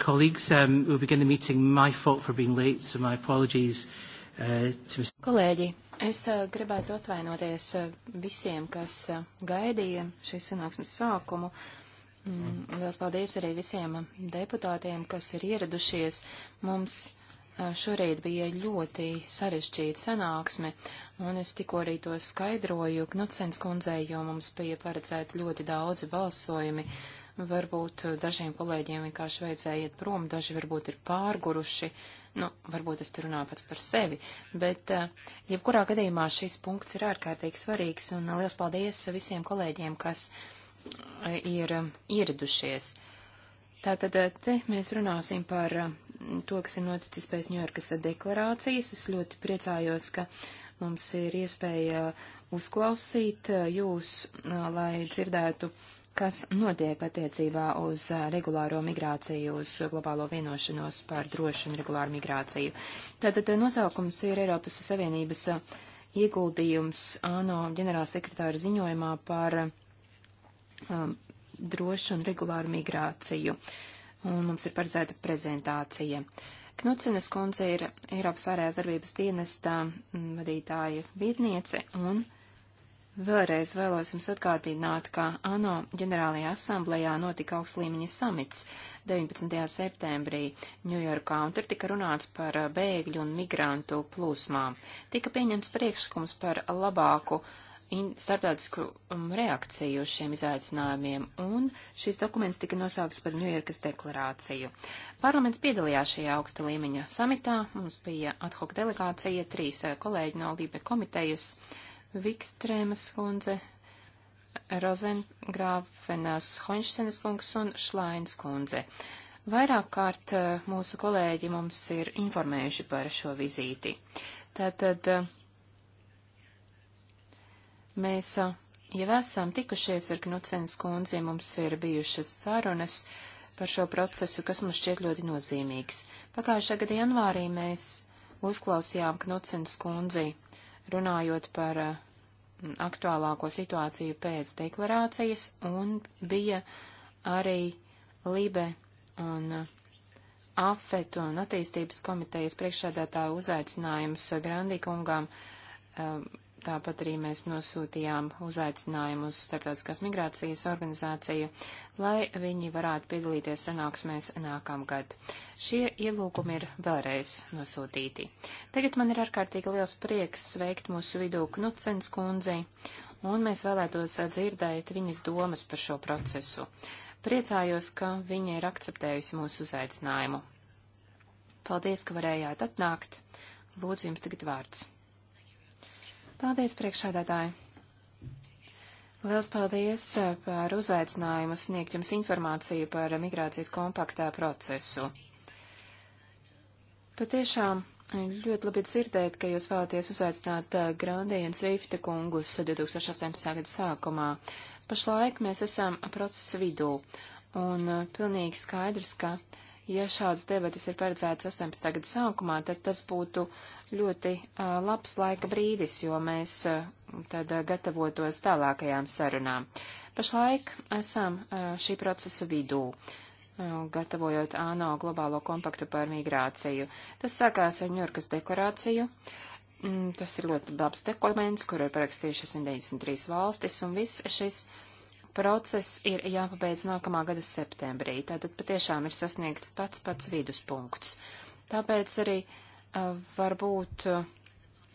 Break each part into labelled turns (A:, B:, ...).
A: Colleagues, um, we'll begin the meeting. My fault for being late, so my apologies. Uh, to...
B: Kolēģi, es uh, gribētu atvainoties uh, visiem, kas uh, gaidīja šīs sanāksmes sākumu. Mm, liels paldies arī visiem uh, deputātiem, kas ir ieradušies. Mums uh, šorīt bija ļoti sarežģīta sanāksme, un es tikko arī to skaidroju Knutsens kundzei, jo mums bija paredzēti ļoti daudzi balsojumi. Uh, Varbūt eh, dažiem kolēģiem vienkārši vajadzēja iet prom, daži varbūt ir pārguruši, nu, varbūt es tur runāju pats par sevi, bet eh, jebkurā gadījumā šis punkts ir ārkārtīgi svarīgs, un eh, liels paldies visiem kolēģiem, kas ir ieradušies. Tātad te mēs runāsim par to, kas ir noticis pēc Ņujorkas deklarācijas. Es ļoti priecājos, ka mums ir iespēja uzklausīt jūs, lai dzirdētu kas notiek attiecībā uz regulāro migrāciju, uz globālo vienošanos par drošu un regulāru migrāciju. Tātad nosaukums ir Eiropas Savienības ieguldījums ANO ģenerālsekretāra ziņojumā par um, drošu un regulāru migrāciju. Un mums ir paredzēta prezentācija. Knudsenes kundze ir Eiropas ārējās darbības dienestā vadītāja vietniece un uh, Vēlreiz vēlos jums atgādināt, ka ANO ģenerālajā asamblējā notika augstlīmeņa samits 19. septembrī Ņujorkā, un tur tika runāts par uh, bēgļu un migrantu plūsmām. Tika pieņemts priekšskums par labāku starptautisku um, reakciju uz šiem izaicinājumiem, un šis dokuments tika nosaukts par Ņujorkas deklarāciju. Parlaments piedalījās šajā augsta līmeņa samitā, mums bija ad hoc delegācija, trīs uh, kolēģi no Lībe komitejas. Uh, Vikstrēmas kundze, Rozengrāvenas Hoņštenes kungs un Šlains kundze. Vairāk kārt eh, mūsu kolēģi mums ir informējuši par šo vizīti. Tātad eh, mēs eh, jau esam tikušies ar Knucens kundzi, mums ir bijušas sarunas par šo procesu, kas mums šķiet ļoti nozīmīgs. Pagājušā gada janvārī mēs uzklausījām Knucens kundzi runājot par eh, aktuālāko situāciju pēc deklarācijas, un bija arī Libe un eh, AFET un attīstības komitejas priekšsēdētāju uzaicinājums Grandī kungām um, eh, Tāpat arī mēs nosūtījām uzaicinājumu uz Startautiskās migrācijas organizāciju, lai viņi varētu piedalīties sanāksmēs nākamgad. Šie ielūgumi ir vēlreiz nosūtīti. Tagad man ir ārkārtīgi liels prieks sveikt mūsu vidū Knucens kundzi, un mēs vēlētos dzirdēt viņas domas par šo procesu. Priecājos, ka viņa ir akceptējusi mūsu uzaicinājumu. Paldies, ka varējāt atnākt. Lūdzu, jums tagad vārds. Paldies, priekšsēdētāji! Liels paldies eh, par uzaicinājumu sniegt jums informāciju par migrācijas kompaktā procesu. Patiešām eh, ļoti labi dzirdēt, ka jūs vēlaties uzaicināt eh, Grandi un Sveifta kungus 2018. gada sākumā. Pašlaik mēs esam procesa vidū, un pilnīgi skaidrs, ka, ja šāds debatas ir paredzēts 18. gada sākumā, tad tas būtu uh, ļoti uh, labs laika brīdis, jo mēs uh, tad uh, gatavotos tālākajām sarunām. Pašlaik esam uh, šī procesa vidū, uh, gatavojot ANO globālo kompaktu par migrāciju. Tas sākās ar Ņurkas deklarāciju. Mm, tas ir ļoti labs dokuments, kuru ir parakstījušas 193 valstis, un viss šis process ir jāpabeidz nākamā gada septembrī. Tātad patiešām ir sasniegts pats pats viduspunkts. Tāpēc arī uh, varbūt uh,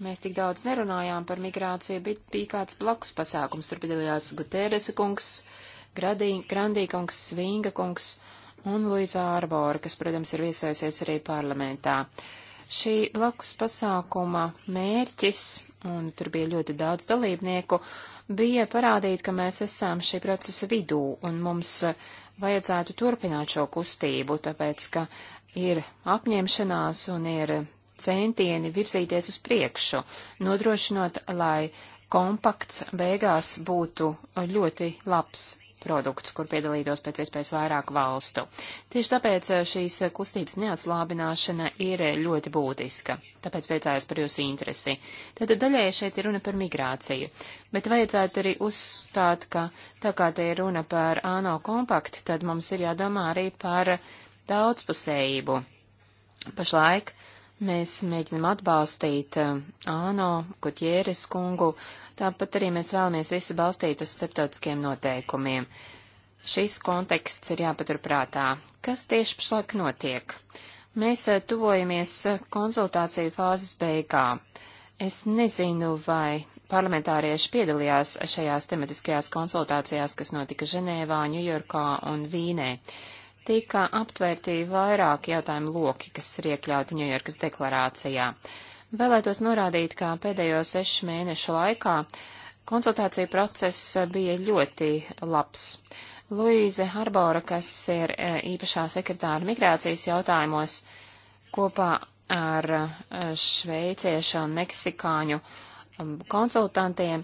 B: mēs tik daudz nerunājām par migrāciju, bet bija kāds blakus pasākums. Tur piedalījās Guterres kungs, Grandī kungs, Svinga kungs un Luisa Arbora, kas, protams, ir viesojusies arī parlamentā. Šī blakus pasākuma mērķis, un tur bija ļoti daudz dalībnieku, bija parādīt, ka mēs esam šī procesa vidū, un mums vajadzētu turpināt šo kustību, tāpēc, ka ir apņemšanās un ir centieni virzīties uz priekšu, nodrošinot, lai kompakts beigās būtu ļoti labs produkts, kur piedalītos pēc iespējas vairāk valstu. Tieši tāpēc eh, šīs kustības neatslābināšana ir ļoti būtiska, tāpēc priecājos par jūsu interesi. Tad daļai šeit ir runa par migrāciju, bet vajadzētu arī uzstāt, ka tā kā te ir runa par ANO kompaktu, tad mums ir jādomā arī par daudzpusējību. Pašlaik uh, Mēs mēģinam atbalstīt ANO, eh, Kuķieres kungu, tāpat arī mēs vēlamies visu balstīt uz starptautiskiem noteikumiem. Šis konteksts ir jāpaturprātā. Kas tieši pašlaik notiek? Mēs eh, tuvojamies eh, konsultāciju fāzes beigām. Es nezinu, vai parlamentārieši piedalījās šajās tematiskajās konsultācijās, kas notika Ženēvā, Ņujorkā un Vīnē tika aptvērti vairāki jautājumu loki, kas ir iekļauti Ņujorkas deklarācijā. Vēlētos norādīt, ka pēdējo sešu mēnešu laikā konsultāciju process bija ļoti labs. Luīze Harbora, kas ir e, īpašā sekretāra migrācijas jautājumos, kopā ar e, šveiciešu un meksikāņu uh, Um, konsultantiem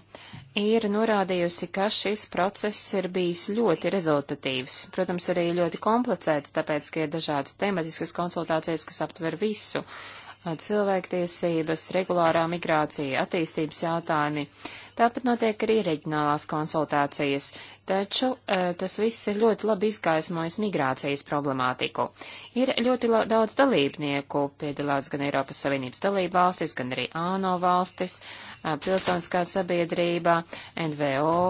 B: ir norādījusi, ka šis process ir bijis ļoti rezultatīvs. Protams, arī ļoti komplicēts, tāpēc, ka ir dažādas tematiskas konsultācijas, kas aptver visu. Uh, cilvēktiesības, regulārā migrācija, attīstības jautājumi. Tāpat notiek arī reģionālās konsultācijas, taču e, tas viss ir ļoti labi izgaismojis migrācijas problemātiku. Ir ļoti daudz dalībnieku, piedalās gan Eiropas Savienības dalību valstis, gan arī ANO valstis, e, pilsoniskā sabiedrība, NVO,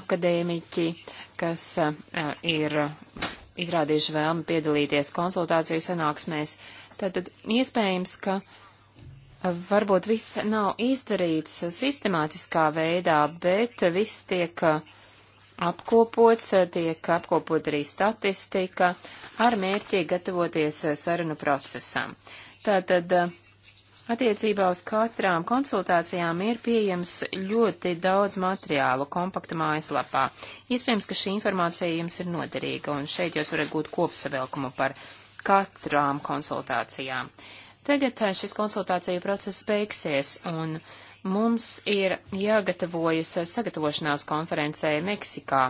B: akadēmiķi, kas e, ir izrādījuši vēlmi piedalīties konsultāciju sanāksmēs Tātad iespējams, ka varbūt viss nav izdarīts sistemātiskā veidā, bet viss tiek apkopots, tiek apkopot arī statistika ar mērķi gatavoties sarunu procesam. Tātad attiecībā uz katrām konsultācijām ir pieejams ļoti daudz materiālu kompakta mājaslapā. Iespējams, ka šī informācija jums ir noderīga, un šeit jūs varat gūt kopsavilkumu par katrām konsultācijām. Tagad eh, šis konsultāciju process beigsies, un mums ir jāgatavojas sagatavošanās konferencē Meksikā,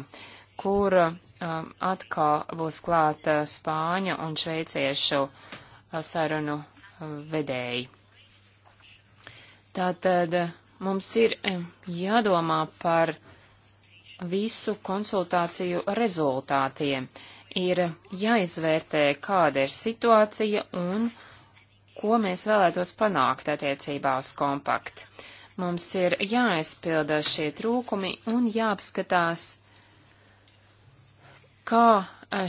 B: kur um, atkal būs klāta eh, Spāņu un Šveiciešu sarunu vedēji. Tātad mums ir jādomā par visu konsultāciju rezultātiem. Uh, ir jāizvērtē, kāda ir situācija un ko mēs vēlētos panākt attiecībā uz kompaktu. Mums ir jāaizpilda šie trūkumi un jāapskatās, kā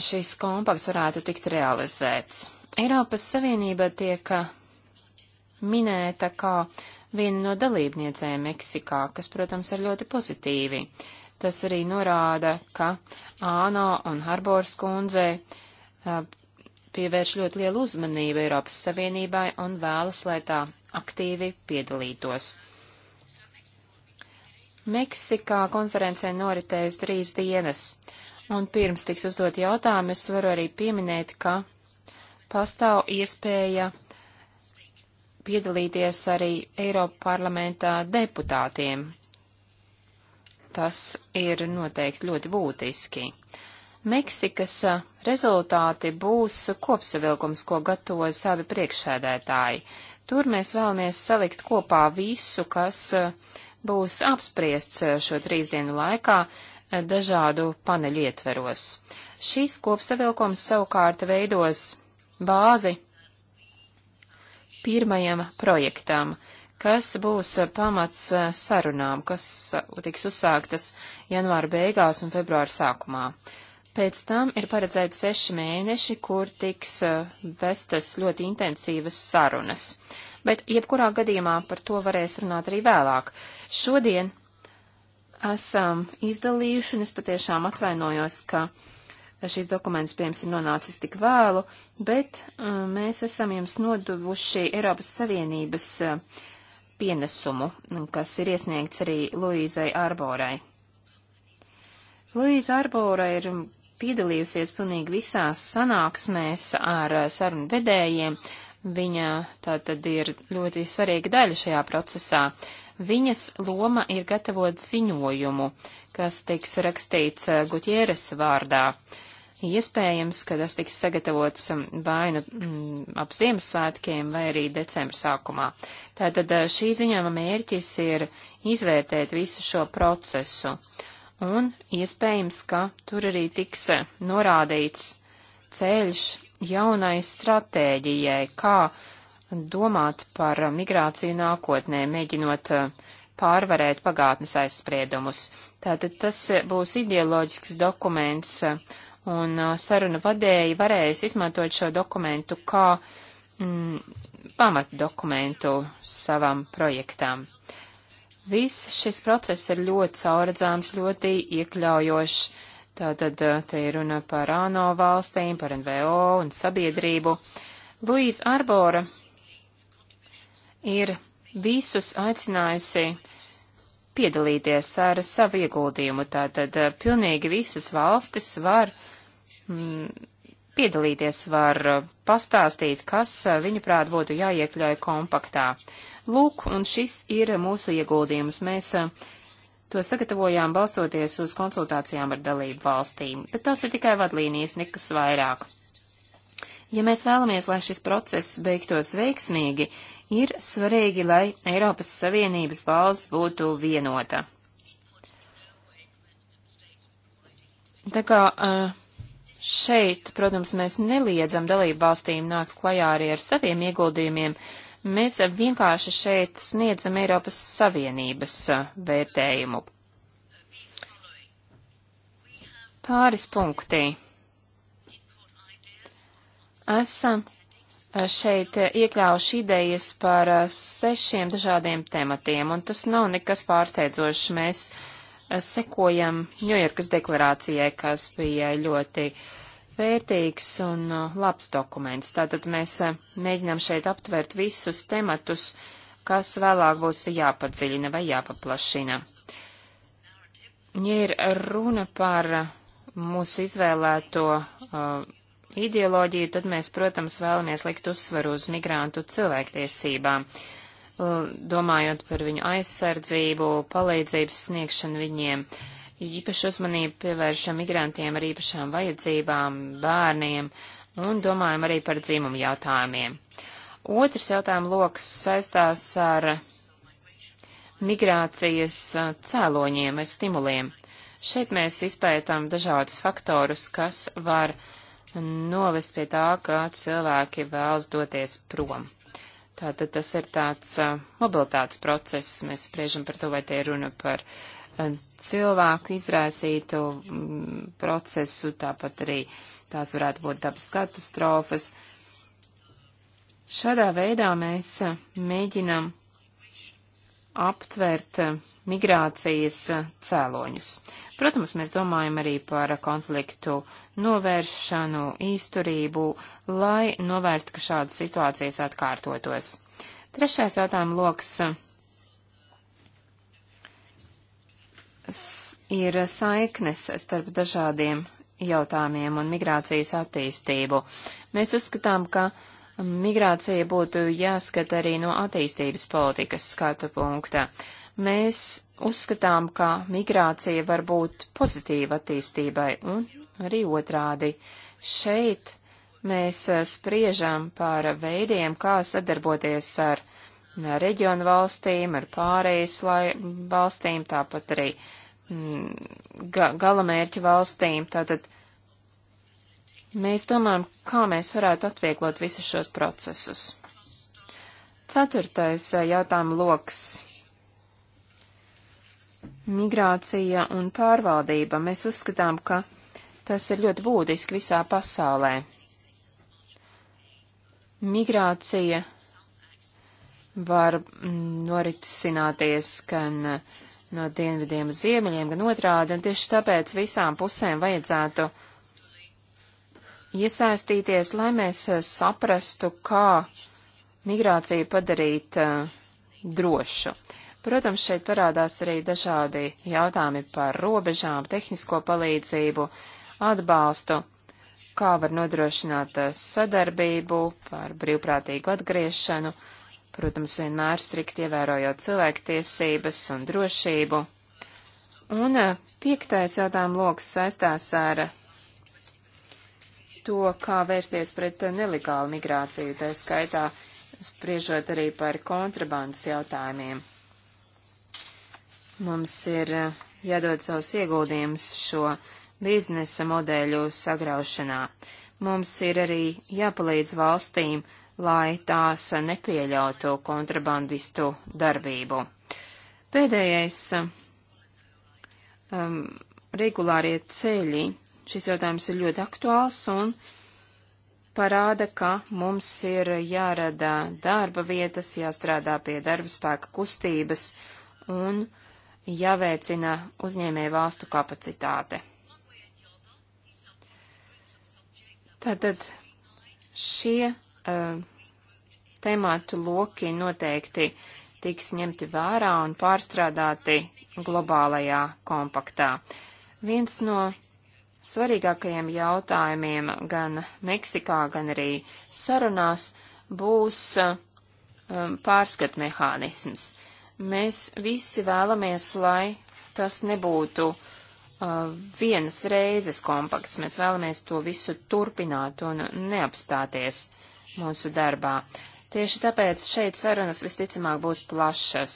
B: šis kompakts varētu tikt realizēts. Eiropas Savienība tiek minēta kā viena no dalībniecēm Meksikā, kas, protams, ir ļoti pozitīvi. Uh, Tas arī norāda, ka Āno un Harbors kundze pievērš ļoti lielu uzmanību Eiropas Savienībai un vēlas, lai tā aktīvi piedalītos. Meksikā konferencē noritēs trīs dienas, un pirms tiks uzdot jautājumu, es varu arī pieminēt, ka pastāv iespēja piedalīties arī Eiropa parlamenta deputātiem Tas ir noteikti ļoti būtiski. Meksikas rezultāti būs kopsavilkums, ko gatavoja savi priekšsēdētāji. Tur mēs vēlamies salikt kopā visu, kas būs apspriests šo trīs dienu laikā dažādu paneļu ietveros. Šīs kopsavilkums savukārt veidos bāzi pirmajam projektam, kas būs eh, pamats eh, sarunām, kas eh, tiks uzsāktas janvāra beigās un februāra sākumā. Pēc tam ir paredzēti seši mēneši, kur tiks vestas ļoti intensīvas sarunas. Bet jebkurā gadījumā par to varēs runāt arī vēlāk. Šodien esam izdalījuši, un es patiešām atvainojos, ka šis dokuments, piemēram, ir nonācis tik vēlu, bet um, mēs esam jums noduvuši Eiropas Savienības uh, pienesumu, kas ir iesniegts arī Luīzai Arborai. Luīza Arbora ir piedalījusies pilnīgi visās sanāksmēs ar sarunu vedējiem. Viņa tātad ir ļoti svarīga daļa šajā procesā. Viņas loma ir gatavot ziņojumu, kas tiks rakstīts Gutieres vārdā. Uh, Iespējams, ka tas tiks sagatavots um, vai nu mm, ap Ziemassvētkiem vai arī decembra sākumā. Tātad uh, šī ziņojuma mērķis ir izvērtēt visu šo procesu. Un iespējams, ka tur arī tiks uh, norādīts ceļš jaunai stratēģijai, kā domāt par uh, migrāciju nākotnē, mēģinot pārvarēt pagātnes aizspriedumus. Tātad tas būs ideoloģisks dokuments, uh, un uh, saruna vadēji varēs izmantot šo dokumentu kā mm, pamatdokumentu savam projektam. Viss šis process ir ļoti sauradzāms, ļoti iekļaujošs. Tātad uh, te ir runa par ANO valstīm, par NVO un sabiedrību. Luīza Arbora ir visus aicinājusi piedalīties ar savu ieguldījumu. Tātad uh, pilnīgi visas valstis var uh, Mm, piedalīties, var pastāstīt, kas viņuprāt būtu jāiekļauj kompaktā. Lūk, un šis ir mūsu ieguldījums. Mēs to sagatavojām balstoties uz konsultācijām ar dalību valstīm, bet tās ir tikai vadlīnijas, nekas vairāk. Ja mēs vēlamies, lai šis process beigtos veiksmīgi, ir svarīgi, lai Eiropas Savienības balss būtu vienota. Tā kā uh, Šeit, protams, mēs neliedzam dalību valstīm nākt klajā arī ar saviem ieguldījumiem. Mēs vienkārši šeit sniedzam Eiropas Savienības vērtējumu. Pāris punktī. Esam šeit iekļaušu idejas par sešiem dažādiem tematiem, un tas nav nekas pārsteidzošs. Mēs uh, sekojam Ņujorkas deklarācijai, kas bija ļoti vērtīgs un uh, labs dokuments. Tātad mēs uh, mēģinām šeit aptvert visus tematus, kas vēlāk būs jāpadziļina vai jāpaplašina. Ja ir runa par uh, mūsu izvēlēto uh, ideoloģiju, tad mēs, protams, vēlamies likt uzsvaru uz migrantu cilvēktiesībām. Uh, Uh, domājot par viņu aizsardzību, palīdzības sniegšanu viņiem. Īpaši uzmanību pievēršam migrantiem ar īpašām vajadzībām, bērniem un domājam arī par dzīmumu jautājumiem. Otrs jautājuma lokas saistās ar migrācijas uh, cēloņiem vai stimuliem. Šeit mēs izpētām dažādus faktorus, kas var novest pie tā, kā cilvēki vēlas doties prom. Tātad tas ir tāds mobilitātes process, mēs spriežam par to, vai te ir runa par cilvēku izraisītu mm, procesu, tāpat arī tās varētu būt dabas katastrofas. Šādā veidā mēs mēģinam aptvert migrācijas cēloņus. Protams, mēs domājam arī par konfliktu novēršanu, īsturību, lai novērstu, ka šādas situācijas atkārtotos. Trešais jautājuma loks ir saiknes starp dažādiem jautājumiem un migrācijas attīstību. Mēs uzskatām, ka migrācija būtu jāskata arī no attīstības politikas skatu punkta. Uh, Mēs uzskatām, ka migrācija var būt pozitīva attīstībai un arī otrādi. Šeit mēs eh, spriežam par veidiem, kā sadarboties ar reģionu valstīm, ar pārējais valstīm, tāpat arī mm, ga galamērķu valstīm. Tātad mēs domājam, kā mēs varētu atvieglot visus šos procesus. Ceturtais eh, jautājuma loks Migrācija un pārvaldība. Mēs uzskatām, ka tas ir ļoti būtiski visā pasaulē. Migrācija var mm, norisināties gan eh, no dienvidiem uz ziemeļiem, gan otrādi, un tieši tāpēc visām pusēm vajadzētu iesaistīties, lai mēs eh, saprastu, kā migrāciju padarīt uh, drošu. Uh, Protams, šeit parādās arī dažādi jautājumi par robežām, tehnisko palīdzību, atbalstu, kā var nodrošināt eh, sadarbību, par brīvprātīgu atgriešanu, protams, vienmēr strikt ievērojot cilvēktiesības un drošību. Un eh, piektais jautājumu lokus saistās ar to, kā vērsties pret nelegālu migrāciju, tā skaitā spriežot arī par kontrabandas jautājumiem. Mums ir eh, jādod savus ieguldījumus šo biznesa modeļu sagraušanā. Mums ir arī jāpalīdz valstīm, lai tās nepieļautu kontrabandistu darbību. Pēdējais um, regulārie ceļi. Šis jautājums ir ļoti aktuāls un parāda, ka mums ir jārada darba vietas, jāstrādā pie darba spēka kustības un uh, jāveicina uzņēmēju valstu kapacitāte. Tātad šie uh, eh, temātu loki noteikti tiks ņemti vērā un pārstrādāti globālajā kompaktā. Viens no svarīgākajiem jautājumiem gan Meksikā, gan arī sarunās būs um, pārskatmehānisms. Uh, Mēs visi vēlamies, lai tas nebūtu uh, vienas reizes kompakts. Mēs vēlamies to visu turpināt un neapstāties mūsu darbā. Tieši tāpēc šeit sarunas visticamāk būs plašas.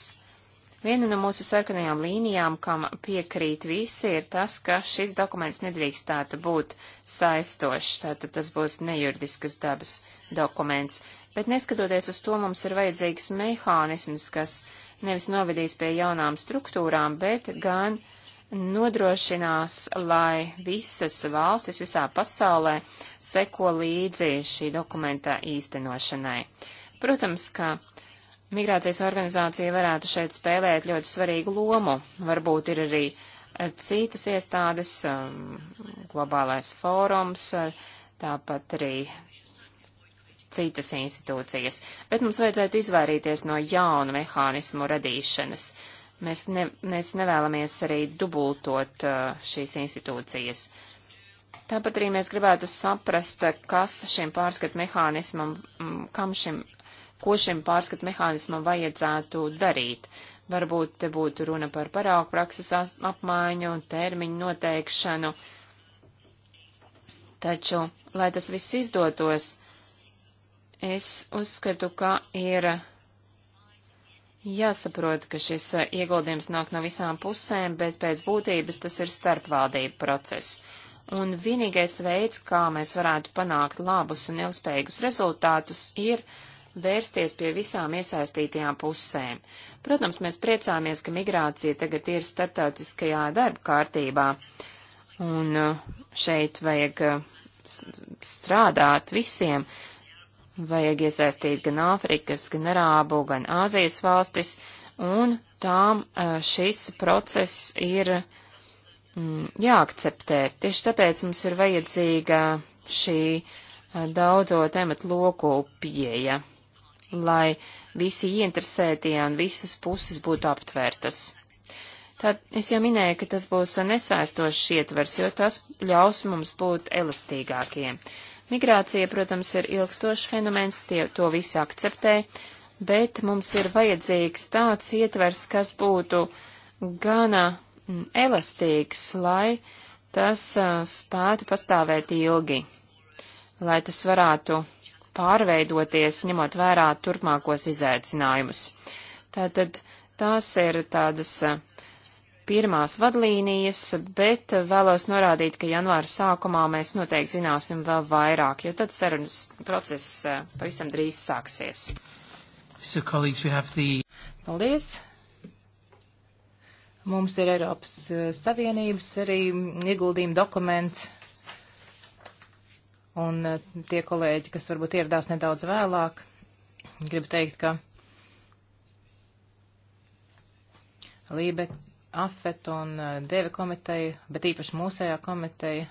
B: Viena no mūsu sarkanajām līnijām, kam piekrīt visi, ir tas, ka šis dokuments nedrīkstētu būt saistošs, tātad tas būs nejurdiskas dabas dokuments. Bet neskatoties uz to, mums ir vajadzīgs mehānisms, kas nevis novedīs pie jaunām struktūrām, bet gan nodrošinās, lai visas valstis visā pasaulē seko līdzi šī dokumenta īstenošanai. Protams, ka migrācijas organizācija varētu šeit spēlēt ļoti svarīgu lomu. Varbūt ir arī eh, citas iestādes, um, globālais fórums, eh, tāpat arī citas institūcijas, bet mums vajadzētu izvairīties no jaunu mehānismu radīšanas. Mēs, ne, mēs nevēlamies arī dubultot uh, šīs institūcijas. Tāpat arī mēs gribētu saprast, uh, kas šim pārskatu mehānismam, mm, kam šim, ko šim pārskatu mehānismam vajadzētu darīt. Varbūt te būtu runa par paraugu prakses apmaiņu, termiņu noteikšanu. Taču, lai tas viss izdotos, Es uzskatu, ka ir jāsaprot, ka šis eh, ieguldījums nāk no visām pusēm, bet pēc būtības tas ir starpvaldību process. Un vienīgais veids, kā mēs varētu panākt labus un ilgspējīgus rezultātus, ir vērsties pie visām iesaistītajām pusēm. Protams, mēs priecāmies, ka migrācija tagad ir starptautiskajā darba kārtībā, un eh, šeit vajag eh, strādāt visiem, Vajag iesaistīt gan Āfrikas, gan Arābu, gan Āzijas valstis, un tām šis process ir mm, jāakceptē. Tieši tāpēc mums ir vajadzīga šī daudzo tematu loku pieeja, lai visi ieinteresētie un visas puses būtu aptvērtas. Tad es jau minēju, ka tas būs nesaistošs ietvers, jo tas ļaus mums būt elastīgākiem. Migrācija, protams, ir ilgstošs fenomens, tie to visi akceptē, bet mums ir vajadzīgs tāds ietvers, kas būtu gana mm, elastīgs, lai tas spētu pastāvēt ilgi, lai tas varētu pārveidoties, ņemot vērā turpmākos izaicinājumus. Tātad tās ir tādas pirmās vadlīnijas, bet vēlos norādīt, ka janvāra sākumā mēs noteikti zināsim vēl vairāk, jo tad sarunas process eh, pavisam drīz sāksies.
A: So, the... Paldies!
C: Mums ir Eiropas eh, Savienības arī ieguldījuma dokuments. Un eh, tie kolēģi, kas varbūt ieradās nedaudz vēlāk, gribu teikt, ka Lībe AFET un eh, DEVE komiteja, bet īpaši mūsējā komiteja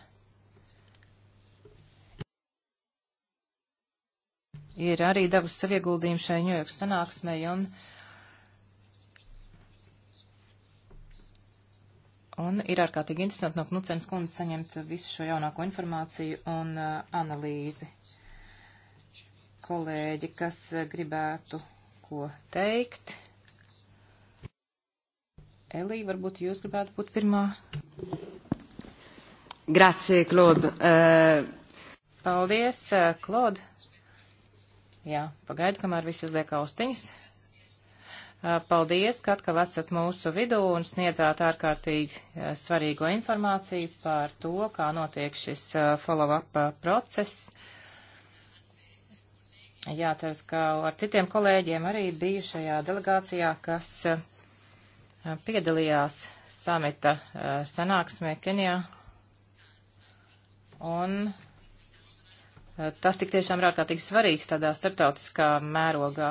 C: ir arī devusi savu ieguldījumu šai Ņujorka sanāksmei un, un ir ārkārtīgi interesanti no Knucens kundzes saņemt visu šo jaunāko informāciju un uh, analīzi. Kolēģi, kas eh, gribētu ko teikt, Elī, varbūt jūs gribētu būt pirmā. Grazie, Klod. Uh... Eh, paldies, uh, eh, Klod. Jā, pagaidu, kamēr visi uzliek austiņas. Uh, paldies, ka atkal esat mūsu vidū un sniedzāt ārkārtīgi svarīgo informāciju par to, kā notiek šis follow-up process. Jāceras, ka ar citiem kolēģiem arī biju šajā delegācijā, kas uh, Eh, piedalījās samita eh, sanāksmē Kenijā. Un eh, tas tik tiešām ir ārkārtīgi svarīgs tādā starptautiskā mērogā.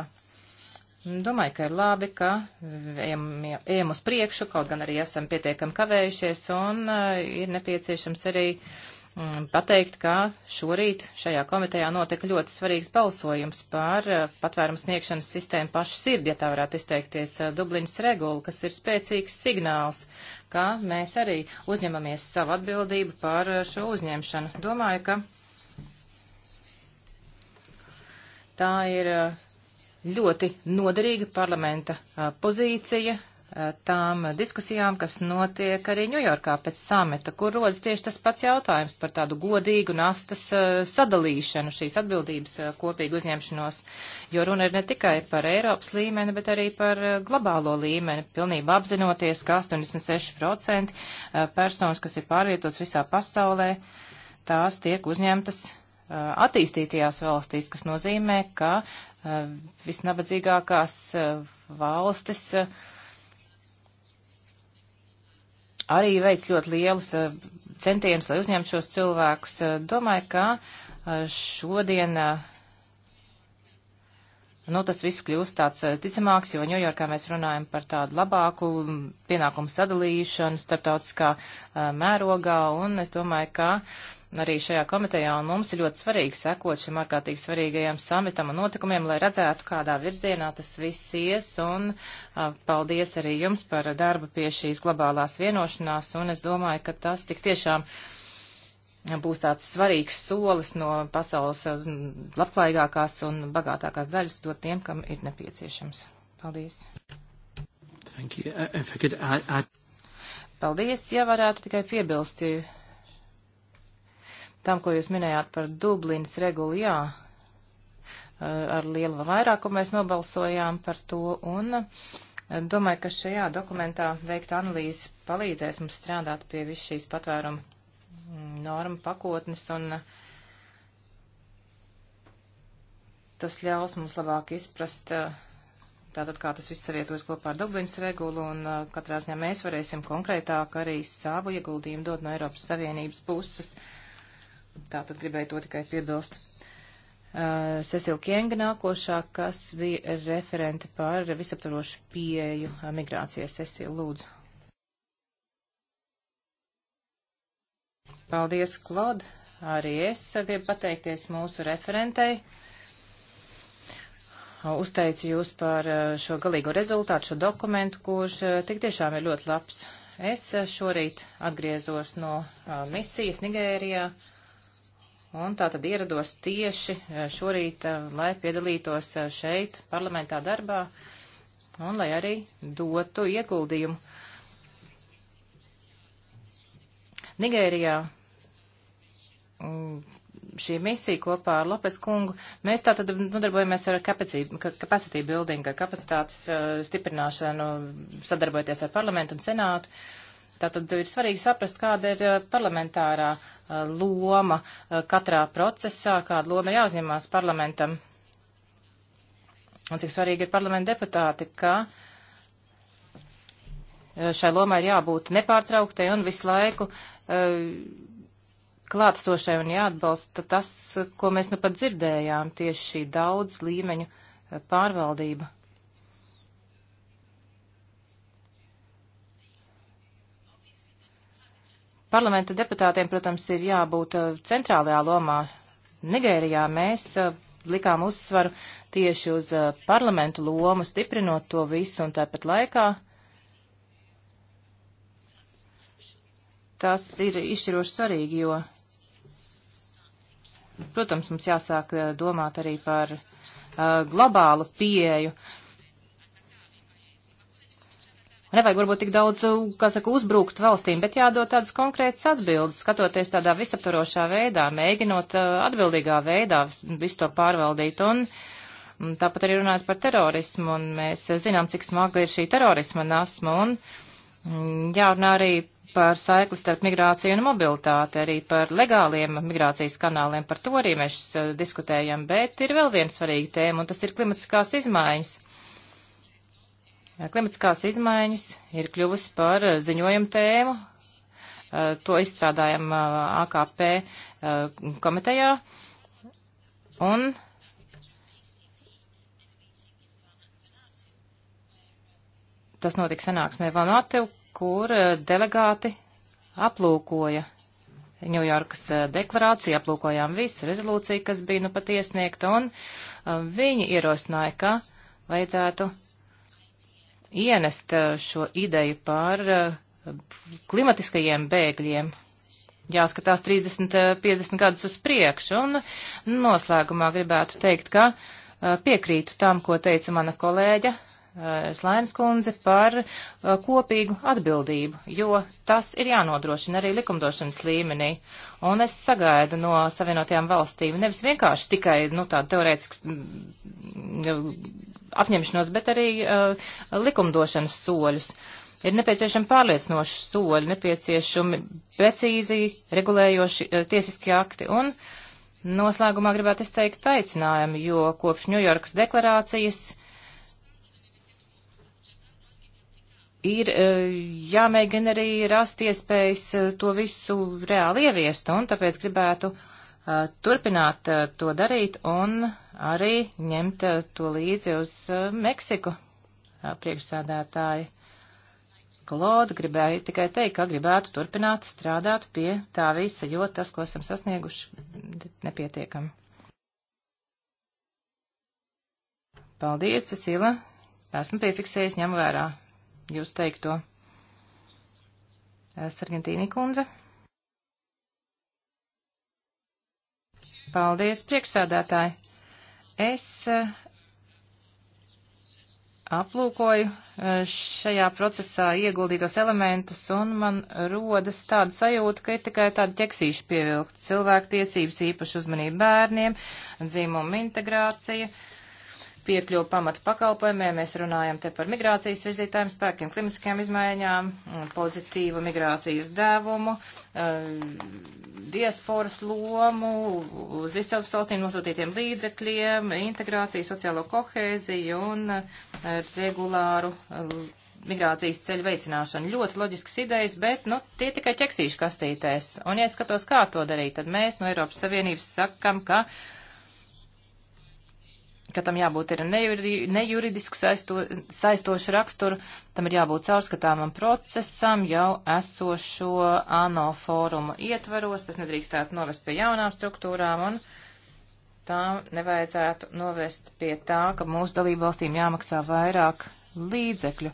C: Domāju, ka ir labi, ka ejam, ejam uz priekšu, kaut gan arī esam pietiekami kavējušies, un ir nepieciešams arī uh, Mm, pateikt, ka šorīt šajā komitejā notika ļoti svarīgs balsojums par eh, patvērums sniegšanas sistēmu pašu sirdi, ja tā varētu izteikties eh, Dubliņas regula, kas ir spēcīgs signāls, ka mēs arī uzņemamies savu atbildību par eh, šo uzņemšanu. Domāju, ka tā ir ļoti noderīga parlamenta pozīcija tām diskusijām, kas notiek arī Ņujorkā pēc sameta, kur rodas tieši tas pats jautājums par tādu godīgu nastas eh, sadalīšanu, šīs atbildības eh, kopīgu uzņemšanos, jo runa ir ne tikai par Eiropas līmeni, bet arī par eh, globālo līmeni, pilnībā apzinoties, ka 86% personas, kas ir pārvietotas visā pasaulē, tās tiek uzņemtas attīstītajās valstīs, kas nozīmē, ka visnabadzīgākās valstis arī veic ļoti lielus eh, centienus, lai uzņemtu šos cilvēkus. Eh, domāju, ka eh, šodien Nu, tas viss kļūst tāds ticamāks, jo Ņujorkā mēs runājam par tādu labāku mm, pienākumu sadalīšanu starptautiskā mērogā, un es domāju, ka uh, arī šajā komitejā, un mums ir ļoti svarīgi sekot šim ārkārtīgi svarīgajam samitam un notikumiem, lai redzētu, kādā virzienā tas viss ies, un a, paldies arī jums par darbu pie šīs globālās vienošanās, un es domāju, ka tas tik tiešām būs tāds svarīgs solis no pasaules labklājīgākās un bagātākās daļas dot tiem, kam ir nepieciešams. Paldies.
A: Thank you. Uh, if I could add, add...
C: Paldies, ja varētu tikai piebilst tam, ko jūs minējāt par Dublinas regulu, jā, ar lielu vairākumu mēs nobalsojām par to, un eh, domāju, ka šajā dokumentā veikta analīze palīdzēs mums strādāt pie visu šīs patvērumu mm, normu pakotnes, un eh, tas ļaus mums labāk izprast, eh, tātad kā tas viss savietojas kopā ar Dublinas regulu, un katrā ziņā mēs varēsim konkrētāk arī savu ieguldījumu dot no Eiropas Savienības puses. Uh, Tātad gribēju to tikai piebilst. Uh, eh, Cecilija Kienga nākošā, kas bija referente par visaptvarošu pieeju eh, migrācijai. Cecilija, lūdzu. Paldies, Klod. Arī es gribu pateikties mūsu referentei. Uzteicu jūs par eh, šo galīgo rezultātu, šo dokumentu, kurš tik tiešām ir ļoti labs. Es šorīt atgriezos no misijas Nigērijā. Uh, un tā tad ierados tieši eh, šorīt, eh, lai piedalītos eh, šeit parlamentā darbā un lai arī dotu ieguldījumu. Nigērijā mm, šī misija kopā ar Lopes kungu, mēs tā tad nodarbojamies ar capacity building, ar kapacitātes uh, stiprināšanu, sadarbojoties ar parlamentu un senātu. Uh, Tātad ir svarīgi saprast, kāda ir eh, parlamentārā eh, loma eh, katrā procesā, kāda loma ir jāuzņemās parlamentam. Un cik svarīgi ir parlamenta deputāti, ka šai lomai ir jābūt nepārtrauktai un visu laiku klātsošai un jāatbalsta tas, ko mēs nu pat dzirdējām, tieši šī daudz līmeņu pārvaldība. Parlamenta deputātiem, protams, ir jābūt uh, centrālajā lomā. Nigērijā mēs uh, likām uzsvaru tieši uz uh, parlamentu lomu, stiprinot to visu un tāpat laikā. Tas ir izšķiroši svarīgi, jo, protams, mums jāsāk domāt arī par globālu pieeju Nevajag varbūt tik daudz, uh, kā saka, uzbrukt valstīm, bet jādod tādas konkrētas atbildes, skatoties tādā visaptvarošā veidā, mēģinot uh, atbildīgā veidā visu to pārvaldīt. Un mm, tāpat arī runāt par terorismu, un mēs zinām, cik smaga ir šī terorisma nasma, un mm, jārunā arī par saikli starp migrāciju un mobilitāti, arī par legāliem migrācijas kanāliem, par to arī mēs uh, diskutējam, bet ir vēl viena svarīga tēma, un tas ir klimatiskās izmaiņas. Klimatiskās izmaiņas ir kļuvusi par eh, ziņojumu tēmu. Eh, to izstrādājam eh, AKP komitejā. Un tas notika sanāksmē Vanuatu, kur delegāti aplūkoja Ņujorkas deklarāciju, aplūkojām visu rezolūciju, kas bija nu pat iesniegta, un viņi ierosināja, ka vajadzētu ienest eh, šo ideju par eh, klimatiskajiem bēgļiem. Jāskatās 30, 50 eh, gadus uz priekšu, un noslēgumā gribētu teikt, ka piekrītu tam, ko teica mana kolēģa Slainas kundze par kopīgu atbildību, jo tas ir jānodrošina arī likumdošanas līmenī. Un es sagaidu no Savienotajām valstīm nevis vienkārši tikai, nu, tādu teorētisku mm, apņemšanos, bet arī uh, likumdošanas soļus. Ir nepieciešami pārliecinoši soļi, nepieciešami precīzi regulējoši uh, tiesiski akti. Un noslēgumā gribētu izteikt aicinājumu, jo kopš Ņujorkas deklarācijas ir uh, jāmēģina arī rast iespējas uh, to visu reāli ieviest, un tāpēc gribētu uh, Eh, turpināt eh, to darīt un arī ņemt eh, to līdzi uz Meksiku priekšsādātāji. Klauda gribēja tikai teikt, ka gribētu turpināt strādāt pie tā visa, jo tas, ko esam sasnieguši, nepietiekami. Paldies, Cecila. Esmu piefiksējis ņem vērā jūs teikto. Sargentīni kundze. Paldies, priekšsādātāji. Es eh, aplūkoju eh, šajā procesā ieguldītos elementus, un man rodas tāda sajūta, ka ir tikai tāda ķeksīša pievilkta cilvēku tiesības, īpaši uzmanība bērniem, dzīmuma integrācija, uh, piekļuvu pamatu pakalpojumiem. Mēs runājam te par migrācijas virzītājiem spēkiem, klimatiskajām izmaiņām, mm, pozitīvu migrācijas dēvumu, eh, diasporas lomu, uz izcelsmes valstīm nosūtītiem līdzekļiem, integrāciju, sociālo kohēziju un eh, regulāru eh, migrācijas ceļu veicināšanu. Ļoti loģisks idejas, bet, nu, tie tikai ķeksīšu kastītēs. Un, ja skatos, kā to darīt, tad mēs no Eiropas Savienības sakam, ka uh, ka tam jābūt ir nejuridisku saisto, saistošu raksturu, tam ir jābūt caurskatāmam procesam jau esošo ANO fórumu ietvaros, tas nedrīkstētu novest pie jaunām struktūrām un tā nevajadzētu novest pie tā, ka mūsu dalību valstīm jāmaksā vairāk līdzekļu.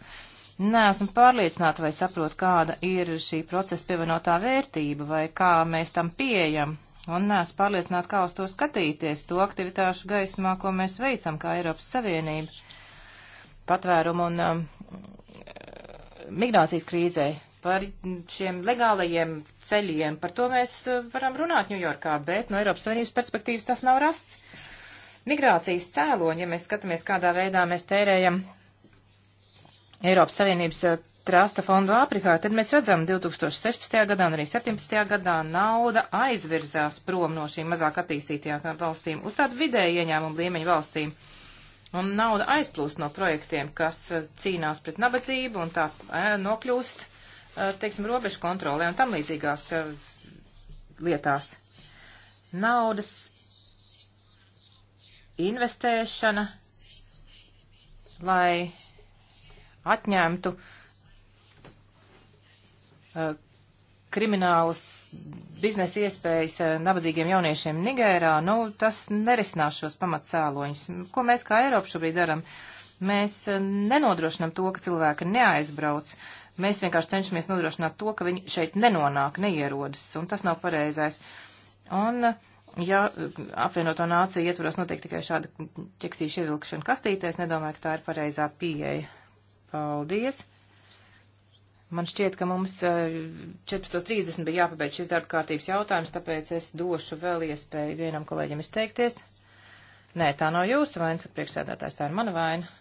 C: Neesmu pārliecināta vai saprotu, kāda ir šī procesa pievienotā vērtība vai kā mēs tam pieejam un neesmu pārliecināta, kā uz to skatīties, to aktivitāšu gaismā, ko mēs veicam kā Eiropas Savienība patvērumu un um, migrācijas krīzē. Par šiem legālajiem ceļiem, par to mēs uh, varam runāt Ņujorkā, bet no Eiropas Savienības perspektīvas tas nav rasts. Migrācijas cēloņi, ja mēs skatāmies, kādā veidā mēs tērējam Eiropas Savienības uh, trasta fondu Āfrikā, tad mēs redzam 2016. gadā un arī 17. gadā nauda aizvirzās prom no šīm mazāk attīstītajām valstīm uz tādu vidēju ieņēmumu līmeņu valstīm. Un nauda aizplūst no projektiem, kas eh, cīnās pret nabadzību un tā eh, nokļūst, eh, teiksim, robežu kontrolē un tam līdzīgās lietās. Naudas investēšana, lai atņemtu uh, kriminālas biznesa iespējas eh, nabadzīgiem jauniešiem Nigērā, nu, tas nerisinās šos pamatcēloņus. Ko mēs kā Eiropa šobrīd darām? Mēs eh, nenodrošinam to, ka cilvēki neaizbrauc. Mēs vienkārši cenšamies nodrošināt to, ka viņi šeit nenonāk, neierodas, un tas nav pareizais. Un, eh, ja apvienoto nāciju ietvaros notiek tikai šāda ķeksīša ievilkšana kastītēs, nedomāju, ka tā ir pareizā pieeja. Paldies! Man šķiet, ka mums 14.30 eh, bija jāpabeidz šis darba kārtības jautājums, tāpēc es došu vēl iespēju vienam kolēģim izteikties. Nē, tā nav jūsu vaina, saka priekšsēdētājs, tā ir mana vaina.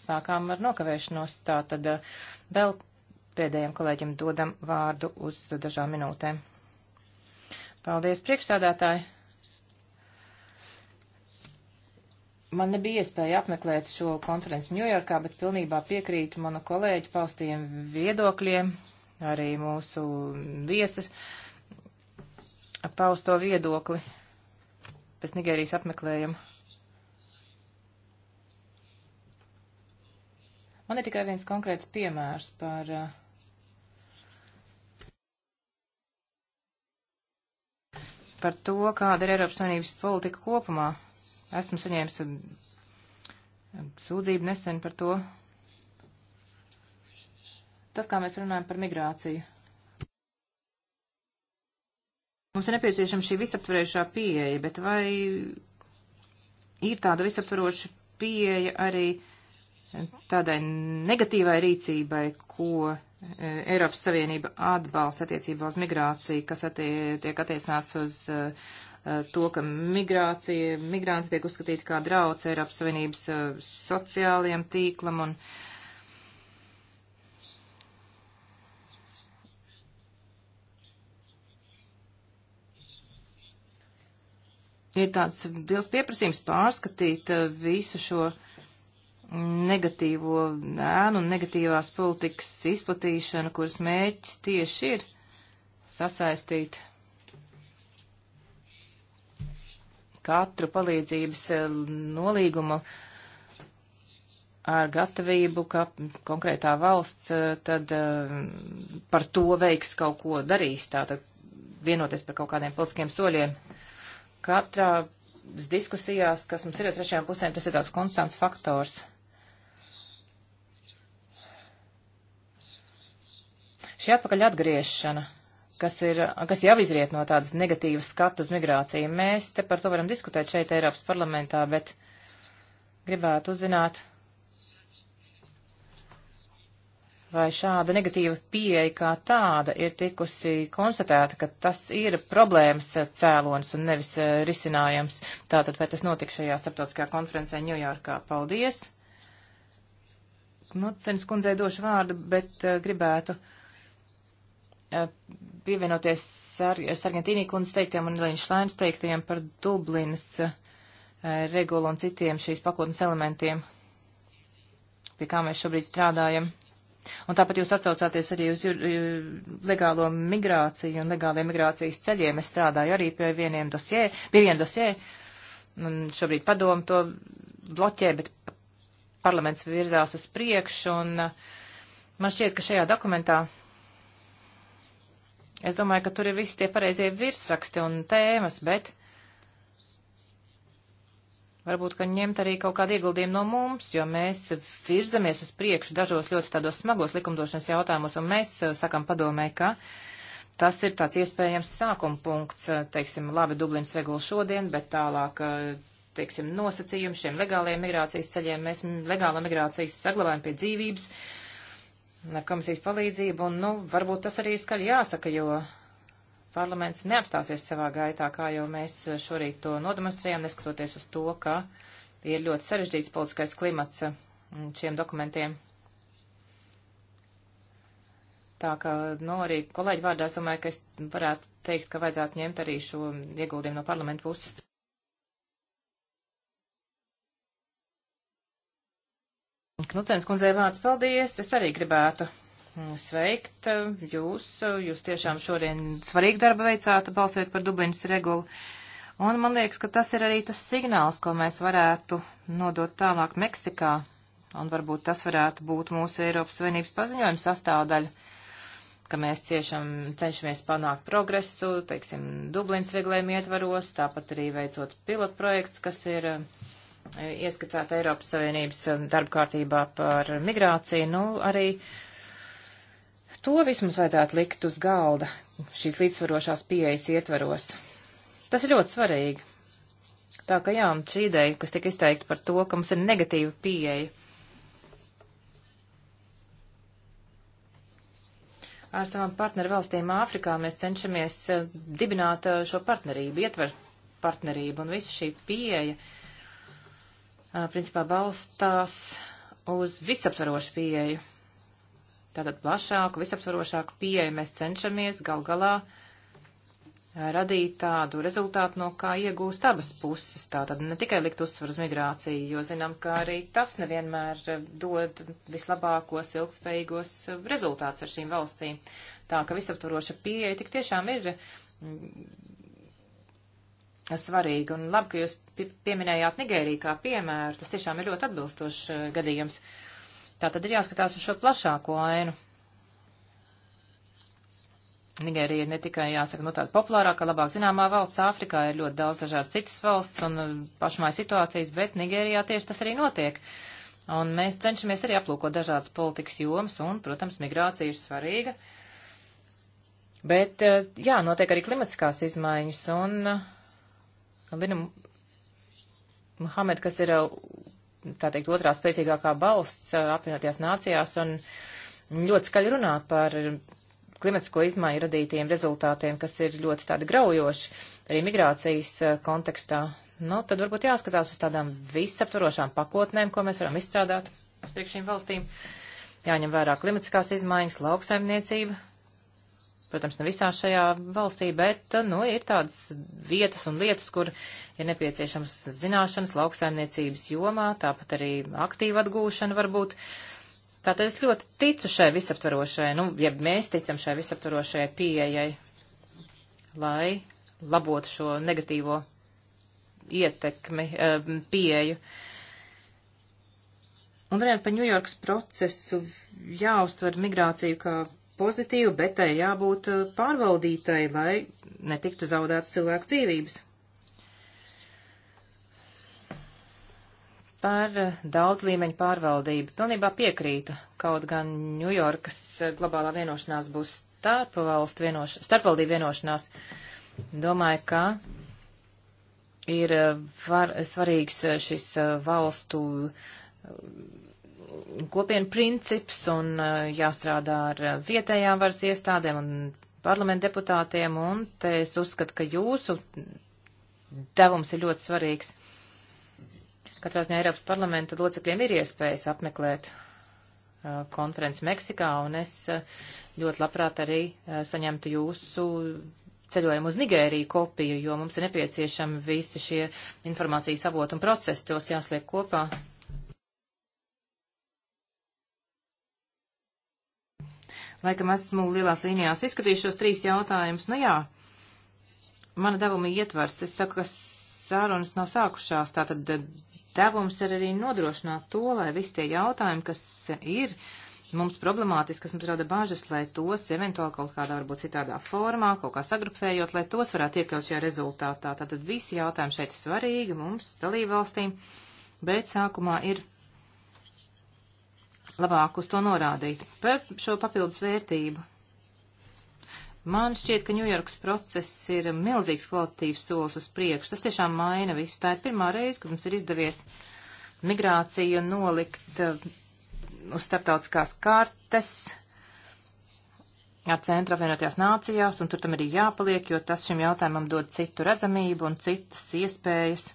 C: Sākām ar nokavēšanos, tā tad eh, vēl pēdējiem kolēģim dodam vārdu uz dažām minūtēm. Paldies, priekšsēdētāji! Man nebija iespēja apmeklēt šo konferenci Ņujorkā, bet pilnībā piekrītu manu kolēģu paustiem viedokļiem, arī mūsu viesas pausto viedokli pēc Nigērijas apmeklējuma. Man ir tikai viens konkrēts piemērs par eh, par to, kāda ir Eiropas Savienības politika kopumā Esmu saņēmis um, um, sūdzību nesen par to. Tas, kā mēs runājam par migrāciju. Mums ir nepieciešama šī visaptvarējušā pieeja, bet vai ir tāda visaptvaroša pieeja arī tādai negatīvai rīcībai, ko e, Eiropas Savienība atbalsta attiecībā uz migrāciju, kas attie, tiek attiecināts uz e, Eh, to, ka migrācija, migranti tiek uzskatīti kā drauds Eiropas Savienības eh, sociālajiem tīklam un ir tāds liels pieprasījums pārskatīt eh, visu šo negatīvo ēnu un negatīvās politikas izplatīšanu, kuras mēģis tieši ir sasaistīt katru palīdzības eh, nolīgumu ar gatavību, ka konkrētā valsts eh, tad eh, par to veiks kaut ko darīs, tātad vienoties par kaut kādiem politiskiem soļiem. Katrā diskusijās, kas mums ir ar trešajām pusēm, tas ir tāds konstants faktors. Šī atpakaļ atgriešana kas, ir, kas jau izriet no tādas negatīvas skatu uz migrāciju. Mēs te par to varam diskutēt šeit Eiropas parlamentā, bet gribētu uzzināt, vai šāda negatīva pieeja kā tāda ir tikusi konstatēta, ka tas ir problēmas cēlonis un nevis eh, risinājums. Tātad, vai tas notika šajā starptautiskajā konferencē Ņujorkā? Paldies! Nu, cenas kundzei došu vārdu, bet uh, gribētu uh, Eh, pievienoties Sar Sargentīnī kundzes teiktiem un Liņš Lēns teiktajiem par Dublinas eh, regulu un citiem šīs pakotnes elementiem, pie kā mēs šobrīd strādājam. Un tāpat jūs atsaucāties arī uz legālo migrāciju un legālajiem migrācijas ceļiem. Es strādāju arī pie vieniem dosjē, pie viena dosjē, un šobrīd padomu to bloķē, bet parlaments virzās uz priekšu, un eh, man šķiet, ka šajā dokumentā Es domāju, ka tur ir visi tie pareizie virsraksti un tēmas, bet varbūt, ka ņemt arī kaut kādu ieguldījumu no mums, jo mēs virzamies uz priekšu dažos ļoti tādos smagos likumdošanas jautājumos, un mēs eh, sakam padomē, ka tas ir tāds iespējams sākuma punkts, eh, teiksim, labi Dublins regula šodien, bet tālāk, eh, teiksim, nosacījumi šiem legālajiem migrācijas ceļiem, mēs legālo migrācijas saglabājam pie dzīvības. Uh, komisijas palīdzību, un, nu, varbūt tas arī skaļi jāsaka, jo parlaments neapstāsies savā gaitā, kā jau mēs šorīt to nodemonstrējām, neskatoties uz to, ka ir ļoti sarežģīts politiskais klimats mm, šiem dokumentiem. Tā kā, nu, arī kolēģi vārdā es domāju, ka es varētu teikt, ka vajadzētu ņemt arī šo ieguldījumu no parlamentu puses. Knudzenes kundzei vārds paldies. Es arī gribētu mm, sveikt eh, jūs. Jūs tiešām šodien svarīgu darbu veicāt, balsojot par Dublinas regulu. Un man liekas, ka tas ir arī tas signāls, ko mēs varētu nodot tālāk Meksikā. Un varbūt tas varētu būt mūsu Eiropas Savienības paziņojuma sastāvdaļa, ka mēs ciešam, cenšamies panākt progresu, teiksim, Dublinas regulējumu ietvaros, tāpat arī veicot pilotprojekts, kas ir uh, Eh, ieskicēta Eiropas Savienības eh, darba kārtībā par migrāciju, nu arī to vismaz vajadzētu likt uz galda šīs līdzsvarošās pieejas ietveros. Tas ir ļoti svarīgi. Tā ka jā, un šī ideja, kas tika izteikta par to, ka mums ir negatīva pieeja. Ar savām partneru valstīm Āfrikā mēs cenšamies eh, dibināt šo partnerību, ietver partnerību, un visa šī pieeja uh, principā balstās uz visaptvarošu pieeju. Tātad plašāku, visaptvarošāku pieeju mēs cenšamies gal galā radīt tādu rezultātu, no kā iegūst abas puses. Tātad ne tikai likt uzsvaru uz migrāciju, jo zinām, ka arī tas nevienmēr dod vislabākos, ilgspējīgos rezultātus ar šīm valstīm. Tā ka visaptvaroša pieeja tik tiešām ir svarīgi. Un labi, ka jūs pieminējāt Nigēriju kā piemēru. Tas tiešām ir ļoti atbilstošs eh, gadījums. Tā tad ir jāskatās uz šo plašāko ainu. Nigērija ir ne tikai, jāsaka, nu tāda populārākā, labāk zināmā valsts Āfrikā, ir ļoti daudz dažādas citas valsts un eh, pašmāja situācijas, bet Nigērijā tieši tas arī notiek. Un mēs cenšamies arī aplūkot dažādas politikas jomas, un, protams, migrācija ir svarīga. Bet, eh, jā, notiek arī klimatiskās izmaiņas, un Lina Muhamed, kas ir, tā teikt, otrā spēcīgākā balsts apvienotajās nācijās un ļoti skaļi runā par klimatisko izmaiņu radītiem rezultātiem, kas ir ļoti tādi graujoši arī migrācijas kontekstā. Nu, tad varbūt jāskatās uz tādām visaptvarošām pakotnēm, ko mēs varam izstrādāt priekš šīm valstīm. Jāņem vērā klimatiskās izmaiņas, lauksaimniecība, Protams, ne visā šajā valstī, bet, nu, ir tādas vietas un lietas, kur ir nepieciešams zināšanas lauksaimniecības jomā, tāpat arī aktīva atgūšana varbūt. Tātad es ļoti ticu šai visaptvarošai, nu, ja mēs ticam šai visaptvarošai pieejai, lai labotu šo negatīvo ietekmi, eh, pieeju. Un runājot par Ņujorkas procesu, jāuztver migrāciju kā pozitīva, bet tai ir jābūt eh, pārvaldītai, lai netiktu zaudētas cilvēku dzīvības. Par eh, daudz līmeņu pārvaldību pilnībā piekrītu, kaut gan Ņujorkas eh, globālā vienošanās būs starpvalstu vienoš starpvaldību vienošanās. Domāju, ka ir var, svarīgs šis valstu kopienu princips un eh, jāstrādā ar eh, vietējām varas iestādēm un parlamentu deputātiem, un te es uzskatu, ka jūsu devums ir ļoti svarīgs. Katrā ziņā Eiropas parlamenta locekļiem ir iespējas apmeklēt uh, konferenci Meksikā, un es uh, ļoti labprāt arī uh, saņemtu jūsu ceļojumu uz Nigēriju kopiju, jo mums ir nepieciešami visi šie informācijas avoti un procesi, tos jāsliek kopā. Laikam esmu lielās līnijās izskatījis šos trīs jautājumus. Nu jā, mana devuma ietvars. Es saku, ka sārunas nav sākušās. Tātad eh, devums ir arī nodrošināt to, lai visi tie jautājumi, kas ir mums problemātiski, kas mums rada bāžas, lai tos eventuāli kaut kādā varbūt citādā formā, kaut kā sagrupējot, lai tos varētu iekļaut šajā rezultātā. Tātad visi jautājumi šeit ir svarīgi mums, dalībvalstīm, bet sākumā ir labāk uz to norādīt. Par šo papildus vērtību. Man šķiet, ka Ņujorkas process ir milzīgs kvalitatīvs solis uz priekšu. Tas tiešām maina visu. Tā ir pirmā reize, kad mums ir izdevies migrāciju nolikt uh, uz starptautiskās kartes ar centra apvienotajās nācijās, un tur tam arī jāpaliek, jo tas šim jautājumam dod citu redzamību un citas iespējas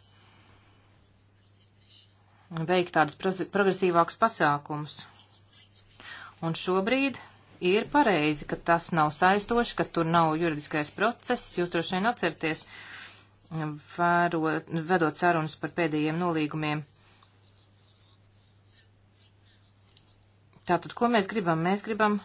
C: veikt tādus progresīvākus pasākumus. Un šobrīd ir pareizi, ka tas nav saistoši, ka tur nav juridiskais process. Jūs droši vien atcerieties, vedot sarunas par pēdējiem nolīgumiem. Tātad, ko mēs gribam? Mēs gribam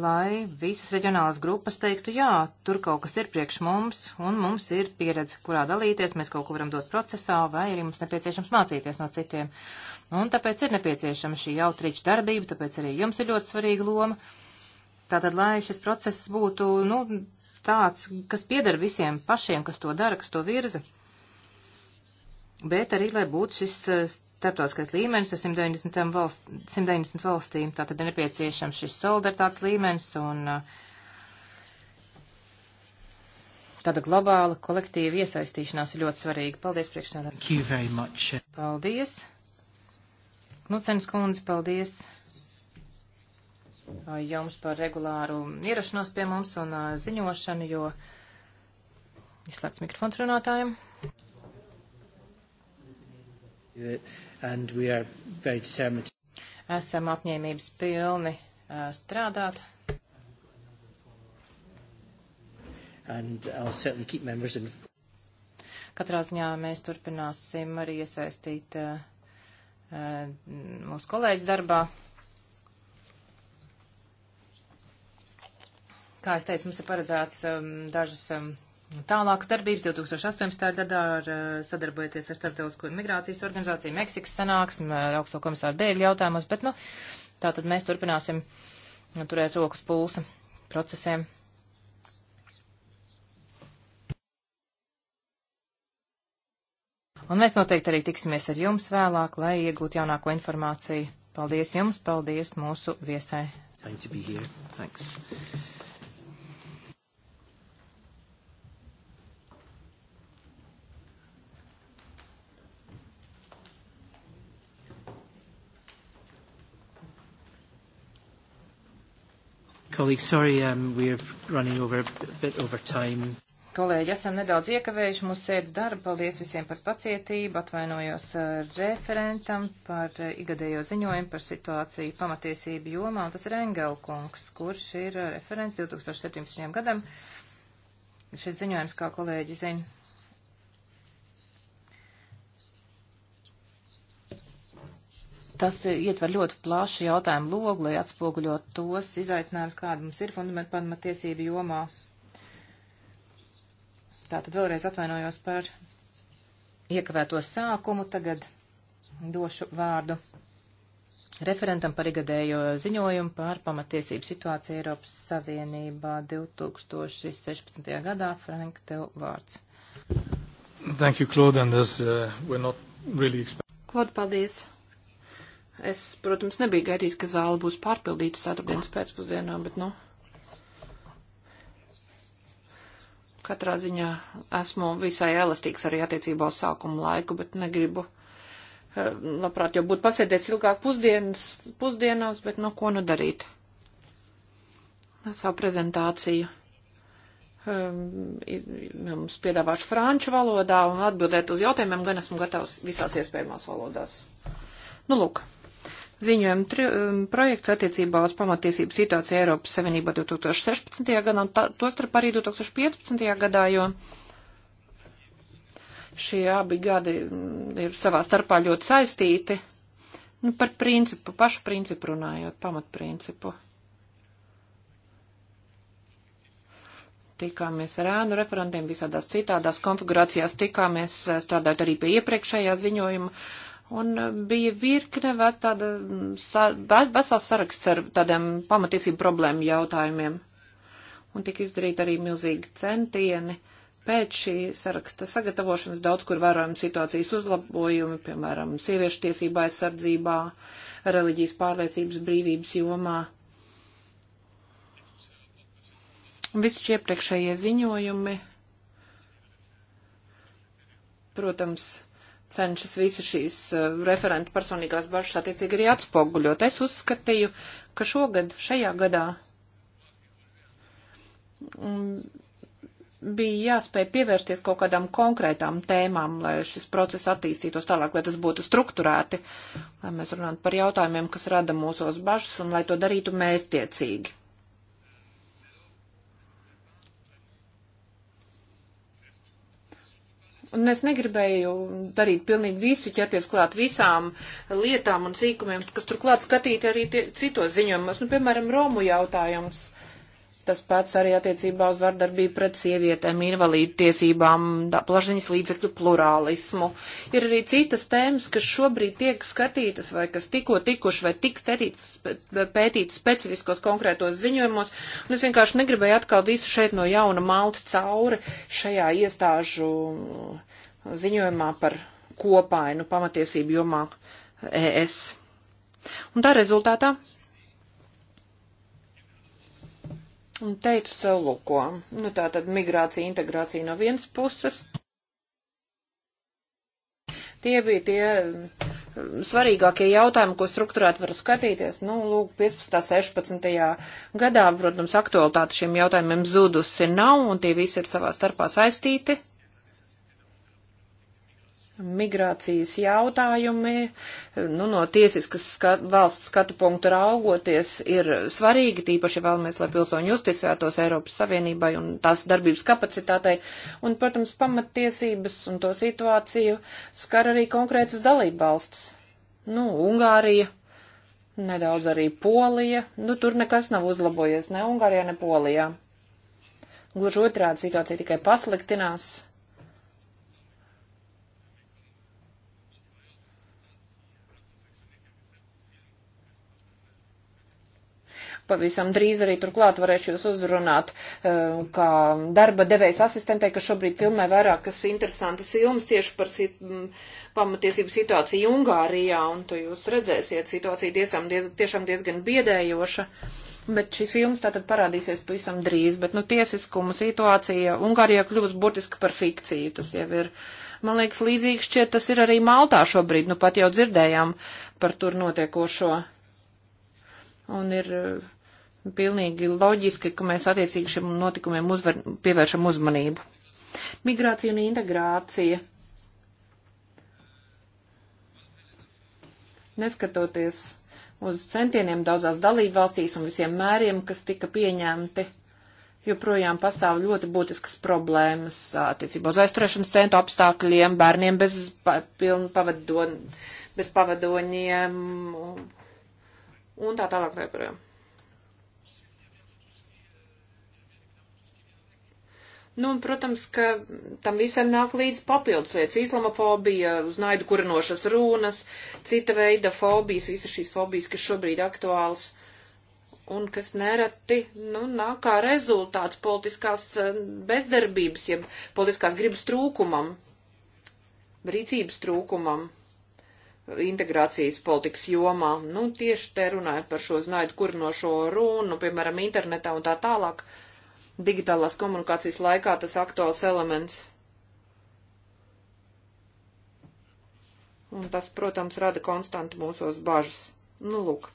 C: lai visas reģionālās grupas teiktu, jā, tur kaut kas ir priekš mums, un mums ir pieredze, kurā dalīties, mēs kaut ko varam dot procesā, vai arī mums nepieciešams mācīties no citiem. Un tāpēc ir nepieciešama šī jautrīča darbība, tāpēc arī jums ir ļoti svarīga loma. Tātad, lai šis process būtu, nu, tāds, kas pieder visiem pašiem, kas to dara, kas to virza, bet arī, lai būtu šis starptautiskais līmenis ar 190, valst, 190 valstīm. Tātad ir nepieciešams šis solidaritātes līmenis un uh, tāda globāla kolektīva iesaistīšanās ir ļoti svarīga. Paldies,
A: priekšsēdētāji.
C: Paldies. Nucens kundze, paldies uh, jums par regulāru ierašanos pie mums un uh, ziņošanu, jo izslēgts mikrofons runātājiem. Esam apņēmības pilni uh, strādāt. In... Katrā ziņā mēs turpināsim arī iesaistīt uh, uh, mūsu kolēģis darbā. Kā es teicu, mums ir paredzēts um, dažas um, Tālākas darbības 2018. gadā ar, eh, sadarbojoties ar Startautisko migrācijas organizāciju, Meksikas sanāksmi, eh, augsto komisāru bēgļu jautājumus, bet, nu, tā tad mēs turpināsim nu, turēt rokas pulsa procesiem. Un mēs noteikti arī tiksimies ar jums vēlāk, lai iegūtu jaunāko informāciju. Paldies jums, paldies mūsu viesai.
A: Time to be here. Thanks. Colleagues, sorry, um, we're running over a bit over time.
C: Kolēģi, esam nedaudz iekavējuši mūsu sēdes darbu. Paldies visiem par pacietību. Atvainojos uh, referentam par uh, igadējo ziņojumu par situāciju pamatiesību jomā. Un tas ir Engelkungs, kurš ir uh, referents 2017. gadam. Šis ziņojums, kā kolēģi zina, tas ietver ļoti plašu jautājumu logu, lai atspoguļot tos izaicinājumus, kāda mums ir fundamentu pamatiesību jomā. Tātad vēlreiz atvainojos par iekavēto sākumu. Tagad došu vārdu referentam par igadējo ziņojumu par pamatiesību situāciju Eiropas Savienībā 2016.
D: gadā. Frank, tev vārds.
B: Thank you, Claude, and as uh, we're not really expecting.
D: Claude, paldies. Es, protams, nebiju gaidījis, ka zāle būs pārpildīta ceturtdienas pēcpusdienā, bet, nu, katrā ziņā esmu visai elastīgs arī attiecībā uz sākumu laiku, bet negribu, eh, labprāt, jau būtu pasēdēts ilgāk pusdienas, pusdienās, bet, nu, ko nu darīt? Savu prezentāciju ehm, jums piedāvāšu franču valodā un atbildēt uz jautājumiem, gan esmu gatavs visās iespējamās valodās. Nu, lūk ziņojuma um, projekts attiecībā uz pamatiesību situāciju Eiropas Savienībā 2016. gadā un tostarp arī 2015. gadā, jo šie abi gadi mm, ir savā starpā ļoti saistīti. Nu, par principu, pašu principu runājot, pamatprincipu. tikāmies ar ēnu referentiem visādās citādās konfigurācijās, tikāmies eh, strādājot arī pie iepriekšējā ziņojuma, Un e, bija virkne vēl tāda vesels saraksts ar tādiem pamatiesību problēmu jautājumiem. Un tika izdarīti arī milzīgi centieni. Pēc šī saraksta sagatavošanas daudz kur vērojam situācijas uzlabojumi, piemēram, sieviešu tiesībā aizsardzībā, reliģijas pārliecības brīvības jomā. Visi šie priekšējie ziņojumi, protams, cenšas visu šīs eh, referentu personīgās bažas attiecīgi arī atspoguļot. Es uzskatīju, ka šogad, šajā gadā mm, bija jāspēj pievērsties kaut kādām konkrētām tēmām, lai šis process attīstītos tālāk, lai tas būtu strukturēti, lai mēs runātu par jautājumiem, kas rada mūsos bažas un lai to darītu mērķtiecīgi. Un es negribēju darīt pilnīgi visu, ķerties klāt visām lietām un sīkumiem, kas turklāt skatīti arī tie, citos ziņojumos. Nu, piemēram, Romu jautājums. Tas pats arī attiecībā uz vardarbību pret sievietēm, invalīdu tiesībām, plašiņas līdzekļu plurālismu. Ir arī citas tēmas, kas šobrīd tiek skatītas vai kas tikko tikuši vai tiks pētītas specifiskos konkrētos ziņojumos. Un es vienkārši negribēju atkal visu šeit no jauna malt cauri šajā iestāžu ziņojumā par kopainu pamatiesību jomā ES. Un tā rezultātā un teicu sev, lūko, nu tā tad migrācija, integrācija no vienas puses. Tie bija tie mm, svarīgākie jautājumi, ko struktūrēt varu skatīties. Nu, lūk, 15. 16. gadā, protams, aktualitāte šiem jautājumiem zudusi nav, un tie visi ir savā starpā saistīti migrācijas jautājumi, nu, no tiesiskas skat, valsts skatu punktu raugoties, ir svarīgi, tīpaši vēlamies, lai pilsoņi uzticētos Eiropas Savienībai un tās darbības kapacitātei, un, protams, pamattiesības un to situāciju skar arī konkrētas dalībvalstis. Nu, Ungārija, nedaudz arī Polija, nu, tur nekas nav uzlabojies, ne Ungārijā, ne Polijā. Gluži otrādi situācija tikai pasliktinās pavisam drīz arī turklāt varēšu jūs uzrunāt eh, kā darba devējas asistentei, kas šobrīd filmē vairākas interesantas filmas tieši par sit pamatiesību situāciju Ungārijā, un to jūs redzēsiet, situācija tiesam, diez, tiešām diezgan biedējoša. Bet šis filmas tātad parādīsies pavisam drīz, bet, nu, tiesiskuma situācija Ungārijā kļūst burtiski par fikciju, tas jau ir. Man liekas, līdzīgs šķiet tas ir arī Maltā šobrīd, nu pat jau dzirdējām par tur notiekošo. Un ir pilnīgi loģiski, ka mēs attiecīgi šiem notikumiem uzver, pievēršam uzmanību. Migrācija un integrācija. Neskatoties uz centieniem daudzās dalībvalstīs un visiem mēriem, kas tika pieņemti, joprojām pastāv ļoti būtiskas problēmas attiecībā uz aizturēšanas centru apstākļiem, bērniem bez, pa, piln, pavadoņ, bez pavadoņiem un tā tālāk. Vēl. Nu, un, protams, ka tam visam nāk līdz papildus lietas - islamofobija, uz naidu kurinošas runas, cita veida fobijas, visas šīs fobijas, kas šobrīd aktuāls un kas nereti, nu, nāk kā rezultāts politiskās eh, bezdarbības, jeb politiskās gribas trūkumam, rīcības trūkumam integrācijas politikas jomā. Nu, tieši te runāju par šo znaidu kurinošo runu, piemēram, internetā un tā tālāk. Uh, digitālās komunikācijas laikā tas aktuāls elements. Un tas, protams, rada konstanti mūsos bažas. Nu, lūk.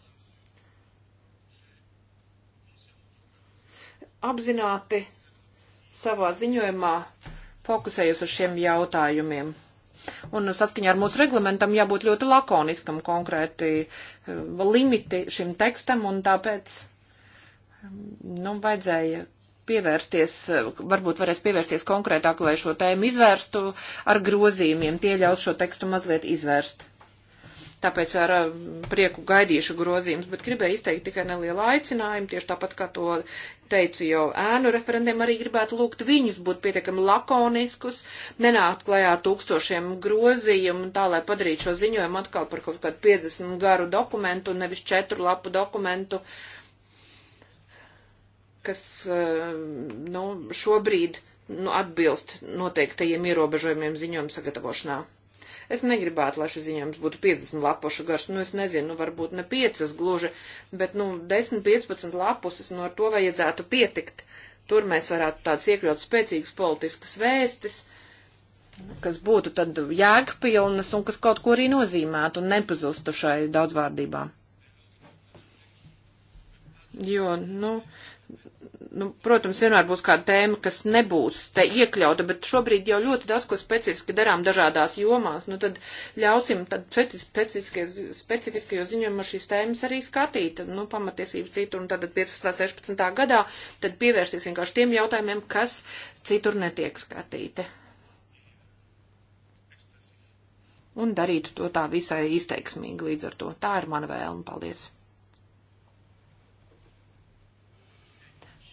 D: Apzināti savā ziņojumā fokusējos uz šiem jautājumiem. Un saskaņā ar mūsu reglamentam jābūt ļoti lakoniskam, konkrēti eh, limiti šim tekstam, un tāpēc, mm, nu, vajadzēja pievērsties, varbūt varēs pievērsties konkrētāk, lai šo tēmu izvērstu ar grozījumiem, tie ļaus šo tekstu mazliet izvērst. Tāpēc ar eh, prieku gaidīšu grozījumus, bet gribēju izteikt tikai nelielu aicinājumu, tieši tāpat kā to teicu jau ēnu referendiem, arī gribētu lūgt viņus būt pietiekami lakoniskus, nenākt klajā ar tūkstošiem grozījumu, tā lai padarītu šo ziņojumu atkal par kaut kādu 50 garu dokumentu, nevis 4 lapu dokumentu. Uh, kas eh, nu, šobrīd nu, atbilst noteiktajiem ierobežojumiem ziņojumu sagatavošanā. Es negribētu, lai šis ziņojums būtu 50 lapušu garš, nu es nezinu, varbūt ne 5 gluži, bet nu 10-15 lapuses, no nu, ar to vajadzētu pietikt. Tur mēs varētu tāds iekļaut spēcīgas politiskas vēstis, kas būtu tad jēgpilnas un kas kaut ko arī nozīmētu un nepazustu šai daudzvārdībā. Jo, nu, nu, protams, vienmēr būs kāda tēma, kas nebūs te iekļauta, bet šobrīd jau ļoti daudz ko specifiski darām dažādās jomās. Nu, tad ļausim tad specifiskajos ziņojumos šīs tēmas arī skatīt, nu, pamatiesības citur, un tad 15. 16. gadā, tad pievērsīs vienkārši tiem jautājumiem, kas citur netiek skatīti. Un darītu to tā visai izteiksmīgi līdz ar to. Tā ir mana vēlme. Paldies!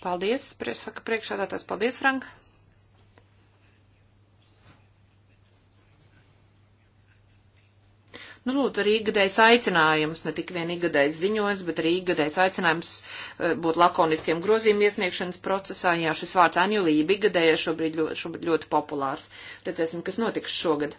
D: Paldies, prie, saka priekšādātājs. Paldies, Frank. Nu, lūdzu, arī gadējs aicinājums, ne tik vien gadējs ziņojums, bet arī gadējs aicinājums eh, būt lakoniskiem grozījumu iesniegšanas procesā. Jā, šis vārds anjulība gadēja šobrīd, ļoti, šobrīd ļoti populārs. Redzēsim, kas notiks šogad.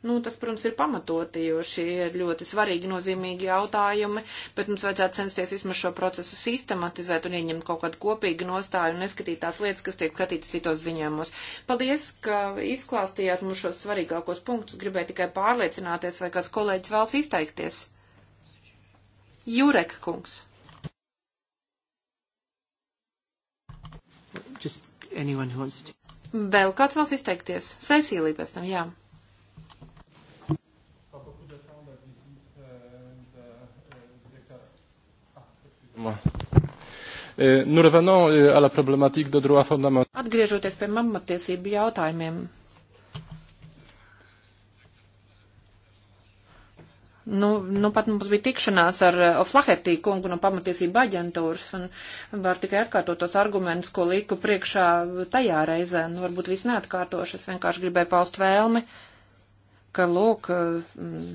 D: Nu, tas, protams, ir pamatoti, jo šie ir ļoti svarīgi, nozīmīgi jautājumi, bet mums vajadzētu censties vismaz šo procesu sistematizēt un ieņemt kaut kādu kopīgu nostāju un neskatīt tās lietas, kas tiek skatītas citos ziņojumos. Paldies, ka izklāstījāt mums šos svarīgākos punktus. Gribēju tikai pārliecināties, vai kāds kolēģis vēlas izteikties. Jurek kungs.
A: Just anyone
D: who wants to. Vēl kāds vēlas izteikties? Cecīlija pēc tam, jā.
A: E, nu, revenons à la problématique de droit fondamental.
D: Atgriežoties pie mamatiesību jautājumiem. Nu, nu, pat mums bija tikšanās ar e, Flahertī kungu no pamatiesība aģentūras, un var tikai atkārtot tos argumentus, ko liku priekšā tajā reizē. Nu, varbūt viss neatkārtoši, es vienkārši gribēju paust vēlmi, ka, lūk, mm,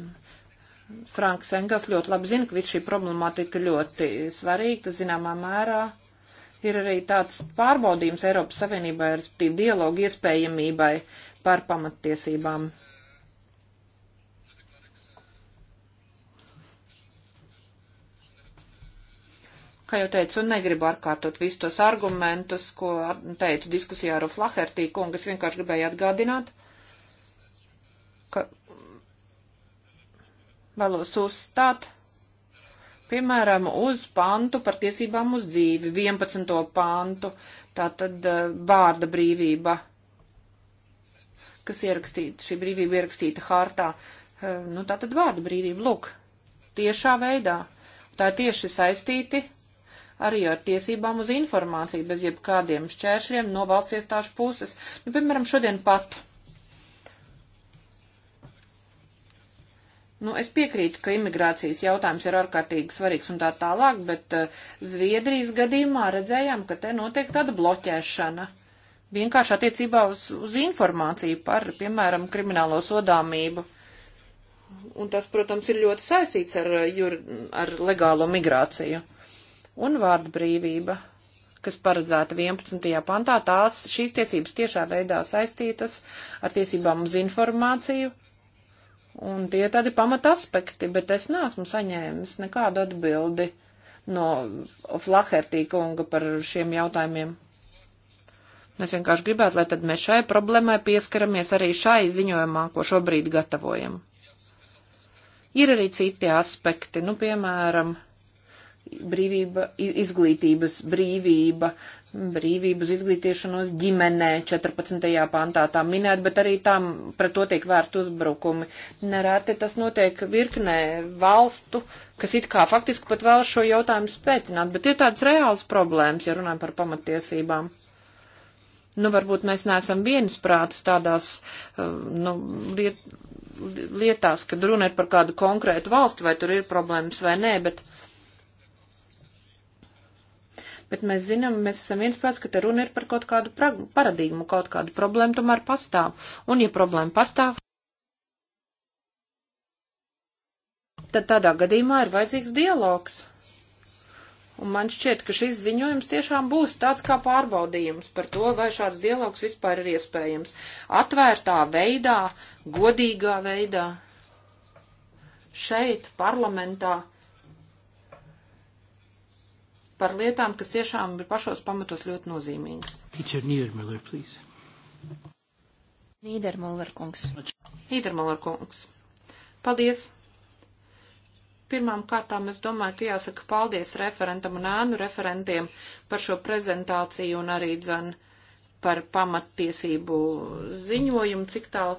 D: Franks Engels ļoti labi zina, ka viss šī problemātika ļoti svarīga, tas zināmā mērā ir arī tāds pārbaudījums Eiropas Savienībai ar tīm dialogu iespējamībai par pamattiesībām. Kā jau teicu, un negribu atkārtot visus tos argumentus, ko teicu diskusijā ar Flahertī kungu, es vienkārši gribēju atgādināt, ka vēlos uzstāt, piemēram, uz pantu par tiesībām uz dzīvi, 11. pantu, tā tad eh, vārda brīvība, kas ierakstīta, šī brīvība ierakstīta hartā, eh, nu tā tad vārda brīvība, lūk, tiešā veidā. Tā ir tieši saistīti arī ar tiesībām uz informāciju bez jebkādiem šķēršļiem no valsts iestāžu puses. Nu, piemēram, šodien pat Nu, es piekrītu, ka imigrācijas jautājums ir ārkārtīgi svarīgs un tā tālāk, bet uh, Zviedrijas gadījumā redzējām, ka te notiek tāda bloķēšana. Vienkārši attiecībā uz, uz informāciju par, piemēram, kriminālo sodāmību. Un tas, protams, ir ļoti saistīts ar, eh, jur, ar legālo migrāciju. Un vārdu brīvība, kas paredzēta 11. pantā, tās šīs tiesības tiešā veidā saistītas ar tiesībām uz informāciju Un tie ir tādi pamataspekti, bet es neesmu saņēmis nekādu atbildi no Flahertīkunga par šiem jautājumiem. Es vienkārši gribētu, lai tad mēs šai problēmai pieskaramies arī šai ziņojumā, ko šobrīd gatavojam. Ir arī citi aspekti, nu, piemēram, brīvība, izglītības brīvība, brīvību uz izglītiešanos ģimenē 14. pantā tā minēt, bet arī tam pret to tiek vērst uzbrukumi. Nerēti tas notiek virknē valstu, kas it kā faktiski pat vēl šo jautājumu spēcināt, bet ir tādas reālas problēmas, ja runājam par pamatiesībām. Nu, varbūt mēs neesam viensprātis tādās, uh, nu, liet, lietās, kad runa ir par kādu konkrētu valstu, vai tur ir problēmas vai nē, bet bet mēs zinām, mēs esam viensprāts, ka te runa ir par kaut kādu paradigmu, kaut kādu problēmu tomēr pastāv. Un ja problēma pastāv, tad tādā gadījumā ir vajadzīgs dialogs. Un man šķiet, ka šis ziņojums tiešām būs tāds kā pārbaudījums par to, vai šāds dialogs vispār ir iespējams. Atvērtā veidā, godīgā veidā, šeit, parlamentā par lietām, kas tiešām ir pašos pamatos ļoti nozīmīgas.
A: Peter Niedermüller, please.
D: Niedermüller kungs. Niedermüller kungs. Paldies. Pirmām kārtām es domāju, ka jāsaka paldies referentam un ēnu referentiem par šo prezentāciju un arī dzan par pamattiesību ziņojumu, cik tālu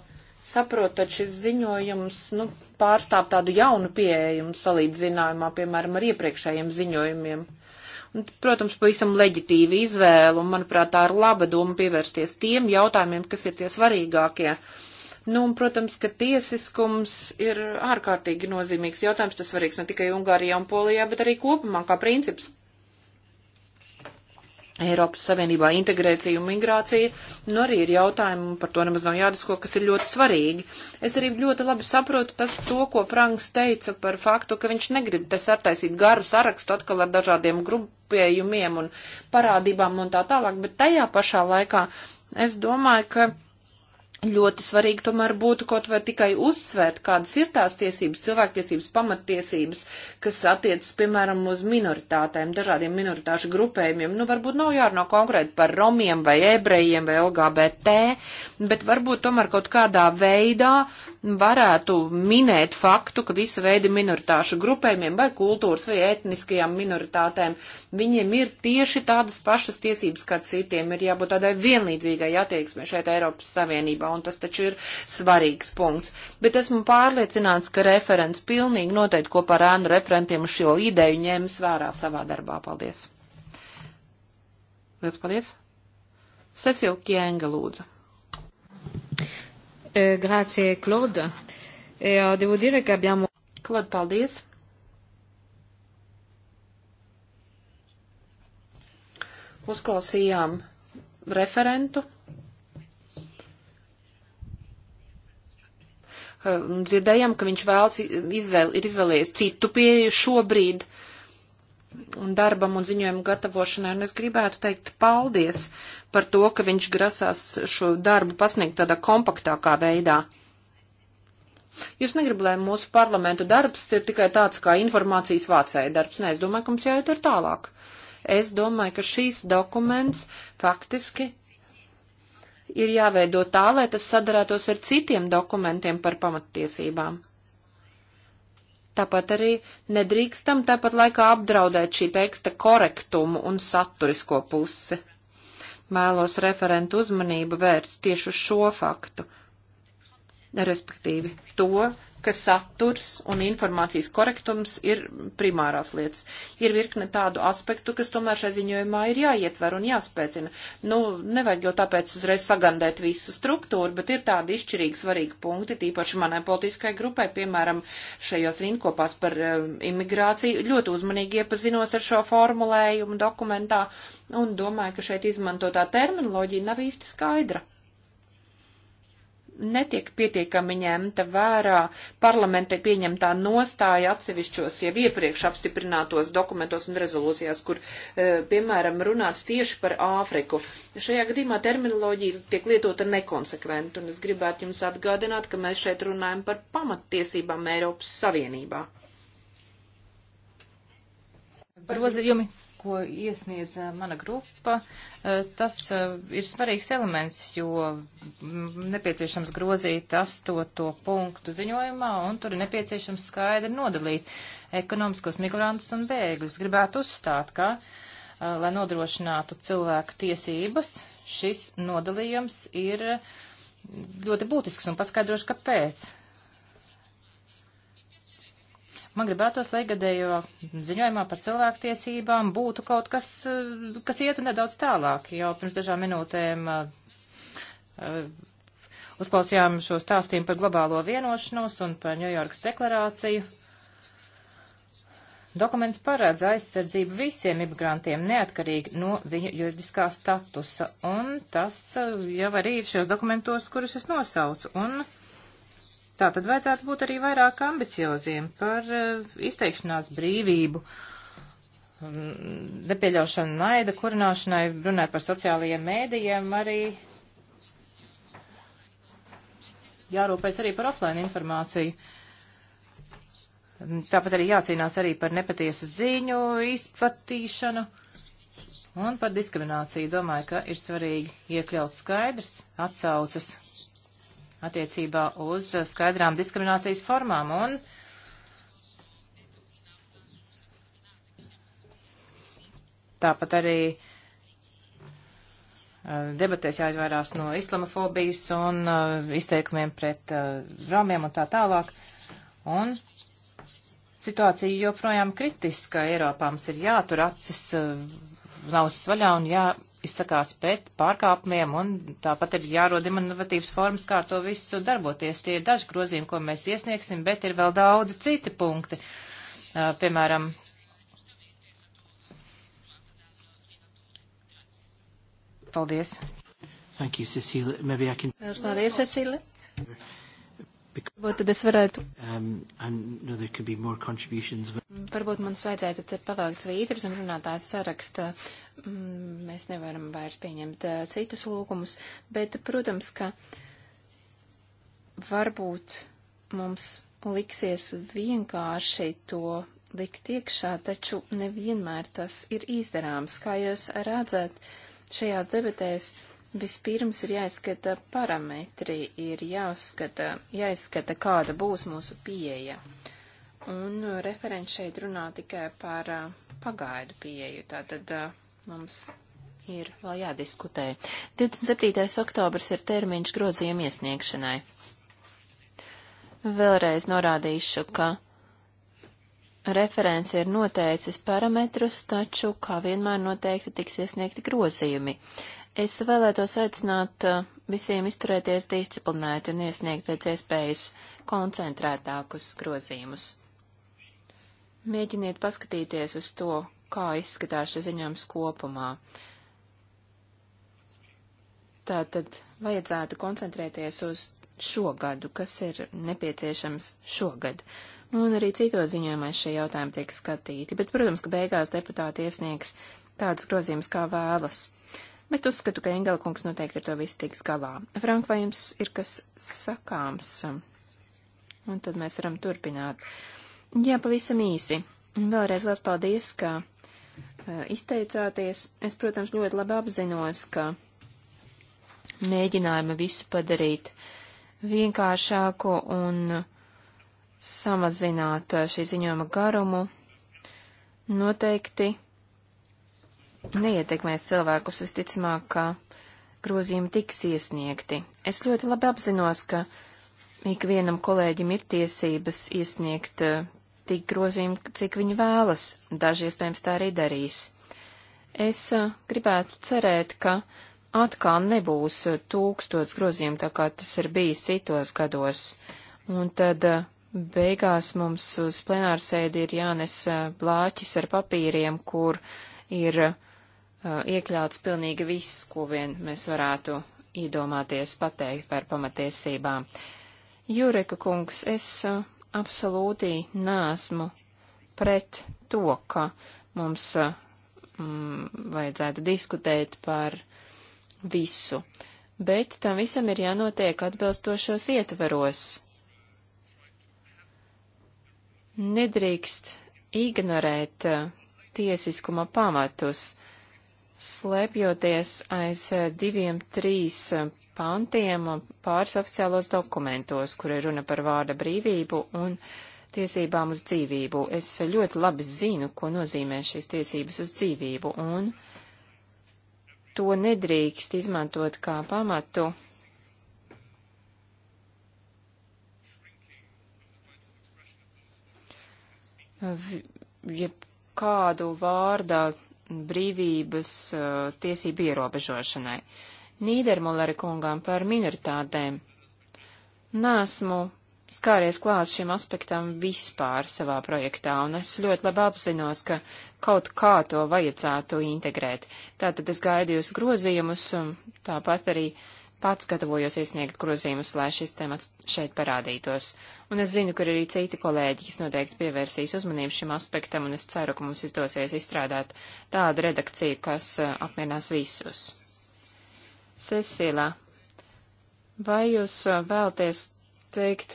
D: saprotat, šis ziņojums nu, pārstāv tādu jaunu pieejumu salīdzinājumā, piemēram, ar iepriekšējiem ziņojumiem. Protams, pavisam leģitīva izvēle, un, manuprāt, tā ir laba doma pievērsties tiem jautājumiem, kas ir tie svarīgākie. Nu, un, protams, ka tiesiskums ir ārkārtīgi nozīmīgs jautājums, tas svarīgs ne tikai Ungārijā un Polijā, bet arī kopumā kā princips. Eiropas Savienībā integrācija un migrācija, nu arī ir jautājumi, par to nemaz nav jādisko, kas ir ļoti svarīgi. Es arī ļoti labi saprotu tas, to, ko Franks teica par faktu, ka viņš negrib te sartaisīt garu sarakstu atkal ar dažādiem grup, krāpējumiem un parādībām un tā tālāk, bet tajā pašā laikā es domāju, ka ļoti svarīgi tomēr būtu kaut vai tikai uzsvērt, kādas ir tās tiesības, cilvēktiesības, pamattiesības, kas attiecas, piemēram, uz minoritātēm, dažādiem minoritāšu grupējumiem. Nu, varbūt nav jārunā konkrēti par romiem vai ebrejiem vai LGBT, bet varbūt tomēr kaut kādā veidā varētu minēt faktu, ka visa veida minoritāšu grupējumiem vai kultūras vai etniskajām minoritātēm viņiem ir tieši tādas pašas tiesības kā citiem, ir jābūt tādai vienlīdzīgai attieksmē šeit Eiropas Savienībā, un tas taču ir svarīgs punkts. Bet esmu pārliecināts, ka referents pilnīgi noteikti kopā ar ēnu referentiem šo ideju ņēmis vērā savā darbā. Paldies! Liels paldies! Cecil Kienga lūdzu. Eh, grazie Claude. E, uh, devo dire che abbiamo. Claude, paldies. Uzklausījām referentu. Eh, dzirdējām, ka viņš vēlas izvēl, ir izvēlējies citu pieeju šobrīd. Uh, darbam un ziņojumu gatavošanai, un es gribētu teikt paldies par to, ka viņš grasās šo darbu pasniegt tādā kompaktākā veidā. Jūs negribat, lai mūsu parlamentu darbs ir tikai tāds kā informācijas vācēja darbs. Nē, es domāju, ka mums jāiet ir tālāk. Es domāju, ka šīs dokuments faktiski ir jāveido tā, lai tas sadarētos ar citiem dokumentiem par pamattiesībām. Tāpat arī nedrīkstam tāpat laikā apdraudēt šī teksta korektumu un saturisko pusi. Mēlos referentu uzmanību vērst tieši uz šo faktu respektīvi to, ka saturs un informācijas korektums ir primārās lietas. Ir virkne tādu aspektu, kas tomēr šai ziņojumā ir jāietver un jāspēcina. Nu, nevajag jau tāpēc uzreiz sagandēt visu struktūru, bet ir tādi izšķirīgi svarīgi punkti, tīpaši manai politiskai grupai, piemēram, šajos rinkopās par um, imigrāciju. Ļoti uzmanīgi iepazinos ar šo formulējumu dokumentā un domāju, ka šeit izmantotā terminoloģija nav īsti skaidra netiek pietiekami ņemta vērā parlamentai pieņemtā nostāja atsevišķos jau iepriekš apstiprinātos dokumentos un rezolūcijās, kur, e, piemēram, runāts tieši par Āfriku. Šajā gadījumā terminoloģija tiek lietota nekonsekventi, un es gribētu jums atgādināt, ka mēs šeit runājam par pamattiesībām Eiropas Savienībā.
C: Grozījumi ko iesniedz eh, mana grupa, eh, tas eh, ir svarīgs elements, jo nepieciešams grozīt astoto punktu ziņojumā, un tur ir nepieciešams skaidri nodalīt ekonomiskos migrantus un bēgļus. Gribētu uzstāt, ka, lai nodrošinātu cilvēku tiesības, šis nodalījums ir ļoti būtisks un paskaidrošu, kāpēc. Man gribētos, lai gadējo ziņojumā par cilvēktiesībām būtu kaut kas, eh, kas ietu nedaudz tālāk. Jau pirms dažām minūtēm eh, eh, uzklausījām šo stāstījumu par globālo vienošanos un par Ņujorkas deklarāciju. Dokuments paredz aizsardzību visiem imigrantiem, neatkarīgi no viņu juridiskā statusa, un tas jau arī ir šajos dokumentos, kurus es nosaucu. Un Tā tad vajadzētu būt arī vairāk ambicioziem par eh, izteikšanās brīvību, nepieļaušanu naida kurināšanai, runāja par sociālajiem mēdījiem, arī jārūpēs arī par offline informāciju. Tāpat arī jācīnās arī par nepatiesu ziņu izplatīšanu un par diskrimināciju. Domāju, ka ir svarīgi iekļaut skaidrs atsaucas attiecībā uz skaidrām diskriminācijas formām. Un tāpat arī eh, debatēs jāizvairās no islamofobijas un eh, izteikumiem pret eh, romiem un tā tālāk. Un situācija joprojām kritiska. Eiropā mums ir jātur acis nav svaļā un jā izsakās pret pārkāpumiem, un tāpat ir jārod imunitīvas formas, kā to visu darboties. Tie ir daži grozījumi, ko mēs iesniegsim, bet ir vēl daudzi citi punkti. Uh, piemēram,
D: paldies.
A: Thank you, Cecile. Maybe I can...
B: Paldies, Cecile. Varbūt tad es varētu.
A: Um, no, but...
B: Varbūt man vajadzētu te pavēlēt svītras un runātājs saraksta Mm, mēs nevaram vairs pieņemt citus lūgumus, bet, protams, ka varbūt mums liksies vienkārši to likt iekšā, taču nevienmēr tas ir izdarāms. Kā jūs redzat, šajās debatēs vispirms ir jāizskata parametri, ir jāuzskata, jāizskata, kāda būs mūsu pieeja. Un referents šeit runā tikai par pagaidu pieeju, tātad mums ir vēl jādiskutē. 27. oktobrs ir termiņš grozījuma iesniegšanai. Vēlreiz norādīšu, ka referents ir noteicis parametrus, taču, kā vienmēr, noteikti tiks iesniegti grozījumi. Es vēlētos aicināt uh, visiem izturēties disciplinēti un iesniegt pēc iespējas koncentrētākus grozījumus. Mēģiniet paskatīties uz to, kā izskatās šis ziņojums kopumā. Tātad vajadzētu koncentrēties uz šo gadu, kas ir nepieciešams šogad. Un arī citos ziņojumos šie jautājumi tiek skatīti, bet, protams, ka beigās deputāti iesniegs tādus grozījumus, kā vēlas. Bet uzskatu, ka Engela kungs noteikti ar to visu tiks galā. Frank, vai jums ir kas sakāms? Un tad mēs varam turpināt. Jā, pavisam īsi. Vēlreiz liels paldies, ka Eh, izteicāties. Es, protams, ļoti labi apzinos, ka mēģinājumi visu padarīt vienkāršāku un samazināt eh, šī ziņojuma garumu noteikti neietekmēs cilvēkus visticamāk, ka grozījumi tiks iesniegti. Es ļoti labi apzinos, ka ikvienam kolēģim ir tiesības iesniegt eh, tik grozījumu, cik viņi vēlas. Daži iespējams tā arī darīs. Es gribētu cerēt, ka atkal nebūs tūkstots grozījumu, tā kā tas ir bijis citos gados. Un tad beigās mums uz plenārsēdi ir jānes blāķis ar papīriem, kur ir iekļauts pilnīgi viss, ko vien mēs varētu iedomāties pateikt par pamatiesībām. Jureka kungs, es absolūti nāsmu pret to, ka mums eh, mm, vajadzētu diskutēt par visu, bet tam visam ir jānotiek atbilstošos ietveros. Nedrīkst ignorēt eh, tiesiskuma pamatus, slēpjoties aiz eh, diviem, trīs pantiem pāris oficiālos dokumentos, kur ir runa par vārda brīvību un tiesībām uz dzīvību. Es ļoti labi zinu, ko nozīmē šīs tiesības uz dzīvību, un to nedrīkst izmantot kā pamatu jebkādu vārdā brīvības uh, tiesību ierobežošanai. Uh, Nīdermullera kungām par minoritātēm. Nāsmu skāries klāt šim aspektam vispār savā projektā, un es ļoti labi apzinos, ka kaut kā to vajadzētu integrēt. Tātad es gaidu jūs grozījumus, un tāpat arī pats gatavojos iesniegt grozījumus, lai šis temats šeit parādītos. Un es zinu, kur ir arī citi kolēģi, kas noteikti pievērsīs uzmanību šim aspektam, un es ceru, ka mums izdosies izstrādāt tādu redakciju, kas eh, apmienās visus. Cecilā, vai jūs uh, vēlties teikt?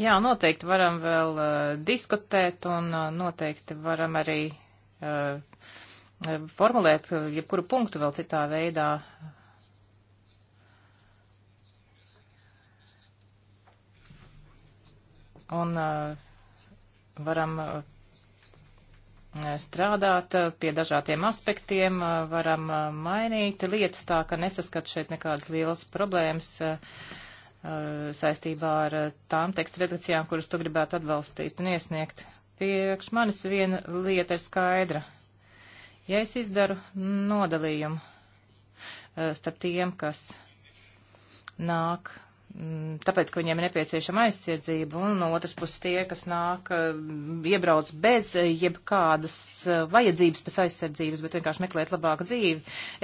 C: Jā, noteikti varam vēl uh, diskutēt un uh, noteikti varam arī uh, formulēt uh, jebkuru punktu vēl citā veidā. Un uh, varam uh, strādāt eh, pie dažādiem aspektiem, eh, varam eh, mainīt lietas tā, ka nesaskat šeit nekādas lielas problēmas saistībā ar tām tekstu redakcijām, kuras tu gribētu atbalstīt un iesniegt. Priekš manis viena lieta ir skaidra. Ja es izdaru nodalījumu starp tiem, kas nāk Mm, tāpēc, ka viņiem ir nepieciešama aizsardzība, un no otras puses tie, kas nāk, mm, iebrauc bez jebkādas eh, vajadzības pēc aizsardzības, bet vienkārši meklēt labāku dzīvi.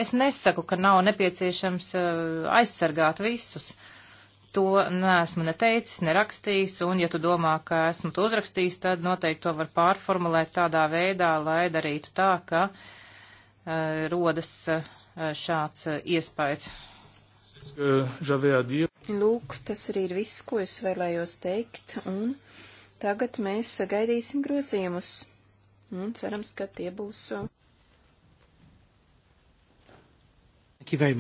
C: Es nesaku, ka nav nepieciešams eh, aizsargāt visus. To neesmu neteicis, nerakstījis, un ja tu domā, ka esmu to uzrakstījis, tad noteikti to var pārformulēt tādā veidā, lai darītu tā, ka uh, rodas uh, šāds uh, iespējas.
B: Uh, Lūk, tas arī ir viss, ko es vēlējos teikt, un tagad mēs sagaidīsim grozījumus. Un cerams, ka tie būs. Uh,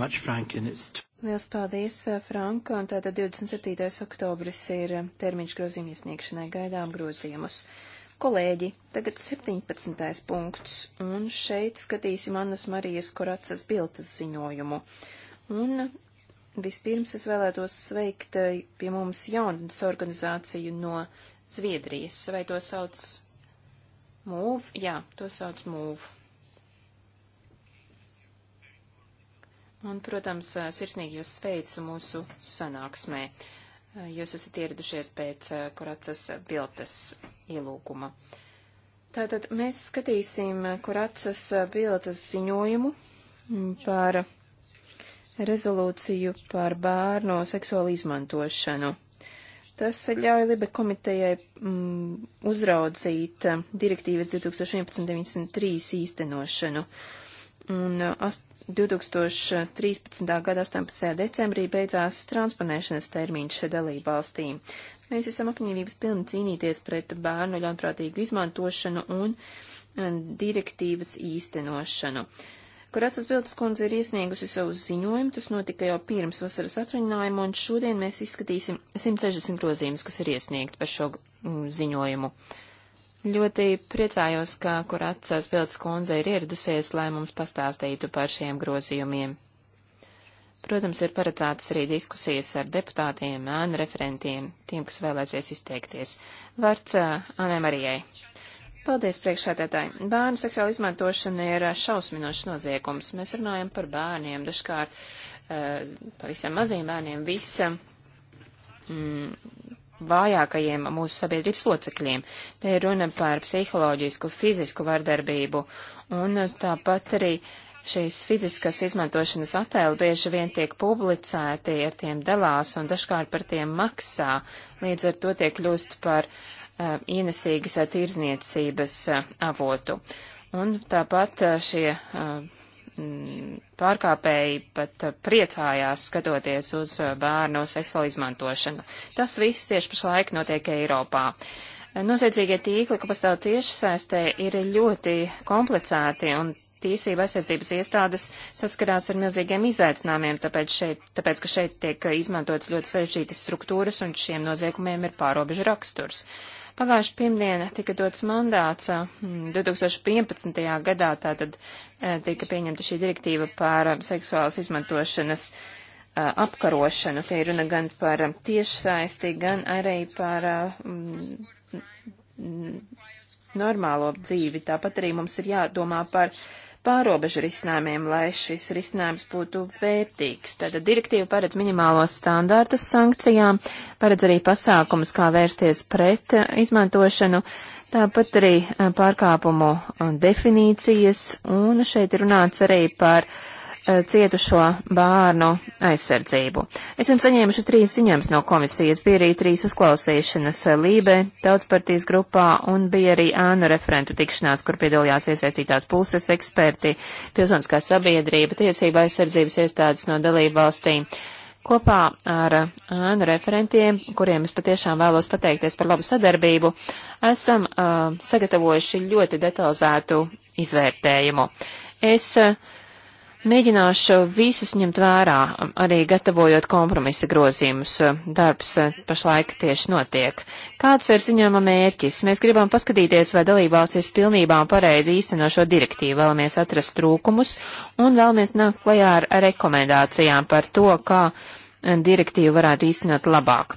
A: much, Frank, Liels
B: paldies, uh, Franka, un tātad 27. oktobris ir uh, termiņš grozījuma iesniegšanai, gaidām grozījumus. Kolēģi, tagad 17. punkts, un šeit skatīsim Annas Marijas Koracas Biltas ziņojumu. Un Vispirms es vēlētos sveikt eh, pie mums jaunas organizāciju no Zviedrijas. Vai to sauc MOV? Jā, to sauc MOV. Un, protams, eh, sirsnīgi jūs sveicu mūsu sanāksmē. Eh, jūs esat ieradušies pēc Kuracas Biltas ielūguma. Tātad mēs skatīsim Kuracas Biltas ziņojumu par. Jā rezolūciju par bērnu seksuālu izmantošanu. Tas ļauj Libe komitejai mm, uzraudzīt eh, direktīvas 2011-93 īstenošanu. Un 2013. Eh, gada 18. decembrī beidzās transponēšanas termiņš dalību valstīm. Mēs esam apņēmības pilni cīnīties pret bērnu ļaunprātīgu izmantošanu un eh, direktīvas īstenošanu. Uh, Kuracas Bildes kundze ir iesniegusi savu ziņojumu, tas notika jau pirms vasaras atvaļinājuma, un šodien mēs izskatīsim 160 grozījumus, kas ir iesniegt par šo mm, ziņojumu. Ļoti priecājos, ka Kuracas Bildes kundze ir ieradusies, lai mums pastāstītu par šiem grozījumiem. Protams, ir paredzētas arī diskusijas ar deputātiem, ēnu referentiem, tiem, kas vēlēsies izteikties. Vārds uh, Anē Marijai. Paldies, priekšsēdētāji. Bērnu seksuāla izmantošana ir eh, šausminošs noziegums. Mēs runājam par bērniem, dažkārt eh, pavisam maziem bērniem, visam mm, vājākajiem mūsu sabiedrības locekļiem. Te ir runa par psiholoģisku, fizisku vardarbību un eh, tāpat arī šīs fiziskas izmantošanas attēli bieži vien tiek publicēti, ar tiem dalās un dažkārt par tiem maksā. Līdz ar to tiek kļūst par uh, Um, ienesīgas uh, tirzniecības uh, avotu. Un tāpat uh, šie um, pārkāpēji pat priecājās skatoties uz bērnu seksuālu izmantošanu. Tas viss tieši pašlaik notiek Eiropā. Noziedzīgie tīkli, ka pastāv tieši saistē, ir ļoti komplicēti un tīsība aizsardzības iestādes saskarās ar milzīgiem izaicinājumiem, tāpēc, šeit, tāpēc ka šeit tiek izmantotas ļoti sarežģītas struktūras un šiem noziegumiem ir pārobežu raksturs. Uh, Pagājuši pirmdiena tika dots mandāts 2015. Mm, gadā, tātad eh, tika pieņemta šī direktīva par seksuālas izmantošanas eh, apkarošanu. Te ir runa gan par tiešsaisti, gan arī par eh, mm, normālo dzīvi. Tāpat arī mums ir jādomā par uh, pārobežu risinājumiem, lai šis risinājums būtu vērtīgs. Tātad direktīva paredz minimālos standārtus sankcijām, paredz arī pasākumus, kā vērsties pret eh, izmantošanu, tāpat arī eh, pārkāpumu eh, definīcijas, un šeit ir runāts arī par uh, Eh, cietušo bērnu aizsardzību. Esam saņēmuši trīs ziņojums no komisijas, bija arī trīs uzklausīšanas eh, Lībe, tautspartijas grupā un bija arī ēnu referentu tikšanās, kur piedalījās iesaistītās puses eksperti, pilsoniskā sabiedrība, tiesība aizsardzības iestādes no dalību valstīm. Kopā ar eh, ēnu referentiem, kuriem es patiešām vēlos pateikties par labu sadarbību, esam uh, sagatavojuši ļoti detalizētu izvērtējumu. Es uh, Mēģināšu visus ņemt vērā, arī gatavojot kompromisa grozījumus. Darbs eh, pašlaik tieši notiek. Kāds ir ziņojuma mērķis? Mēs gribam paskatīties, vai dalībvalstis pilnībā pareizi īsteno šo direktīvu, vēlamies atrast trūkumus un vēlamies nākt klajā ar rekomendācijām par to, kā eh, direktīvu varētu īstenot labāk.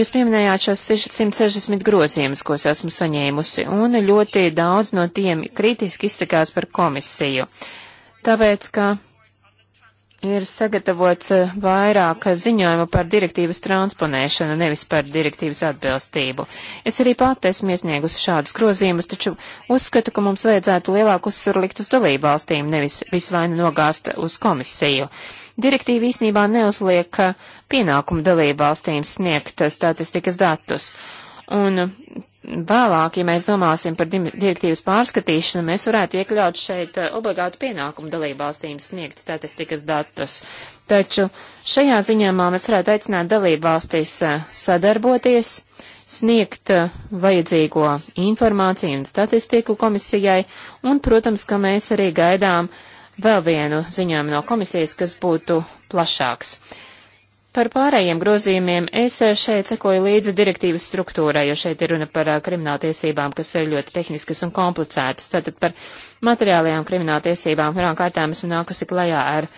B: Jūs pieminējāt šos 160 grozījumus, ko es esmu saņēmusi, un ļoti daudz no tiem kritiski izsakās par komisiju tāpēc, ka ir sagatavots eh, vairāk ziņojumu par direktīvas transponēšanu, nevis par direktīvas atbilstību. Es arī pati esmu iesniegusi šādus grozījumus, taču uzskatu, ka mums vajadzētu lielāku uzsvaru likt uz dalību valstīm, nevis visvainu nogāst uz komisiju. Direktīva īsnībā neuzliek eh, pienākumu dalību valstīm sniegt statistikas datus. Uh, Un vēlāk, ja mēs domāsim par direktīvas pārskatīšanu, mēs varētu iekļaut šeit eh, obligātu pienākumu dalībvalstīm sniegt statistikas datus. Taču šajā ziņāmā mēs varētu aicināt dalībvalstis eh, sadarboties, sniegt eh, vajadzīgo informāciju un statistiku komisijai, un, protams, ka mēs arī gaidām vēl vienu ziņojumu no komisijas, kas būtu plašāks. Par pārējiem grozījumiem es eh, šeit sekoju līdzi direktīvas struktūrai, jo šeit ir runa par eh, krimināltiesībām, kas ir ļoti tehniskas un komplicētas. Tātad par materiālajām krimināltiesībām pirmām kārtām esmu nākusi klajā ar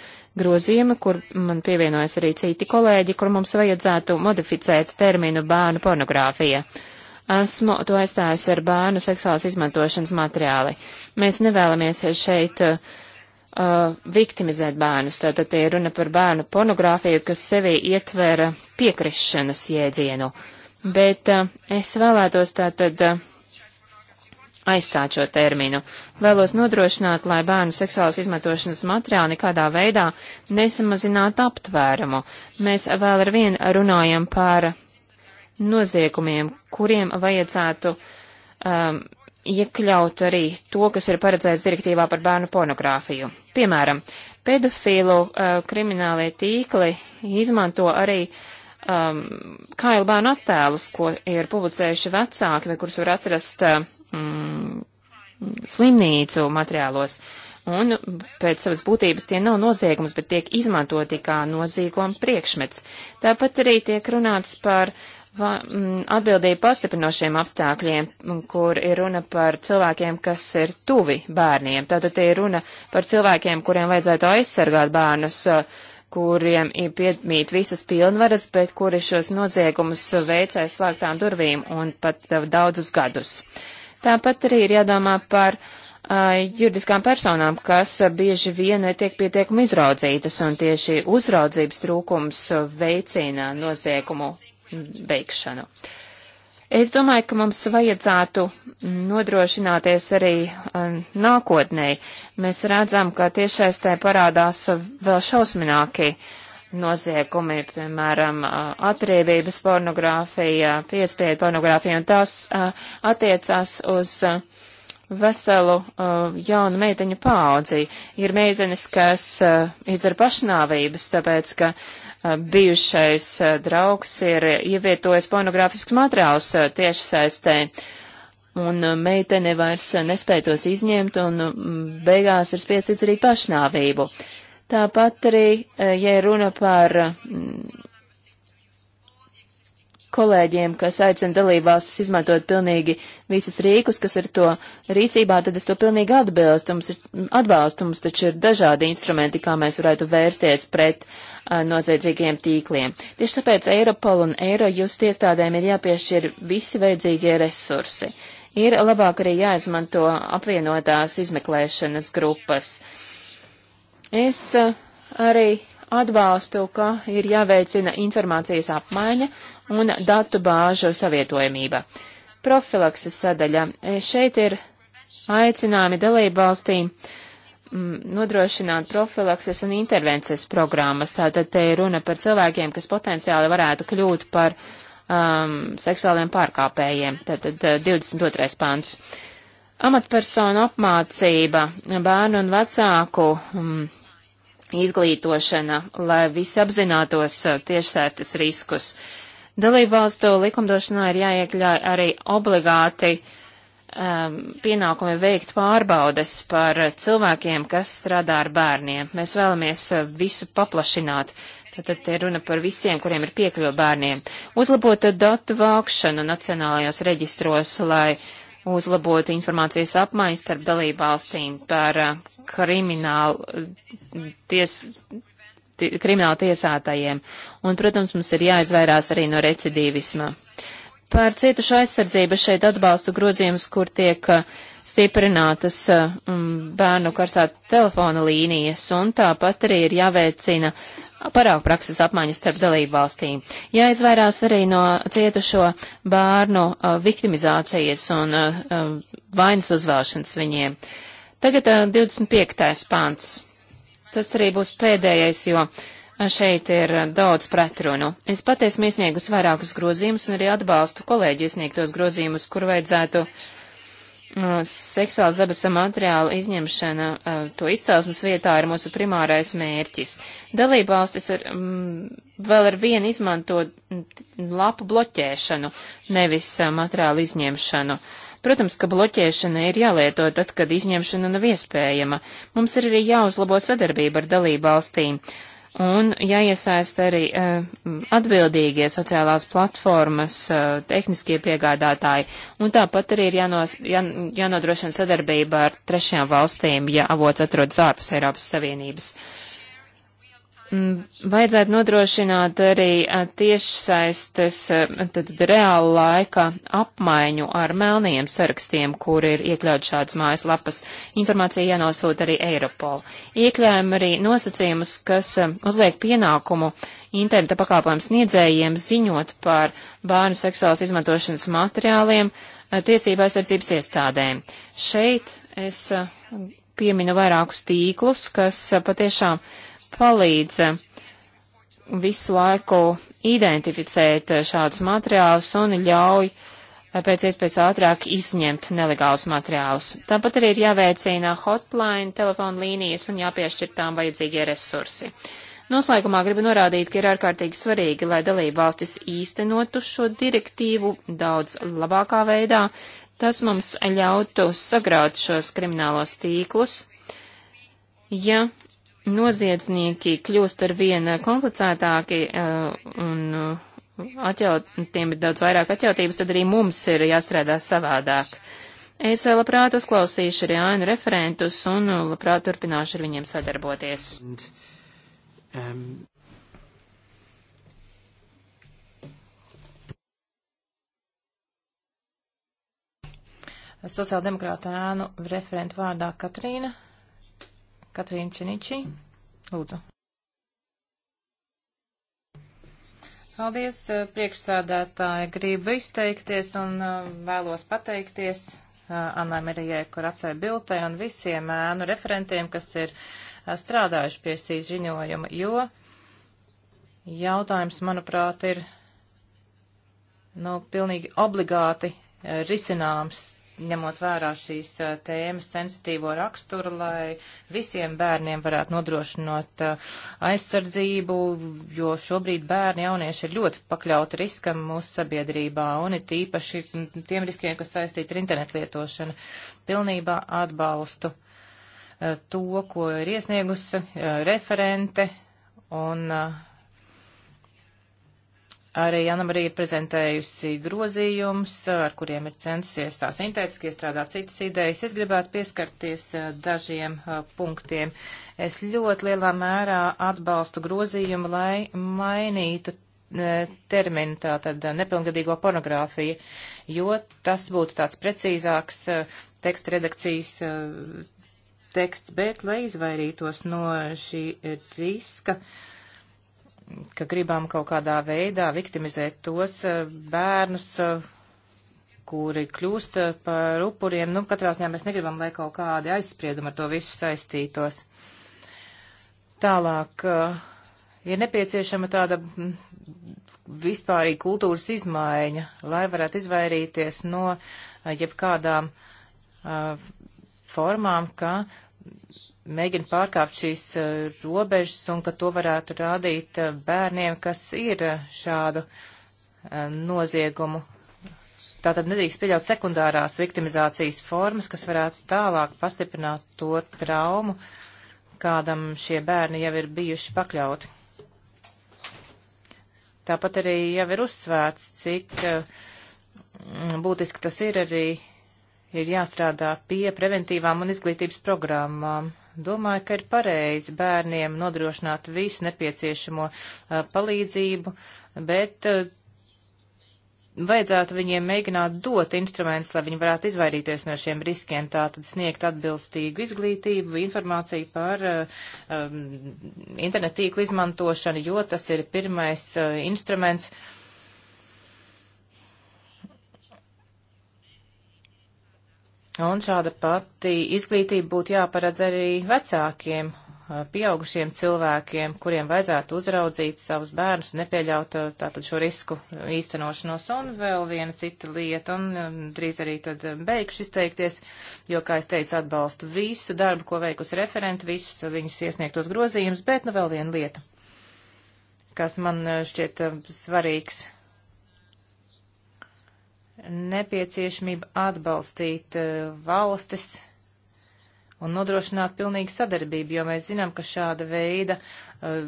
B: grozījumu, kur man pievienojas arī citi kolēģi, kur mums vajadzētu modificēt terminu bērnu pornogrāfija. Esmu to aizstājusi ar bērnu seksuālas izmantošanas materiāli. Mēs nevēlamies šeit uh, uh, viktimizēt bērnus. Tātad te ir runa par bērnu pornogrāfiju, kas sevī ietver piekrišanas jēdzienu. Bet uh, es vēlētos tātad uh, aizstāt šo terminu. Vēlos nodrošināt, lai bērnu seksuālas izmantošanas materiāli nekādā veidā nesamazinātu aptvērumu. Mēs vēl ar vienu runājam par noziegumiem, kuriem vajadzētu um, iekļaut arī to, kas ir paredzēts direktīvā par bērnu pornogrāfiju. Piemēram, pedofilu uh, kriminālie tīkli izmanto arī um, kailu bērnu attēlus, ko ir publicējuši vecāki vai kurus var atrast uh, mm, slimnīcu materiālos. Un pēc savas būtības tie nav noziegums, bet tiek izmantoti kā nozieguma priekšmets. Tāpat arī tiek runāts par uh, Mm, atbildību pastiprinošiem apstākļiem, mm, kur ir runa par cilvēkiem, kas ir tuvi bērniem. Tātad ir runa par cilvēkiem, kuriem vajadzētu aizsargāt bērnus, kuriem ir piemīt visas pilnvaras, bet kuri šos noziegumus veic aiz slēgtām durvīm un pat daudzus gadus. Tāpat arī ir jādomā par uh, juridiskām personām, kas bieži vien netiek pietiekami izraudzītas, un tieši uzraudzības trūkums veicina noziegumu veikšanu. Es domāju, ka mums vajadzētu nodrošināties arī um, nākotnē. Mēs redzam, ka tiešaistē parādās vēl šausminākie noziegumi, piemēram, uh, atriebības pornogrāfija, piespiedu pornogrāfija, un tās uh, attiecās uz uh, veselu uh, jaunu meiteņu paudzi. Ir meitenes, kas uh, izdara pašnāvības, tāpēc, ka Eh, bijušais eh, draugs ir ievietojis pornogrāfiskus materiālus eh, tieši saistē. Un meitene vairs nespēja tos izņemt un mm, beigās ir spiestīts arī pašnāvību. Tāpat arī, ja runa par mm, kolēģiem, kas aicina dalībvalstis izmantot pilnīgi visus rīkus, kas ir to rīcībā, tad es to pilnīgi atbilstu. Mums ir mm, atbalstu, mums taču ir dažādi instrumenti, kā mēs varētu vērsties pret uh, noziedzīgiem tīkliem. Tieši tāpēc Eiropol un Eirojust iestādēm ir jāpiešķir visi vajadzīgie resursi. Ir labāk arī jāizmanto apvienotās izmeklēšanas grupas. Es arī atbalstu, ka ir jāveicina informācijas apmaiņa un datu bāžu savietojamība. Profilakses sadaļa. E, šeit ir aicināmi dalībvalstīm uh, nodrošināt profilakses un intervences programmas. Tātad te ir runa par cilvēkiem, kas potenciāli varētu kļūt par um, seksuāliem pārkāpējiem. Tātad 22. Uh, pants. Amatpersonu apmācība, bērnu un vecāku um, izglītošana, lai visi apzinātos uh, tiešsaistes riskus. Dalībvalstu likumdošanā ir jāiekļauj arī obligāti uh, Um, pienākumi veikt pārbaudes par cilvēkiem, kas strādā ar bērniem. Mēs vēlamies uh, visu paplašināt. Tātad te runa par visiem, kuriem ir piekļuva bērniem. Uzlabot datu vākšanu nacionālajos reģistros, lai uzlabotu informācijas apmaiņu starp dalībvalstīm par uh, kriminālu, uh, ties, ti, kriminālu tiesātajiem. Un, protams, mums ir jāizvairās arī no recidīvisma. Uh, Par cietušu aizsardzību šeit atbalstu grozījumus, kur tiek uh, stiprinātas uh, um, bērnu karstā telefona līnijas, un tāpat arī ir jāveicina paraugu prakses apmaiņas starp dalību valstīm. Jāizvairās arī no cietušo bērnu uh, viktimizācijas un uh, um, vainas uzvēlšanas viņiem. Tagad uh, 25. pāns. Tas arī būs pēdējais, jo uh, Šeit ir daudz pretrunu. Es patiesmu iesniegus vairākus grozījumus un arī atbalstu kolēģi iesniegtos grozījumus, kur vajadzētu mm, seksuāls dabas materiāla izņemšana eh, to izcelsmes vietā ir mūsu primārais mērķis. Dalībvalstis ar, m, mm, vēl ar vienu izmanto mm, lapu bloķēšanu, nevis eh, materiālu izņemšanu. Protams, ka bloķēšana ir jālieto tad, kad izņemšana nav iespējama. Mums ir arī jāuzlabo sadarbība ar dalībvalstīm. valstīm un jāiesaist arī uh, atbildīgie sociālās platformas, uh, tehniskie piegādātāji, un tāpat arī ir jānos, jā, jānodrošina sadarbība ar trešajām valstīm, ja avots atrodas ārpus Eiropas Savienības. Uh, Mm, vajadzētu nodrošināt arī tiešsaistes, tad reāla laika apmaiņu ar melniem sarakstiem, kur ir iekļaut šādas mājaslapas. Informācija jānosūta arī Eiropol. Iekļājam arī nosacījumus, kas uzliek pienākumu interneta pakāpojumu sniedzējiem ziņot par bērnu seksuālas izmantošanas materiāliem tiesībā aizsardzības iestādēm. Šeit es pieminu vairākus tīklus, kas patiešām palīdz eh, visu laiku identificēt eh, šādus materiālus un ļauj eh, pēc iespējas ātrāk izņemt nelegālus materiālus. Tāpat arī ir jāveicina hotline, telefonu līnijas un jāpiešķir tām vajadzīgie resursi. Noslēgumā gribu norādīt, ka ir ārkārtīgi svarīgi, lai dalība valstis īstenotu šo direktīvu daudz labākā veidā. Tas mums ļautu sagraut šos kriminālos tīklus. Ja noziedznieki kļūst ar vien komplicētāki eh, un eh, atjaut, tiem ir daudz vairāk atjautības, tad arī mums ir jāstrādā savādāk. Es labprāt uzklausīšu arī ANU referentus un labprāt turpināšu ar viņiem sadarboties. And,
A: um...
C: Sociāldemokrāta ēnu referentu vārdā Katrīna Katrīna Čeničī, lūdzu. Paldies, eh, priekšsādātāji. Gribu izteikties un eh, vēlos pateikties eh, Annai Marijai Kuracai Biltai un visiem ēnu referentiem, kas ir strādājuši pie šī ziņojuma, jo jautājums, manuprāt, ir nu, pilnīgi obligāti risināms ņemot vērā šīs tēmas sensitīvo raksturu, lai visiem bērniem varētu nodrošinot aizsardzību, jo šobrīd bērni jaunieši ir ļoti pakļauti riskam mūsu sabiedrībā un ir tīpaši tiem riskiem, kas saistīti ar internetu lietošanu. Pilnībā atbalstu to, ko ir iesniegusi referente un uh, Arī Anna Marija ir prezentējusi grozījumus, ar kuriem ir centusies tā sintētiski iestrādāt citas idejas. Es gribētu pieskarties eh, dažiem eh, punktiem. Es ļoti lielā mērā atbalstu grozījumu, lai mainītu eh, terminu, tātad nepilngadīgo pornogrāfiju, jo tas būtu tāds precīzāks teksta redakcijas teksts, bet lai izvairītos no šī riska. Uh, ka gribam kaut kādā veidā viktimizēt tos eh, bērnus, eh, kuri kļūst eh, par upuriem. Nu, katrā ziņā mēs negribam, lai kaut kādi aizspriedumi ar to visu saistītos. Tālāk ir nepieciešama tāda mm, vispārīga kultūras izmaiņa, lai varētu izvairīties no jebkādām formām, ka mēģina pārkāpt šīs uh, robežas un ka to varētu rādīt uh, bērniem, kas ir uh, šādu noziegumu. Tātad nedrīkst pieļaut sekundārās viktimizācijas formas, kas varētu tālāk pastiprināt to traumu, kādam šie bērni jau ir bijuši pakļauti. Tāpat arī jau ir uzsvērts, cik būtiski tas ir arī ir jāstrādā pie preventīvām un izglītības programmām domāju, ka ir pareizi bērniem nodrošināt visu nepieciešamo uh, palīdzību, bet uh, vajadzētu viņiem mēģināt dot instrumentus, lai viņi varētu izvairīties no šiem riskiem, tātad sniegt atbilstīgu izglītību, informāciju par um, internetīklu izmantošanu, jo tas ir pirmais uh, instruments. Uh, Un šāda pati izglītība būtu jāparedz arī vecākiem, pieaugušiem cilvēkiem, kuriem vajadzētu uzraudzīt savus bērnus un nepieļaut tātad šo risku īstenošanos. Un vēl viena cita lieta, un drīz arī tad beigšu izteikties, jo, kā es teicu, atbalstu visu darbu, ko veikusi referenti, visus viņas iesniegtos grozījumus, bet nu vēl viena lieta, kas man šķiet svarīgs nepieciešamība atbalstīt eh, valstis un nodrošināt pilnīgu sadarbību, jo mēs zinām, ka šāda veida eh,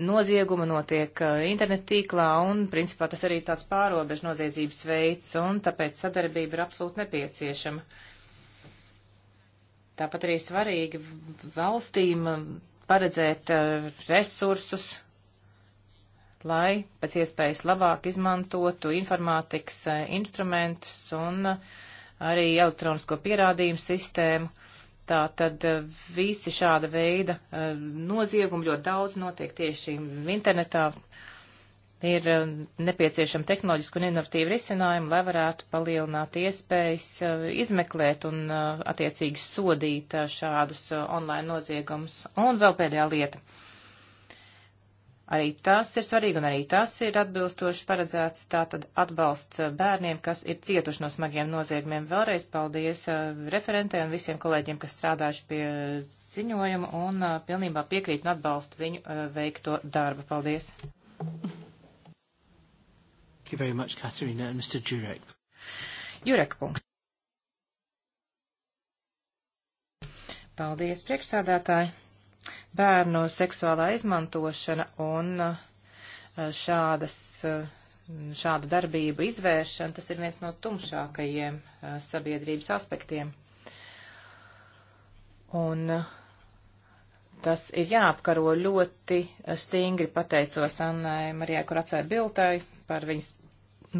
C: nozieguma notiek eh, internet tīklā un, principā, tas arī tāds pārobežu noziedzības veids, un tāpēc sadarbība ir absolūti nepieciešama. Tāpat arī svarīgi valstīm paredzēt resursus, lai pēc iespējas labāk izmantotu informātikas eh, instrumentus un eh, arī elektronisko pierādījumu sistēmu. Tā tad eh, visi šāda veida noziegumi ļoti daudz notiek tieši internetā. Ir nepieciešama tehnoloģiska un inovatīva risinājuma, lai varētu palielināt iespējas izmeklēt un attiecīgi sodīt šādus online noziegumus. Un vēl pēdējā lieta. Arī tas ir svarīgi un arī tas ir atbilstoši paredzēts tātad atbalsts eh, bērniem, kas ir cietuši no smagiem noziegumiem. Vēlreiz paldies uh, eh, referentē un visiem kolēģiem, kas strādājuši pie eh, ziņojuma un uh, pilnībā piekrīt un atbalstu viņu uh, veikto darbu. Paldies! Thank
A: you very much, Katerina and Mr. Jurek.
C: Jurek kungs. Paldies, priekšsādātāji! bērnu seksuālā izmantošana un eh, šādas, eh, šādu darbību izvēršana, tas ir viens no tumšākajiem eh, sabiedrības aspektiem. Un tas ir jāapkaro ļoti stingri, pateicos Annai Marijai Kuracē Biltai par viņas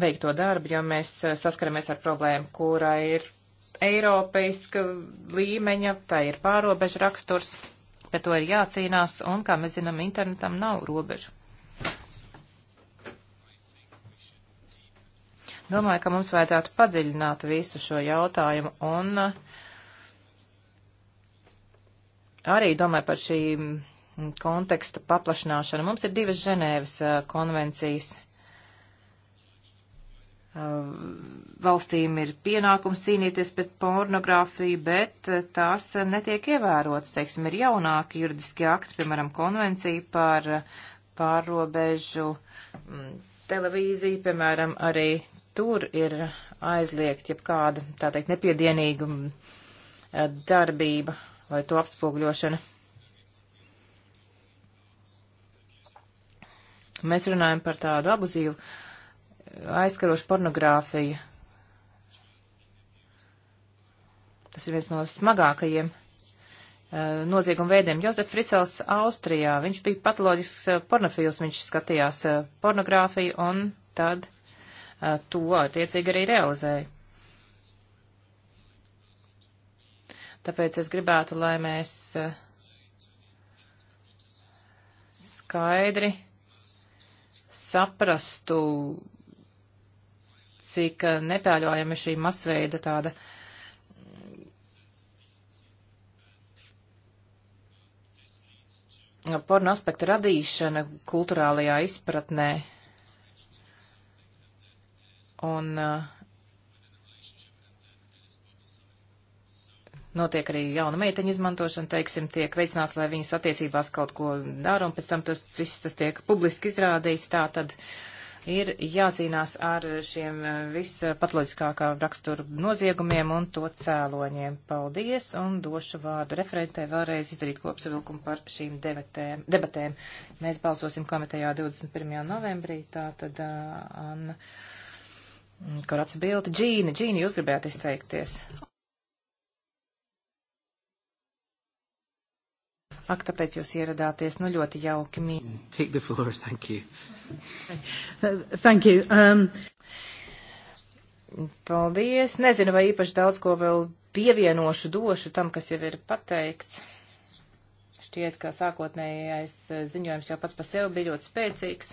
C: veikto darbu, jo mēs saskaramies ar problēmu, kura ir eiropeiska līmeņa, tā ir pārobežu raksturs. Pret to ir jācīnās, un, kā mēs zinām, internetam nav robežu. Domāju, ka mums vajadzētu padziļināt visu šo jautājumu un eh, arī domāju par šī konteksta paplašināšanu. Mums ir divas Ženēvas eh, konvencijas Ehm, valstīm ir pienākums cīnīties pret pornogrāfiju, bet eh, tās netiek ievērotas. Teiksim, ir jaunāki juridiski akti, piemēram, konvencija par eh, pārrobežu mm, televīziju, piemēram, arī tur ir aizliegt jebkāda, tā teikt, nepiedienīga mm, eh, darbība vai to apspogļošana. Mēs runājam par tādu abuzīvu uh, aizkarošu pornogrāfiju. Tas ir viens no smagākajiem uh, eh, nozieguma veidiem. Jozef Fricels Austrijā, viņš bija patoloģisks uh, pornofils, viņš skatījās uh, pornogrāfiju un tad to attiecīgi arī realizēja. Tāpēc es gribētu, lai mēs skaidri saprastu cik eh, nepēļojami šī masveida tāda eh, porno aspekta radīšana kulturālajā izpratnē. Un uh, notiek arī jauna meiteņa izmantošana, teiksim, tiek veicināts, lai viņas attiecībās kaut ko dara, un pēc tam tas viss tas tiek publiski izrādīts, tā tad uh, ir jācīnās ar šiem eh, vispatloģiskākā rakstura noziegumiem un to cēloņiem. Paldies un došu vārdu referentē vēlreiz izdarīt kopsavilkumu par šīm debatēm. debatēm. Mēs balsosim komitejā 21. novembrī, tā tad uh, Anna mm, Korats Bilta. Džīna, Džīna, jūs gribētu izteikties? Ak, tāpēc jūs ieradāties, nu ļoti jauki mīļi.
A: Take the floor, thank you.
C: Thank you. Um... Paldies. Nezinu, vai īpaši daudz ko vēl pievienošu došu tam, kas jau ir pateikts. Šķiet, ka sākotnējais eh, ziņojums jau pats par sevi bija ļoti spēcīgs.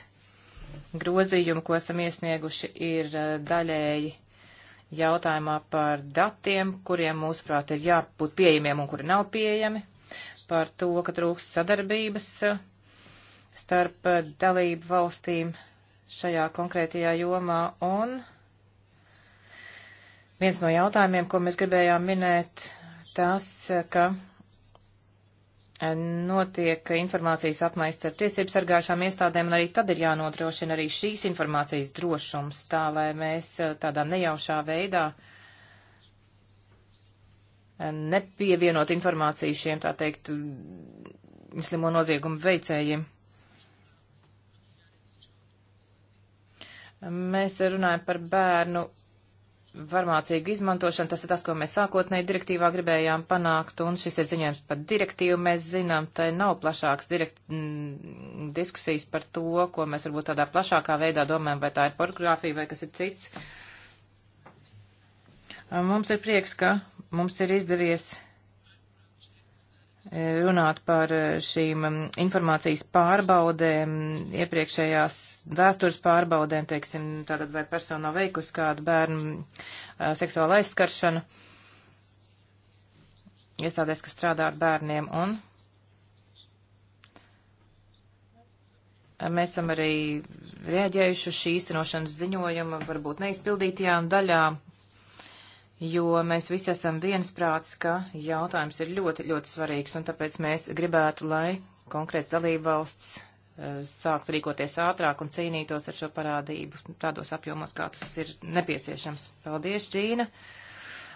C: Grozījumi, ko esam iesnieguši, ir eh, daļēji jautājumā par datiem, kuriem, mūsuprāt, ir jābūt pieejamiem un kuri nav pieejami par to, ka trūkst sadarbības eh, starp eh, dalību valstīm šajā konkrētajā jomā. Un viens no jautājumiem, ko mēs gribējām minēt, tas, eh, ka notiek informācijas apmaiņas starp tiesību sargājušām iestādēm, un arī tad ir jānodrošina arī šīs informācijas drošums, tā lai mēs tādā nejaušā veidā uh, nepievienot informāciju šiem, tā teikt, slimo noziegumu veicējiem. Mēs runājam par bērnu varmācīgu izmantošanu. Tas ir tas, ko mēs sākotnēji direktīvā gribējām panākt, un šis ir ziņojums par direktīvu. Mēs zinām, tai nav plašāks direkt, m, mm, diskusijas par to, ko mēs varbūt tādā plašākā veidā domājam, vai tā ir pornogrāfija vai kas ir cits. Mums ir prieks, ka mums ir izdevies e, runāt par e, šīm informācijas pārbaudēm, iepriekšējās vēstures pārbaudēm, teiksim, tātad vai persona nav veikusi kādu bērnu e, seksuālu aizskaršanu iestādēs, kas strādā ar bērniem, un mēs esam arī rēģējuši uz šī īstenošanas ziņojuma varbūt neizpildītajām daļām, jo mēs visi esam viensprāts, ka jautājums ir ļoti, ļoti svarīgs, un tāpēc mēs gribētu, lai konkrēts dalībvalsts eh, sāktu rīkoties ātrāk un cīnītos ar šo parādību tādos apjomos, kā tas ir nepieciešams. Paldies, Džīna!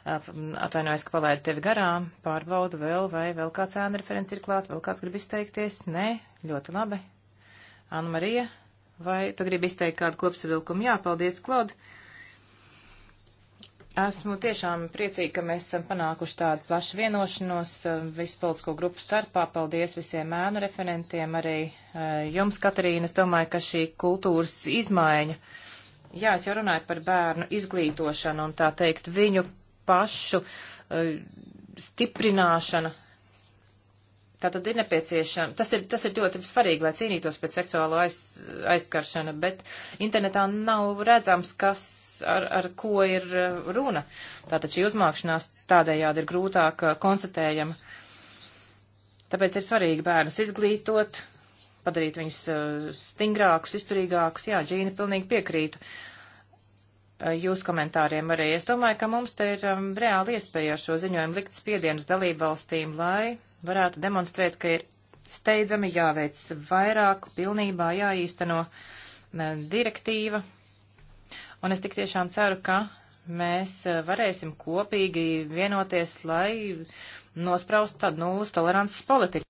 C: Atvainojos, ka palaidu tevi garām, pārbaudu vēl, vai vēl kāds ēna referents ir klāt, vēl kāds grib izteikties? Nē, ļoti labi. Anna Marija, vai tu gribi izteikt kādu kopsavilkumu? Jā, paldies, Klod! Esmu tiešām priecīga, ka mēs esam panākuši tādu plašu vienošanos eh, visu politisko grupu starpā. Paldies visiem ēnu referentiem, arī eh, jums, Katarīna. Es domāju, ka šī kultūras izmaiņa, jā, es jau runāju par bērnu izglītošanu un tā teikt viņu pašu eh, stiprināšana. Tātad ir nepieciešama, tas ir, tas ir ļoti svarīgi, lai cīnītos pret seksuālo aiz, aizskaršanu, bet internetā nav redzams, kas ar, ar ko ir eh, runa. Tātad šī uzmākšanās tādējādi ir grūtāk eh, konstatējama. Tāpēc ir svarīgi bērnus izglītot, padarīt viņus eh, stingrākus, izturīgākus. Jā, Džīna, pilnīgi piekrītu jūsu komentāriem arī. Es domāju, ka mums te ir um, reāli iespēja ar šo ziņojumu likt spiedienus dalībvalstīm, lai varētu demonstrēt, ka ir steidzami jāveic vairāk, pilnībā jāīsteno direktīva, Un es tik tiešām ceru, ka mēs eh, varēsim kopīgi vienoties, lai nospraust tādu nulles tolerances politiku.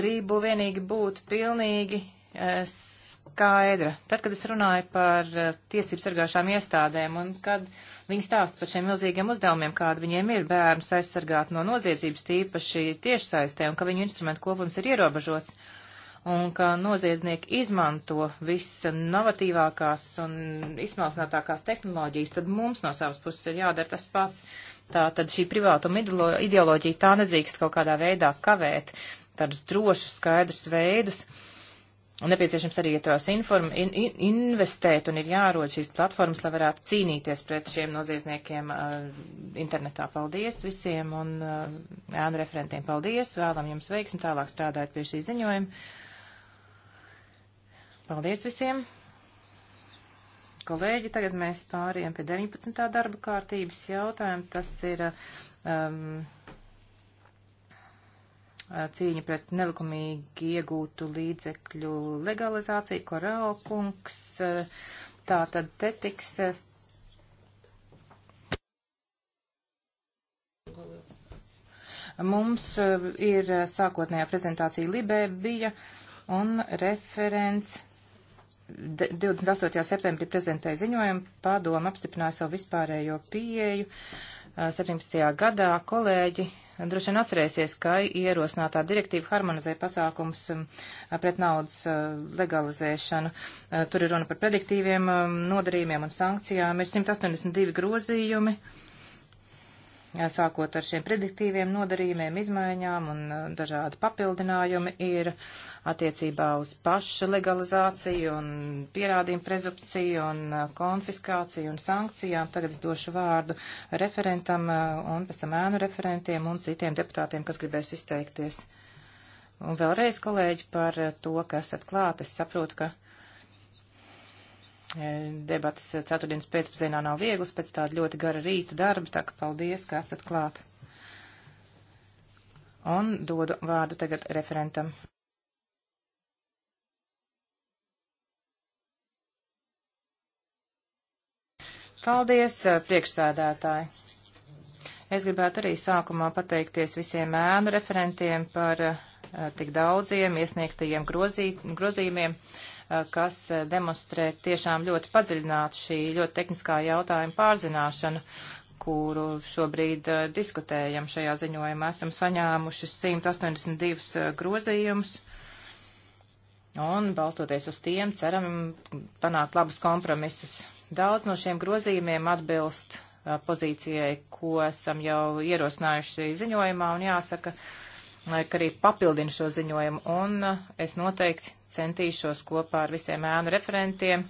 C: Gribu vienīgi būt pilnīgi eh, skaidra. Tad, kad es runāju par eh, tiesību sargāšām iestādēm un kad viņi stāst par šiem milzīgiem uzdevumiem, kāda viņiem ir bērnus aizsargāt no noziedzības tīpaši tiešsaistē un ka viņu instrumentu kopums ir ierobežots, uh, un ka noziedznieki izmanto viss novatīvākās un izsmalcinātākās tehnoloģijas, tad mums no savas puses ir jādara tas pats. Tā tad šī privātuma ideoloģija tā nedrīkst kaut kādā veidā kavēt tādus drošus, skaidrus veidus. Un nepieciešams arī ietos inform, in, in, investēt un ir jārod šīs platformas, lai varētu cīnīties pret šiem noziedzniekiem uh, internetā. Paldies visiem un uh, ēnu referentiem paldies. Vēlam jums veiksmi tālāk strādāt pie šī ziņojuma. Paldies visiem! Kolēģi, tagad mēs pāriem pie 19. darba kārtības jautājuma. Tas ir um, cīņa pret nelikumīgi iegūtu līdzekļu legalizāciju, korāla kungs. Tā tad te tiks. Mums ir sākotnējā prezentācija Libē bija un referents 28. septembrī prezentēja ziņojumu, padoma apstiprināja savu vispārējo pieeju. 17. gadā kolēģi droši vien atcerēsies, ka ierosinātā direktīva harmonizē pasākums pret naudas legalizēšanu. Tur ir runa par prediktīviem nodarījumiem un sankcijām. Ir 182 grozījumi sākot ar šiem prediktīviem nodarījumiem, izmaiņām un uh, dažādi papildinājumi ir attiecībā uz pašu legalizāciju un pierādījumu prezupciju un uh, konfiskāciju un sankcijām. Tagad es došu vārdu referentam uh, un pēc tam ēnu referentiem un citiem deputātiem, kas gribēs izteikties. Un vēlreiz, kolēģi, par to, ka esat klāt. Es saprotu, ka E, debatas ceturtdienas pēcpazienā nav vieglas pēc tāda ļoti gara rīta darba, tā ka paldies, ka esat klāt. Un dodu vārdu tagad referentam. Paldies, e, priekšsēdētāji! Es gribētu arī sākumā pateikties visiem ēnu referentiem par e, tik daudziem iesniegtajiem grozī, grozījumiem. Uh, Eh, kas eh, demonstrē tiešām ļoti padziļinātu šī ļoti tehniskā jautājuma pārzināšanu kuru šobrīd uh, diskutējam šajā ziņojumā. Esam saņēmuši 182 grozījumus un, balstoties uz tiem, ceram panākt labus kompromisus. Daudz no šiem grozījumiem atbilst uh, pozīcijai, ko esam jau ierosinājuši ziņojumā, un jāsaka, uh, ka arī papildinu šo ziņojumu, un eh, es noteikti centīšos kopā ar visiem ēnu referentiem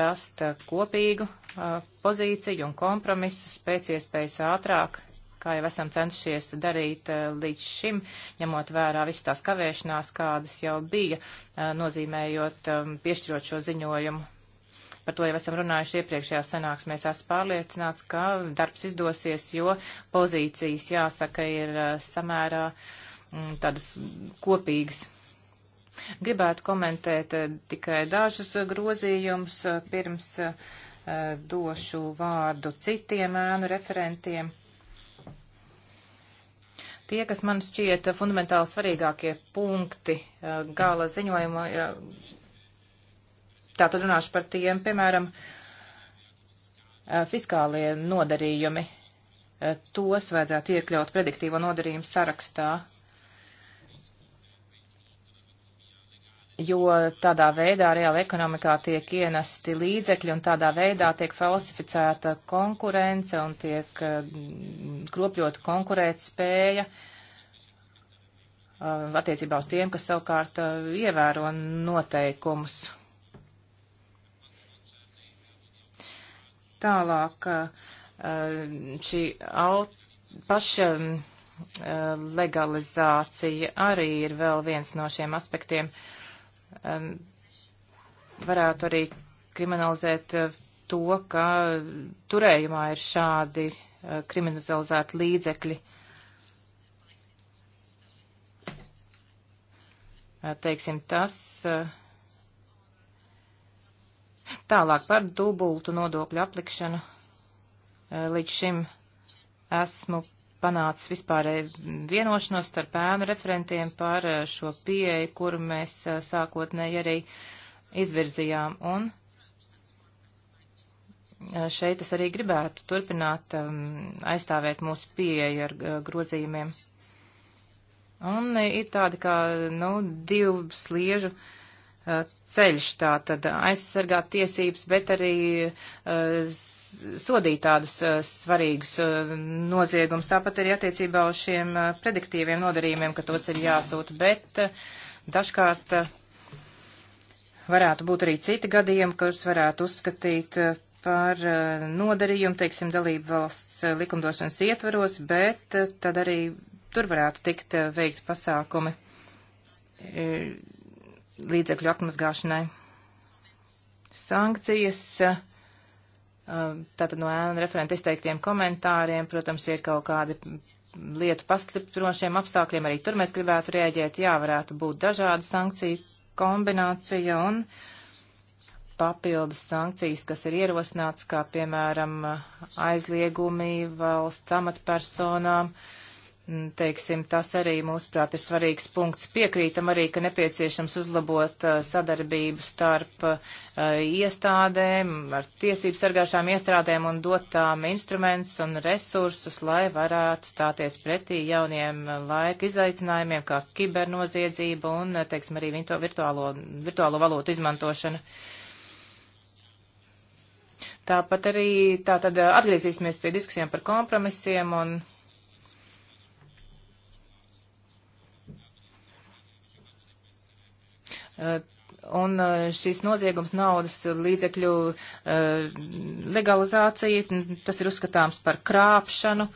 C: rast eh, kopīgu uh, pozīciju un kompromisus pēc iespējas ātrāk, kā jau esam cenšies darīt uh, līdz šim, ņemot vērā visas tās kavēšanās, kādas jau bija, uh, nozīmējot, um, piešķirot šo ziņojumu. Par to jau esam runājuši iepriekšējā sanāksmēs. Esmu pārliecināts, ka darbs izdosies, jo pozīcijas, jāsaka, ir samērā uh, Mm, tādas kopīgas. Gribētu komentēt eh, tikai dažus eh, grozījumus, eh, pirms došu vārdu citiem ēnu referentiem. Tie, kas man šķiet fundamentāli svarīgākie punkti gala ziņojuma, tā tad runāšu par tiem, piemēram, fiskālie nodarījumi. Tos vajadzētu iekļaut prediktīvo nodarījumu sarakstā, jo tādā veidā reāla ekonomikā tiek ienesti līdzekļi un tādā veidā tiek falsificēta konkurence un tiek eh, kropļot konkurēt spēja eh, attiecībā uz tiem, kas savukārt eh, ievēro noteikumus. Tālāk šī aut, paša legalizācija arī ir vēl viens no šiem aspektiem. Uh, um, varētu arī kriminalizēt uh, to, ka turējumā ir šādi uh, kriminalizēti līdzekļi. Uh, teiksim, tas. Uh, tālāk par dubultu nodokļu aplikšanu. Uh, līdz šim esmu panācis vispārēji vienošanos starp ēnu referentiem par eh, šo pieeju, kuru mēs eh, sākotnēji arī izvirzījām. Un eh, šeit es arī gribētu turpināt um, aizstāvēt mūsu pieeju ar grozījumiem. Un ir tādi kā, nu, divu sliežu uh, ceļš, tā tad aizsargāt tiesības, bet arī eh, sodīt tādus eh, svarīgus eh, noziegumus. Tāpat arī attiecībā uz šiem prediktīviem nodarījumiem, ka tos ir jāsūta, bet dažkārt varētu būt arī citi gadījumi, kurus varētu uzskatīt par nodarījumu, teiksim, dalību valsts likumdošanas ietvaros, bet tad arī tur varētu tikt veikt pasākumi līdzekļu atmazgāšanai. Sankcijas, eh, tātad no ēna referenta izteiktiem komentāriem, protams, ir kaut kādi lietu pastiprinošiem apstākļiem, arī tur mēs gribētu rēģēt, jā, varētu būt dažādu sankciju kombinācija un papildus sankcijas, kas ir ierosināts, kā piemēram eh, aizliegumi valsts amatpersonām. Uh, Teiksim, tas arī, mūsuprāt, ir svarīgs punkts. Piekrītam arī, ka nepieciešams uzlabot uh, sadarbību starp uh, iestādēm, ar tiesību sargāšām iestādēm un dot tām instruments un resursus, lai varētu stāties pretī jauniem uh, laika izaicinājumiem, kā kibernoziedzība un, teiksim, arī virtuālo, virtuālo valūtu izmantošana. Tāpat arī tā tad atgriezīsimies pie diskusijām par kompromisiem un Un e, šīs noziegums naudas līdzekļu e, legalizācija, tas ir uzskatāms par krāpšanu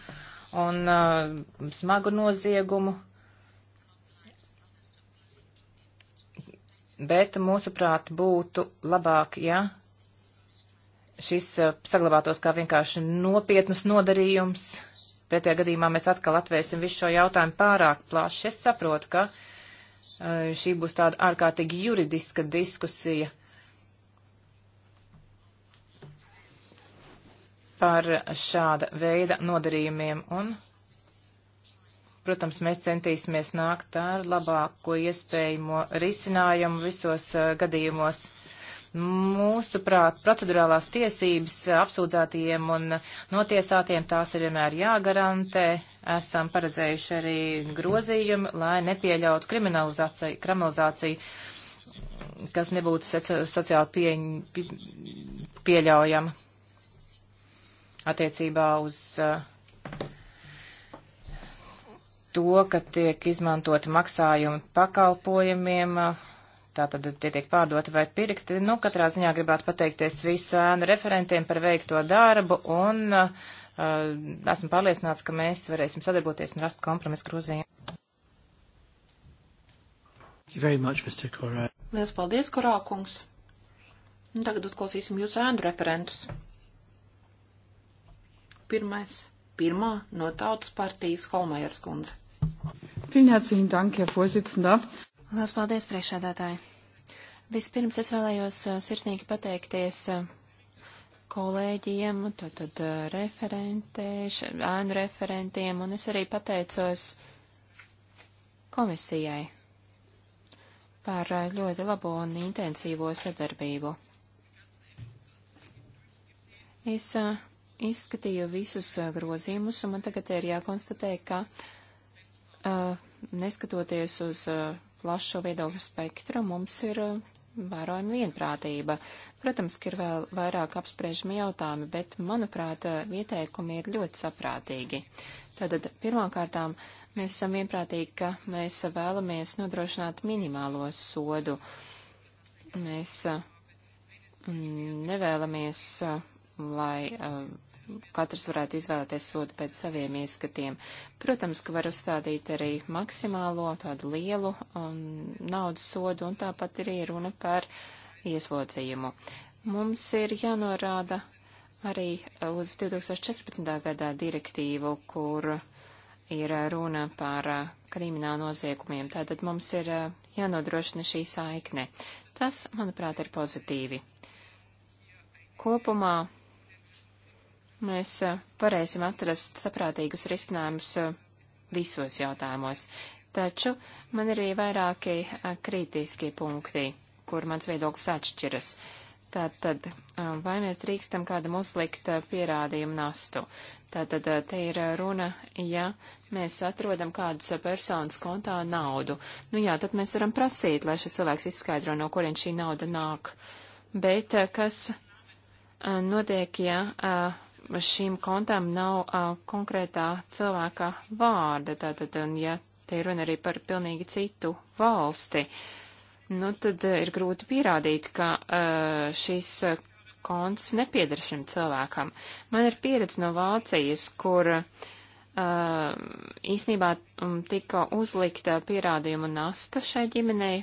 C: un e, smagu noziegumu. Bet, mūsuprāt, būtu labāk, ja šis saglabātos kā vienkārši nopietnas nodarījums. Pretējā gadījumā mēs atkal atvērsim visu šo jautājumu pārāk plaši. Es saprotu, ka uh, Eh, šī būs tāda ārkārtīgi juridiska diskusija par šāda veida nodarījumiem un, protams, mēs centīsimies nākt ar labāko iespējamo risinājumu visos uh, gadījumos. Mūsuprāt, procedurālās tiesības eh, apsūdzētajiem un notiesātiem tās ir vienmēr jāgarantē esam paredzējuši arī grozījumi, lai nepieļautu kriminalizāciju, kriminalizāciju kas nebūtu sociāli pieņ, pie, pieļaujama attiecībā uz uh, to, ka tiek izmantoti maksājumi pakalpojumiem, uh, tātad tie tiek pārdoti vai pirkti. Nu, katrā ziņā gribētu pateikties visu ēnu referentiem par veikto darbu un uh, Eh, esmu pārliecināts, ka mēs varēsim sadarboties un rast kompromisu grozījumu.
D: Lielas paldies, Korākungs! Un tagad uzklausīsim jūsu ēnu referentus. Pirmais, pirmā no Tautas
B: partijas Holmajers kundze. Lielas paldies, priekšsēdētāji! Vispirms es vēlējos eh, sirsnīgi pateikties eh, kolēģiem, tātad referentē, ēnu referentiem, un es arī pateicos komisijai par ļoti labo un intensīvo sadarbību. Es izskatīju visus grozījumus, un man tagad ir jākonstatē, ka neskatoties uz plašo viedokļu spektru, mums ir vērojama vienprātība. Protams, ka ir vēl vairāk apspriežami jautājumi, bet, manuprāt, ieteikumi ir ļoti saprātīgi. Tātad, pirmkārtām, mēs esam vienprātīgi, ka mēs vēlamies nodrošināt minimālo sodu. Mēs mm, nevēlamies, lai katrs varētu izvēlēties sodu pēc saviem ieskatiem. Protams, ka var uzstādīt arī maksimālo tādu lielu um, naudas sodu, un tāpat arī runa par ieslodzījumu. Mums ir jānorāda arī uz 2014. gadā direktīvu, kur ir runa par uh, kriminālu noziegumiem. Tātad mums ir uh, jānodrošina šī saikne. Tas, manuprāt, ir pozitīvi. Kopumā mēs eh, varēsim atrast saprātīgus risinājumus eh, visos jautājumos. Taču man ir arī vairāki eh, kritiskie punkti, kur mans viedoklis atšķiras. Tātad, vai mēs drīkstam kādam uzlikt pierādījumu nastu? Tātad, te ir runa, ja mēs atrodam kādas personas kontā naudu. Nu jā, tad mēs varam prasīt, lai šis cilvēks izskaidro, no kurien šī nauda nāk. Bet kas notiek, ja šīm kontām nav uh, konkrētā cilvēka vārda, tātad, un ja te ir runa arī par pilnīgi citu valsti, nu tad uh, ir grūti pierādīt, ka uh, šis konts nepieder šim cilvēkam. Man ir pieredze no Vācijas, kur īsnībā tika uzlikta pierādījuma nasta šai ģimenei,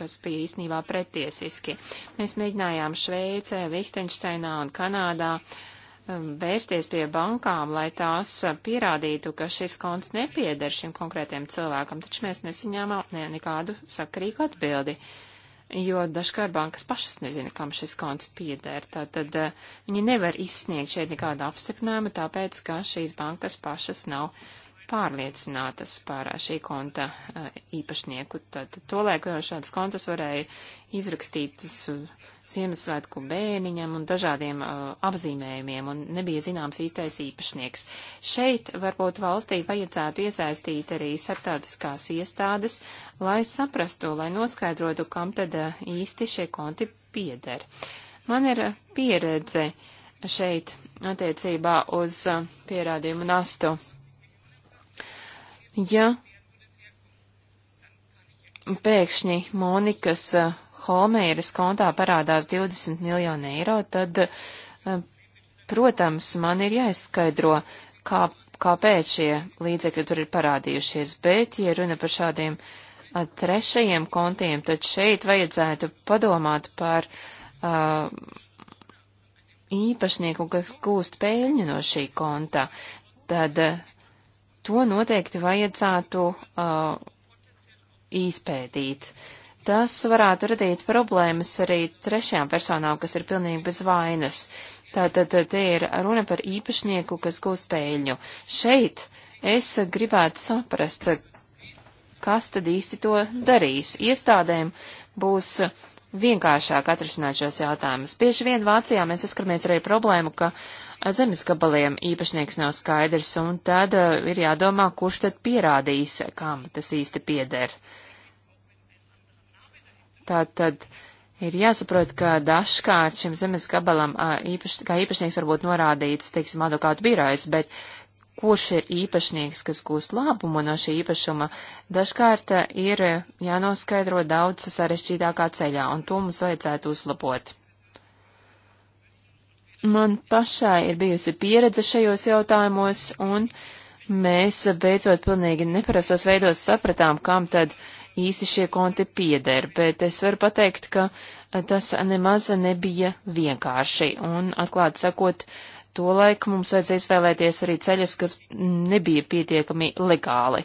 B: kas bija īsnībā pretiesiski. Mēs mēģinājām Šveicē, Lihtenšteinā un Kanādā uh, Um, vērsties pie bankām, lai tās uh, pierādītu, ka šis konts nepieder šim konkrētajam cilvēkam, taču mēs nesaņēmām ne, nekādu sakarīgu atbildi, jo dažkārt bankas pašas nezina, kam šis konts pieder. Tātad uh, viņi nevar izsniegt šeit nekādu apstiprinājumu, tāpēc, ka šīs bankas pašas nav pārliecinātas par šī konta eh, īpašnieku. Tad tolēk jau šādas kontas varēja izrakstīt uz uh, Ziemassvētku bērniņam un dažādiem uh, apzīmējumiem, un nebija zināms īstais īpašnieks. Šeit varbūt valstī vajadzētu iesaistīt arī starptautiskās iestādes, lai saprastu, lai noskaidrotu, kam tad uh, īsti šie konti pieder. Man ir uh, pieredze šeit attiecībā uz uh, pierādījumu nastu ja pēkšņi Monikas eh, Holmeiras kontā parādās 20 miljoni eiro, tad, eh, protams, man ir jāizskaidro, kā, kāpēc šie līdzekļi tur ir parādījušies, bet, ja runa par šādiem eh, trešajiem kontiem, tad šeit vajadzētu padomāt par uh, īpašnieku, kas gūst peļņu no šī konta. Tad uh, to noteikti vajadzētu uh, izpētīt. Tas varētu radīt problēmas arī trešajām personām, kas ir pilnīgi bez vainas. Tātad uh, te ir runa par īpašnieku, kas gūst pēļņu. Šeit es gribētu saprast, kas tad īsti to darīs. Iestādēm būs vienkāršāk atrisināt šos jautājumus. Bieži vien Vācijā mēs saskaramies arī problēmu, ka uh, zemes gabaliem īpašnieks nav skaidrs, un tad eh, ir jādomā, kurš tad pierādīs, kam tas īsti pieder. Tātad ir jāsaprot, ka dažkārt šim zemes gabalam īpaš, kā īpašnieks var būt norādīts, teiksim, advokātu birojas, bet kurš ir īpašnieks, kas gūst labumu no šī īpašuma, dažkārt ir jānoskaidro daudz sarežģītākā ceļā, un to mums vajadzētu uzlabot. Man pašai ir bijusi pieredze šajos jautājumos, un mēs beidzot pilnīgi neparastos veidos sapratām, kam tad īsti šie konti pieder, bet es varu pateikt, ka tas nemaz nebija vienkārši, un atklāti sakot, to laiku mums vajadzēja izvēlēties arī ceļus, kas nebija pietiekami legāli.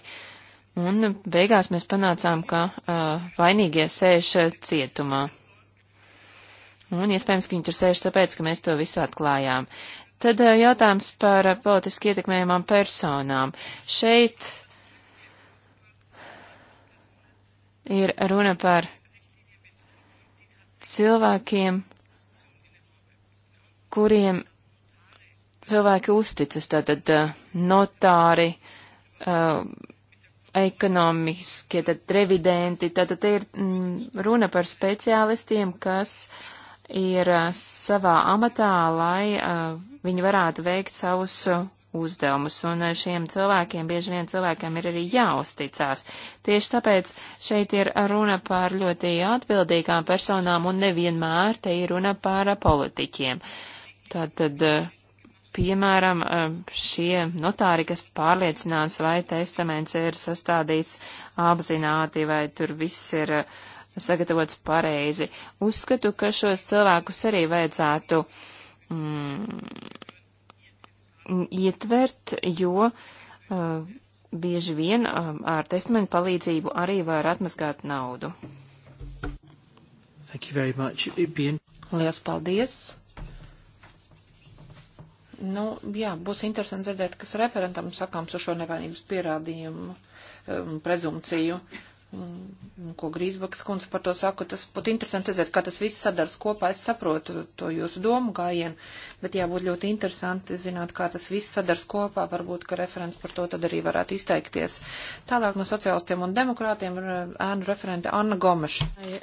B: Un beigās mēs panācām, ka uh, vainīgie sēž cietumā. Un iespējams, ka viņi tur sēž tāpēc, ka mēs to visu atklājām. Tad eh, jautājums par eh, politiski ietekmējumām personām. Šeit ir runa par cilvēkiem, kuriem cilvēki uzticas, tātad eh, notāri, ekonomiskie, tad revidenti, tātad te ir mm, runa par speciālistiem, kas uh, ir eh, savā amatā, lai eh, viņi varētu veikt savus eh, uzdevumus, un šiem cilvēkiem bieži vien cilvēkiem ir arī jāuzticās. Tieši tāpēc šeit ir runa par ļoti atbildīgām personām, un nevienmēr te ir runa par politiķiem. Tātad, piemēram, šie notāri, kas pārliecinās, vai testaments ir sastādīts apzināti, vai tur viss ir uh, sagatavots pareizi. Uzskatu, ka šos cilvēkus arī vajadzētu mm, ietvert, jo uh, bieži vien uh, ar testamentu palīdzību arī var atmazgāt naudu.
A: Been...
B: Lielas paldies!
D: Nu, jā, būs interesanti dzirdēt, kas referentam sakāms uz šo nevainības pierādījumu um, prezumciju. Uh, Mm, ko Grīsbaks kundze par to saka, tas būtu interesanti redzēt, kā tas viss sadars kopā. Es saprotu to jūsu domu gājienu, bet jābūt ļoti interesanti zināt, kā tas viss sadars kopā. Varbūt, ka referents par to tad arī varētu izteikties. Tālāk no sociālistiem un demokrātiem ir ēnu referente Anna Gomeša.
B: I,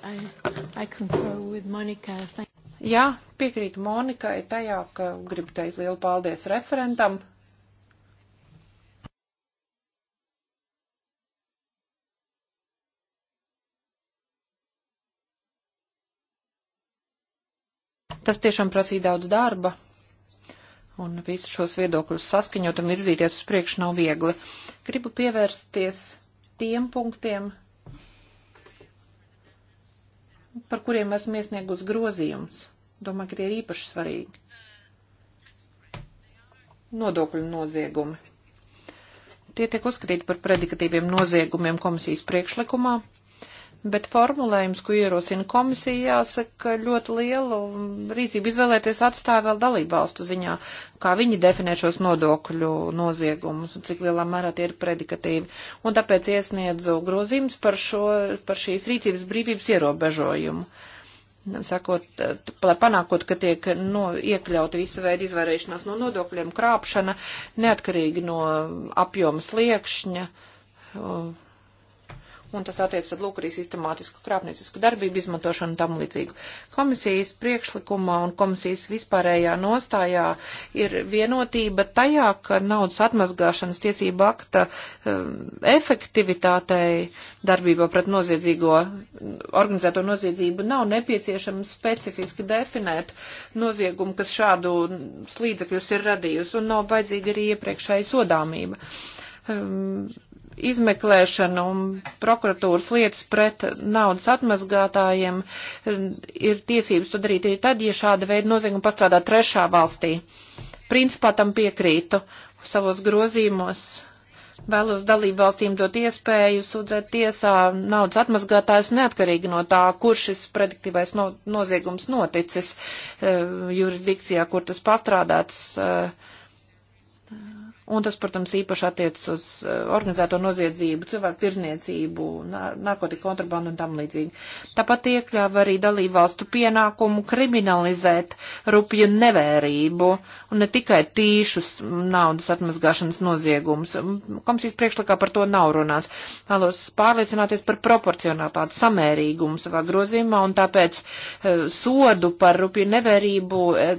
B: I, I
D: Jā, piekrītu Monikai tajā, ka gribu teikt lielu paldies referentam Tas tiešām prasīja daudz darba, un visus šos viedokļus saskaņot un virzīties uz priekšu nav viegli. Gribu pievērsties tiem punktiem, par kuriem esmu iesniegus grozījums. Domāju, ka tie ir īpaši svarīgi. Nodokļu noziegumi. Tie tiek uzskatīti par predikatīviem noziegumiem komisijas priekšlikumā, bet formulējums, ko ierosina komisija, jāsaka, ļoti lielu rīcību izvēlēties atstāja vēl dalībvalstu ziņā, kā viņi definē šos nodokļu noziegumus un cik lielā mērā tie ir predikatīvi. Un tāpēc iesniedzu grozījumus par, šo, par šīs rīcības brīvības ierobežojumu. Sakot, lai panākot, ka tiek no, iekļauta visa veida izvairīšanās no nodokļiem, krāpšana, neatkarīgi no apjomas liekšņa. Uh, un tas attiec tad lūk arī sistemātisku krāpniecisku darbību izmantošanu tam līdzīgu. Komisijas priekšlikumā un komisijas vispārējā nostājā ir vienotība tajā, ka naudas atmazgāšanas tiesība akta um, efektivitātei darbībā pret noziedzīgo, organizēto noziedzību nav nepieciešams specifiski definēt noziegumu, kas šādu slīdzekļus ir radījusi, un nav vajadzīga arī iepriekšēja sodāmība. Um, izmeklēšana un prokuratūras lietas pret naudas atmazgātājiem eh, ir tiesības to darīt arī tad, ja šāda veida nozieguma pastrādā trešā valstī. Principā tam piekrītu savos grozījumos. Vēlos dalību valstīm dot iespēju sūdzēt tiesā naudas atmazgātājus neatkarīgi no tā, kur šis prediktīvais no, noziegums noticis e, jurisdikcijā, kur tas pastrādāts. E, un tas, protams, īpaši attiecas uz eh, organizēto noziedzību, cilvēku tirzniecību, narkotiku kontrabandu un tam līdzīgi. Tāpat iekļāva arī dalību valstu pienākumu kriminalizēt rupju nevērību un ne tikai tīšus naudas atmazgāšanas noziegumus. Komisijas priekšlikā par to nav runāts. Vēlos pārliecināties par proporcionātātu samērīgumu savā grozījumā un tāpēc eh, sodu par rupju nevērību eh,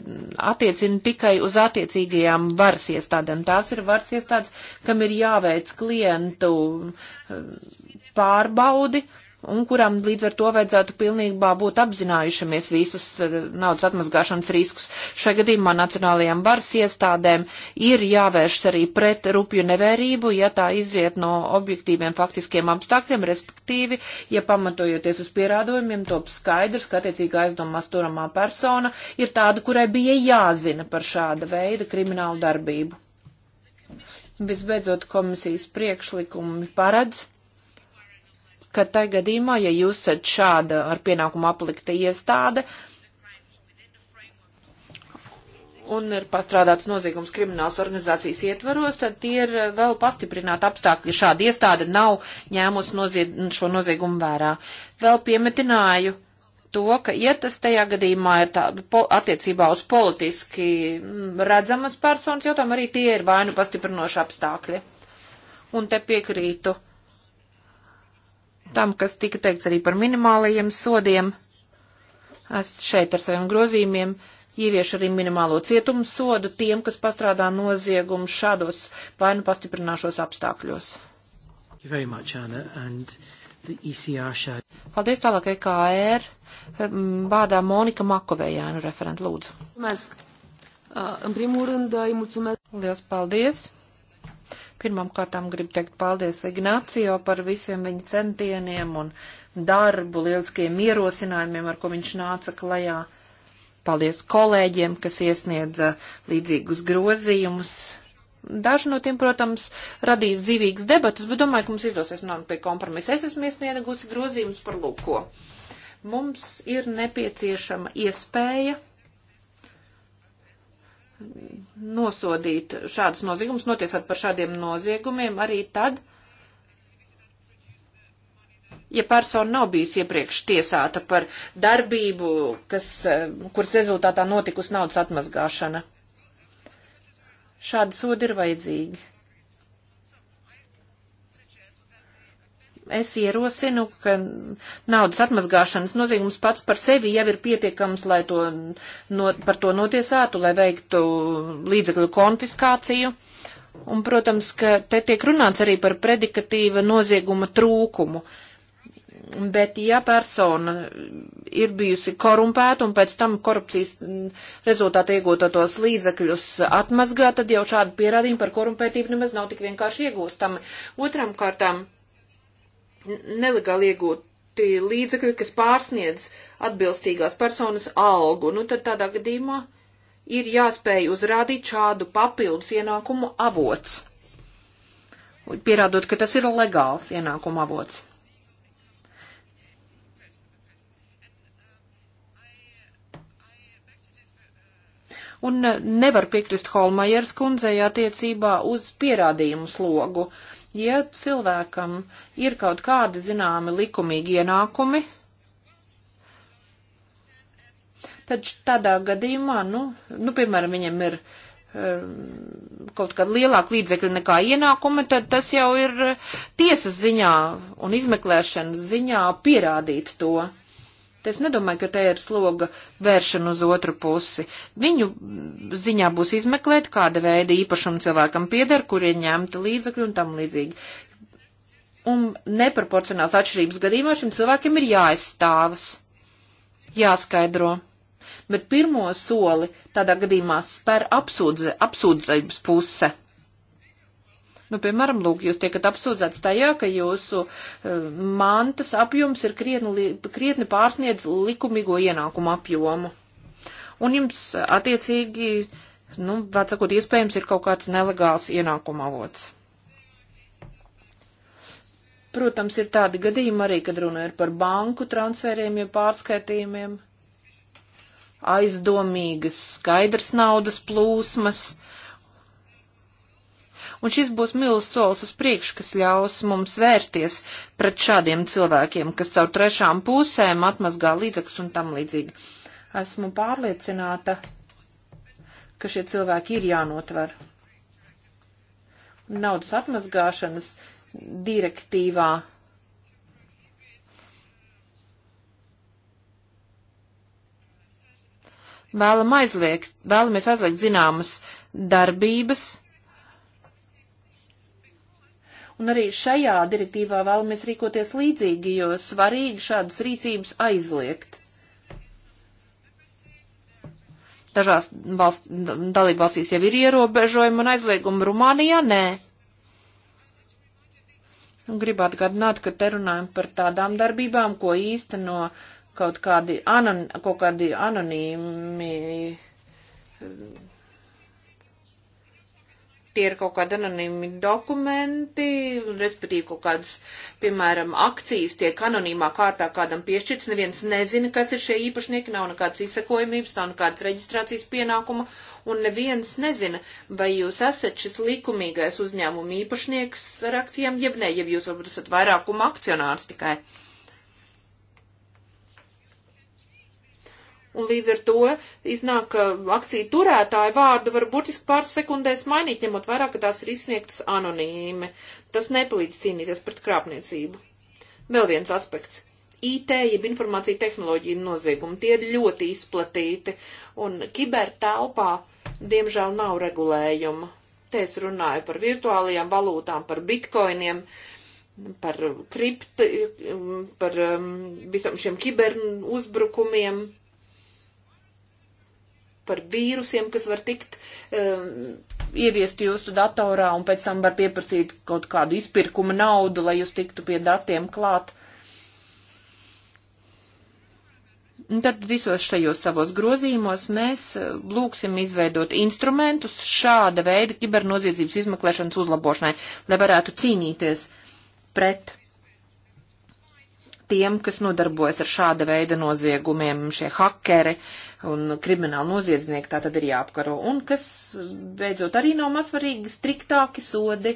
D: attiecina tikai uz attiecīgajām varas iestādēm. Tās ir ir varas iestādes, kam ir jāveic klientu eh, pārbaudi un kuram līdz ar to vajadzētu pilnībā būt apzinājušamies visus eh, naudas atmazgāšanas riskus. Šajā gadījumā nacionālajām varas iestādēm ir jāvēršas arī pret rupju nevērību, ja tā izriet no objektīviem faktiskiem apstākļiem, respektīvi, ja pamatojoties uz pierādojumiem, top skaidrs, ka attiecīgā aizdomās turamā persona ir tāda, kurai bija jāzina par šāda veida kriminālu darbību. Visbeidzot, komisijas priekšlikumi paredz, ka tai gadījumā, ja jūs esat šāda ar pienākumu aplikta iestāde, un ir pastrādāts noziegums kriminālas organizācijas ietvaros, tad tie ir eh, vēl pastiprināti apstākļi, ja šāda iestāde nav ņēmusi nozied, šo noziegumu vērā. Vēl piemetināju, to, ka, ja tas tajā gadījumā ir tāda po, attiecībā uz politiski mm, redzamas personas jautājumu, arī tie ir vainu pastiprinoši apstākļi. Un te piekrītu tam, kas tika teikts arī par minimālajiem sodiem. Es šeit ar saviem grozījumiem ieviešu arī minimālo cietumu sodu tiem, kas pastrādā noziegumu šādos vainu pastiprināšos apstākļos.
A: Much, Anna, and... E
D: paldies tālāk EKR. Vārdā Monika Makovējāna nu, referenta lūdzu. Mēs, în primul rând, îi mulțumesc. Liels paldies. Pirmam kārtām gribu teikt paldies Ignācijo par visiem viņa centieniem un darbu, lieliskiem ierosinājumiem, ar ko viņš nāca klajā. Paldies kolēģiem, kas iesniedza līdzīgus grozījumus Daži no tiem, protams, radīs dzīvīgas debatas, bet domāju, ka mums izdosies nonākt pie kompromisa. Es esmu iesniegusi grozījumus par lūko. Mums ir nepieciešama iespēja nosodīt šādus noziegumus, notiesāt par šādiem noziegumiem arī tad, ja persona nav bijusi iepriekš tiesāta par darbību, kas, eh, kuras rezultātā notikusi naudas atmazgāšana. Šādi sodi ir vajadzīgi. Es ierosinu, ka naudas atmazgāšanas noziegums pats par sevi jau ir pietiekams, lai to, no, par to notiesātu, lai veiktu līdzekļu konfiskāciju. Un, protams, ka te tiek runāts arī par predikatīva nozieguma trūkumu. Uh, Bet, ja persona ir bijusi korumpēta un pēc tam korupcijas rezultātā iegūtos līdzekļus atmazgā, tad jau šādi pierādījumi par korumpētību nemaz nav tik vienkārši iegūstami. Otram kārtām nelegāli iegūt tie līdzekļi, kas pārsniedz atbilstīgās personas algu, nu tad tādā gadījumā ir jāspēj uzrādīt šādu papildus ienākumu avots, pierādot, ka tas ir legāls ienākumu avots. un eh, nevar piekrist Holmajers kundzei attiecībā uz pierādījumu slogu. Ja cilvēkam ir kaut kādi zināmi likumīgi ienākumi, tad tādā gadījumā, nu, nu piemēram, viņam ir eh, kaut kāda lielāka līdzekļa nekā ienākumi, tad tas jau ir eh, tiesas ziņā un izmeklēšanas ziņā pierādīt to. Es nedomāju, ka te ir sloga vēršana uz otru pusi. Viņu ziņā būs izmeklēt, kāda veida īpašumu cilvēkam pieder, kur ir ņemta līdzakļi un tam līdzīgi. Un neproporcionāls atšķirības gadījumā šim cilvēkiem ir jāizstāvas, jāskaidro. Bet pirmo soli tādā gadījumā spēr apsūdze, apsūdzības puse. Nu, piemēram, lūk, jūs tiekat apsūdzēts tajā, ka jūsu uh, mantas apjoms ir krietni, krietni pārsniedz likumīgo ienākumu apjomu. Un jums attiecīgi, nu, vecākot, iespējams ir kaut kāds nelegāls ienākuma avots. Protams, ir tādi gadījumi arī, kad runa ir par banku transferiem, ja pārskaitījumiem, aizdomīgas skaidrs naudas plūsmas un šis būs milz solis uz priekšu, kas ļaus mums vērsties pret šādiem cilvēkiem, kas caur trešām pusēm atmazgā līdzekļus un tam līdzīgi. Esmu pārliecināta, ka šie cilvēki ir jānotver. Naudas atmazgāšanas direktīvā vēlam aizliegt, vēlamies aizliegt zināmas darbības, Un arī šajā direktīvā vēlamies rīkoties līdzīgi, jo svarīgi šādas rīcības aizliegt. Dažās valst, dalībvalstīs jau ir ierobežojumi un aizliegumi, Rumānijā nē. Un gribu atgādināt, ka te runājam par tādām darbībām, ko īsteno kaut kādi, anon, kaut kādi anonīmi tie ir kaut kādi anonīmi dokumenti, respektīvi kaut kādas, piemēram, akcijas tiek anonīmā kārtā kādam piešķirts, neviens nezina, kas ir šie īpašnieki, nav nekādas izsakojumības, nav nekādas reģistrācijas pienākuma, un neviens nezina, vai jūs esat šis likumīgais uzņēmuma īpašnieks ar akcijām, jeb nē, jeb jūs varbūt esat vairākuma akcionārs tikai. Uh, Un līdz ar to iznāk, ka akciju turētāju vārdu var burtiski pāris sekundēs mainīt, ņemot vairāk, ka tās ir izsniegtas anonīmi. Tas nepalīdz cīnīties pret krāpniecību. Vēl viens aspekts. IT, jeb informācija tehnoloģija noziegumi, tie ir ļoti izplatīti, un kibertelpā, diemžēl, nav regulējuma. Te es runāju par virtuālajām valūtām, par bitkoiniem, par kripti, par um, visam šiem kiberuzbrukumiem par vīrusiem, kas var tikt um, ieviest jūsu datorā un pēc tam var pieprasīt kaut kādu izpirkuma naudu, lai jūs tiktu pie datiem klāt. Un tad visos šajos savos grozījumos mēs uh, lūksim izveidot instrumentus šāda veida kibernoziedzības izmeklēšanas uzlabošanai, lai varētu cīnīties pret tiem, kas nodarbojas ar šāda veida noziegumiem, šie hakeri, uh, un krimināli noziedznieki tā tad ir jāapkaro. Un kas, beidzot, arī nav mazvarīgi, striktāki sodi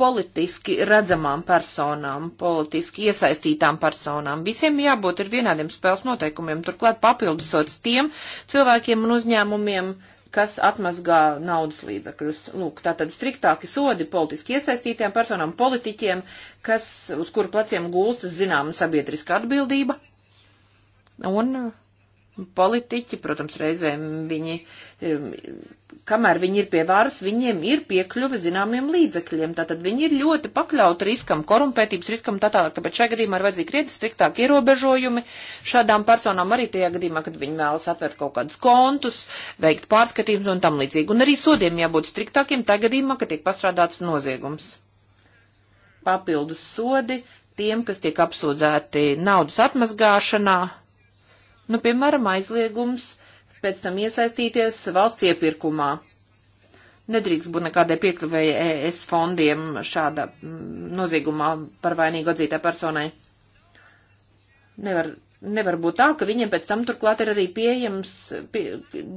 D: politiski redzamām personām, politiski iesaistītām personām. Visiem jābūt ir vienādiem spēles noteikumiem, turklāt papildusots tiem cilvēkiem un uzņēmumiem, kas atmazgā naudas līdzakļus. Lūk, tātad striktāki sodi politiski iesaistītiem personām, politiķiem, kas, uz kuru pleciem gulstas zināma sabiedriska atbildība. Un Politiķi, protams, reizēm viņi, kamēr viņi ir pie varas, viņiem ir piekļuve zināmiem līdzekļiem. Tātad viņi ir ļoti pakļauti riskam, korumpētības riskam tā tālāk. Tāpēc šajā gadījumā ir vajadzīgi krietni striktāk ierobežojumi šādām personām arī tajā gadījumā, kad viņi vēlas atvērt kaut kādus kontus, veikt pārskatījumus un tam līdzīgi. Un arī sodiem jābūt striktākiem tajā gadījumā, kad tiek pastrādāts noziegums. Papildus sodi tiem, kas tiek apsūdzēti naudas atmazgāšanā Nu, piemēram, aizliegums pēc tam iesaistīties valsts iepirkumā. Nedrīkst būt nekādai piekļuvēji ES fondiem šāda mm, noziegumā par vainīgu atzītā personai. Nevar, nevar būt tā, ka viņiem pēc tam turklāt ir arī pieejams, pie,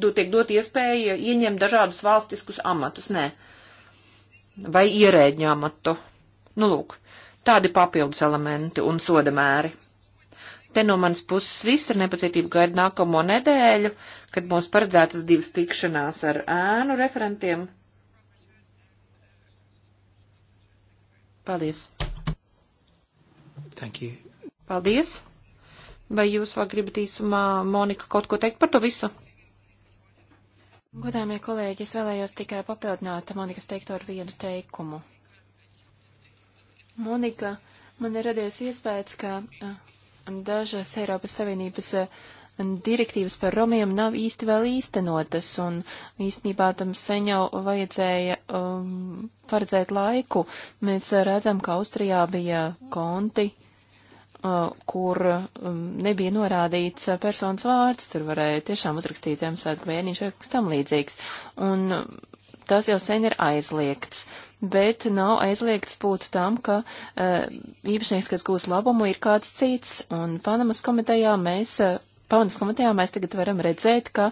D: do, tiek dot iespēja ieņemt dažādus valstiskus amatus, nē, vai ierēģņu amatu. Nu, lūk, tādi papildus elementi un sodamēri. Te no manas puses viss ar nepacietību gaida nākamo nedēļu, kad mums paredzētas divas tikšanās ar ēnu referentiem. Paldies. Thank you. Paldies. Vai jūs vēl gribat īsumā, Monika, kaut ko teikt par to visu?
B: Godāmie kolēģi, es vēlējos tikai papildināt Monikas teikto ar vienu teikumu. Monika, man ir radies iespējas, ka uh, dažas Eiropas Savienības eh, direktīvas par romiem nav īsti vēl īstenotas, un īstenībā tam sen jau vajadzēja um, paredzēt laiku. Mēs eh, redzam, ka Austrijā bija konti, uh, kur um, nebija norādīts personas vārds, tur varēja tiešām uzrakstīt Zemesvētku vēniņš vai kas tam līdzīgs. Un tas jau sen ir aizliegts. Bet nav aizliegts būt tam, ka uh, īpašnieks, kas gūs labumu, ir kāds cits. Un Panamas komitejā mēs uh, eh, Pavanas komitejā mēs tagad varam redzēt, ka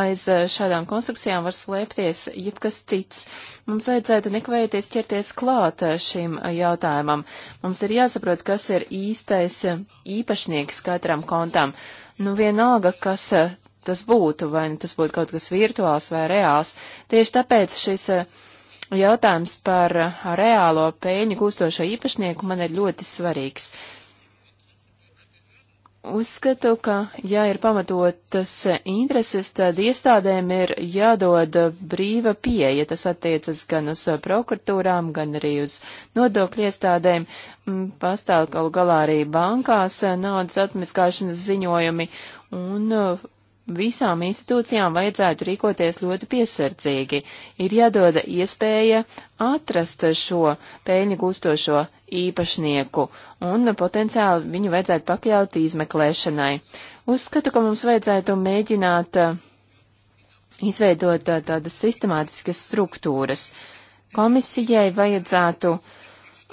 B: aiz eh, šādām konstrukcijām var slēpties jebkas cits. Mums vajadzētu nekavējoties ķerties klāt šim jautājumam. Mums ir jāsaprot, kas ir īstais īpašnieks katram kontam. Nu vienalga, kas tas būtu, vai nu tas būtu kaut kas virtuāls vai reāls. Tieši tāpēc šis eh, jautājums par eh, reālo pēļņu gūstošo īpašnieku man ir ļoti svarīgs. Uzskatu, ka, ja ir pamatotas eh, intereses, tad iestādēm ir jādod brīva pieeja. Tas attiecas gan uz prokuratūrām, gan arī uz nodokļu iestādēm. Mm, pastāv galu galā arī bankās naudas atmaskāšanas ziņojumi, un visām institūcijām vajadzētu rīkoties ļoti piesardzīgi. Ir jādod iespēja atrast šo pēļņu gūstošo īpašnieku, un potenciāli viņu vajadzētu pakļaut izmeklēšanai. Uzskatu, ka mums vajadzētu mēģināt uh, izveidot uh, tādas sistemātiskas struktūras. Komisijai vajadzētu uh,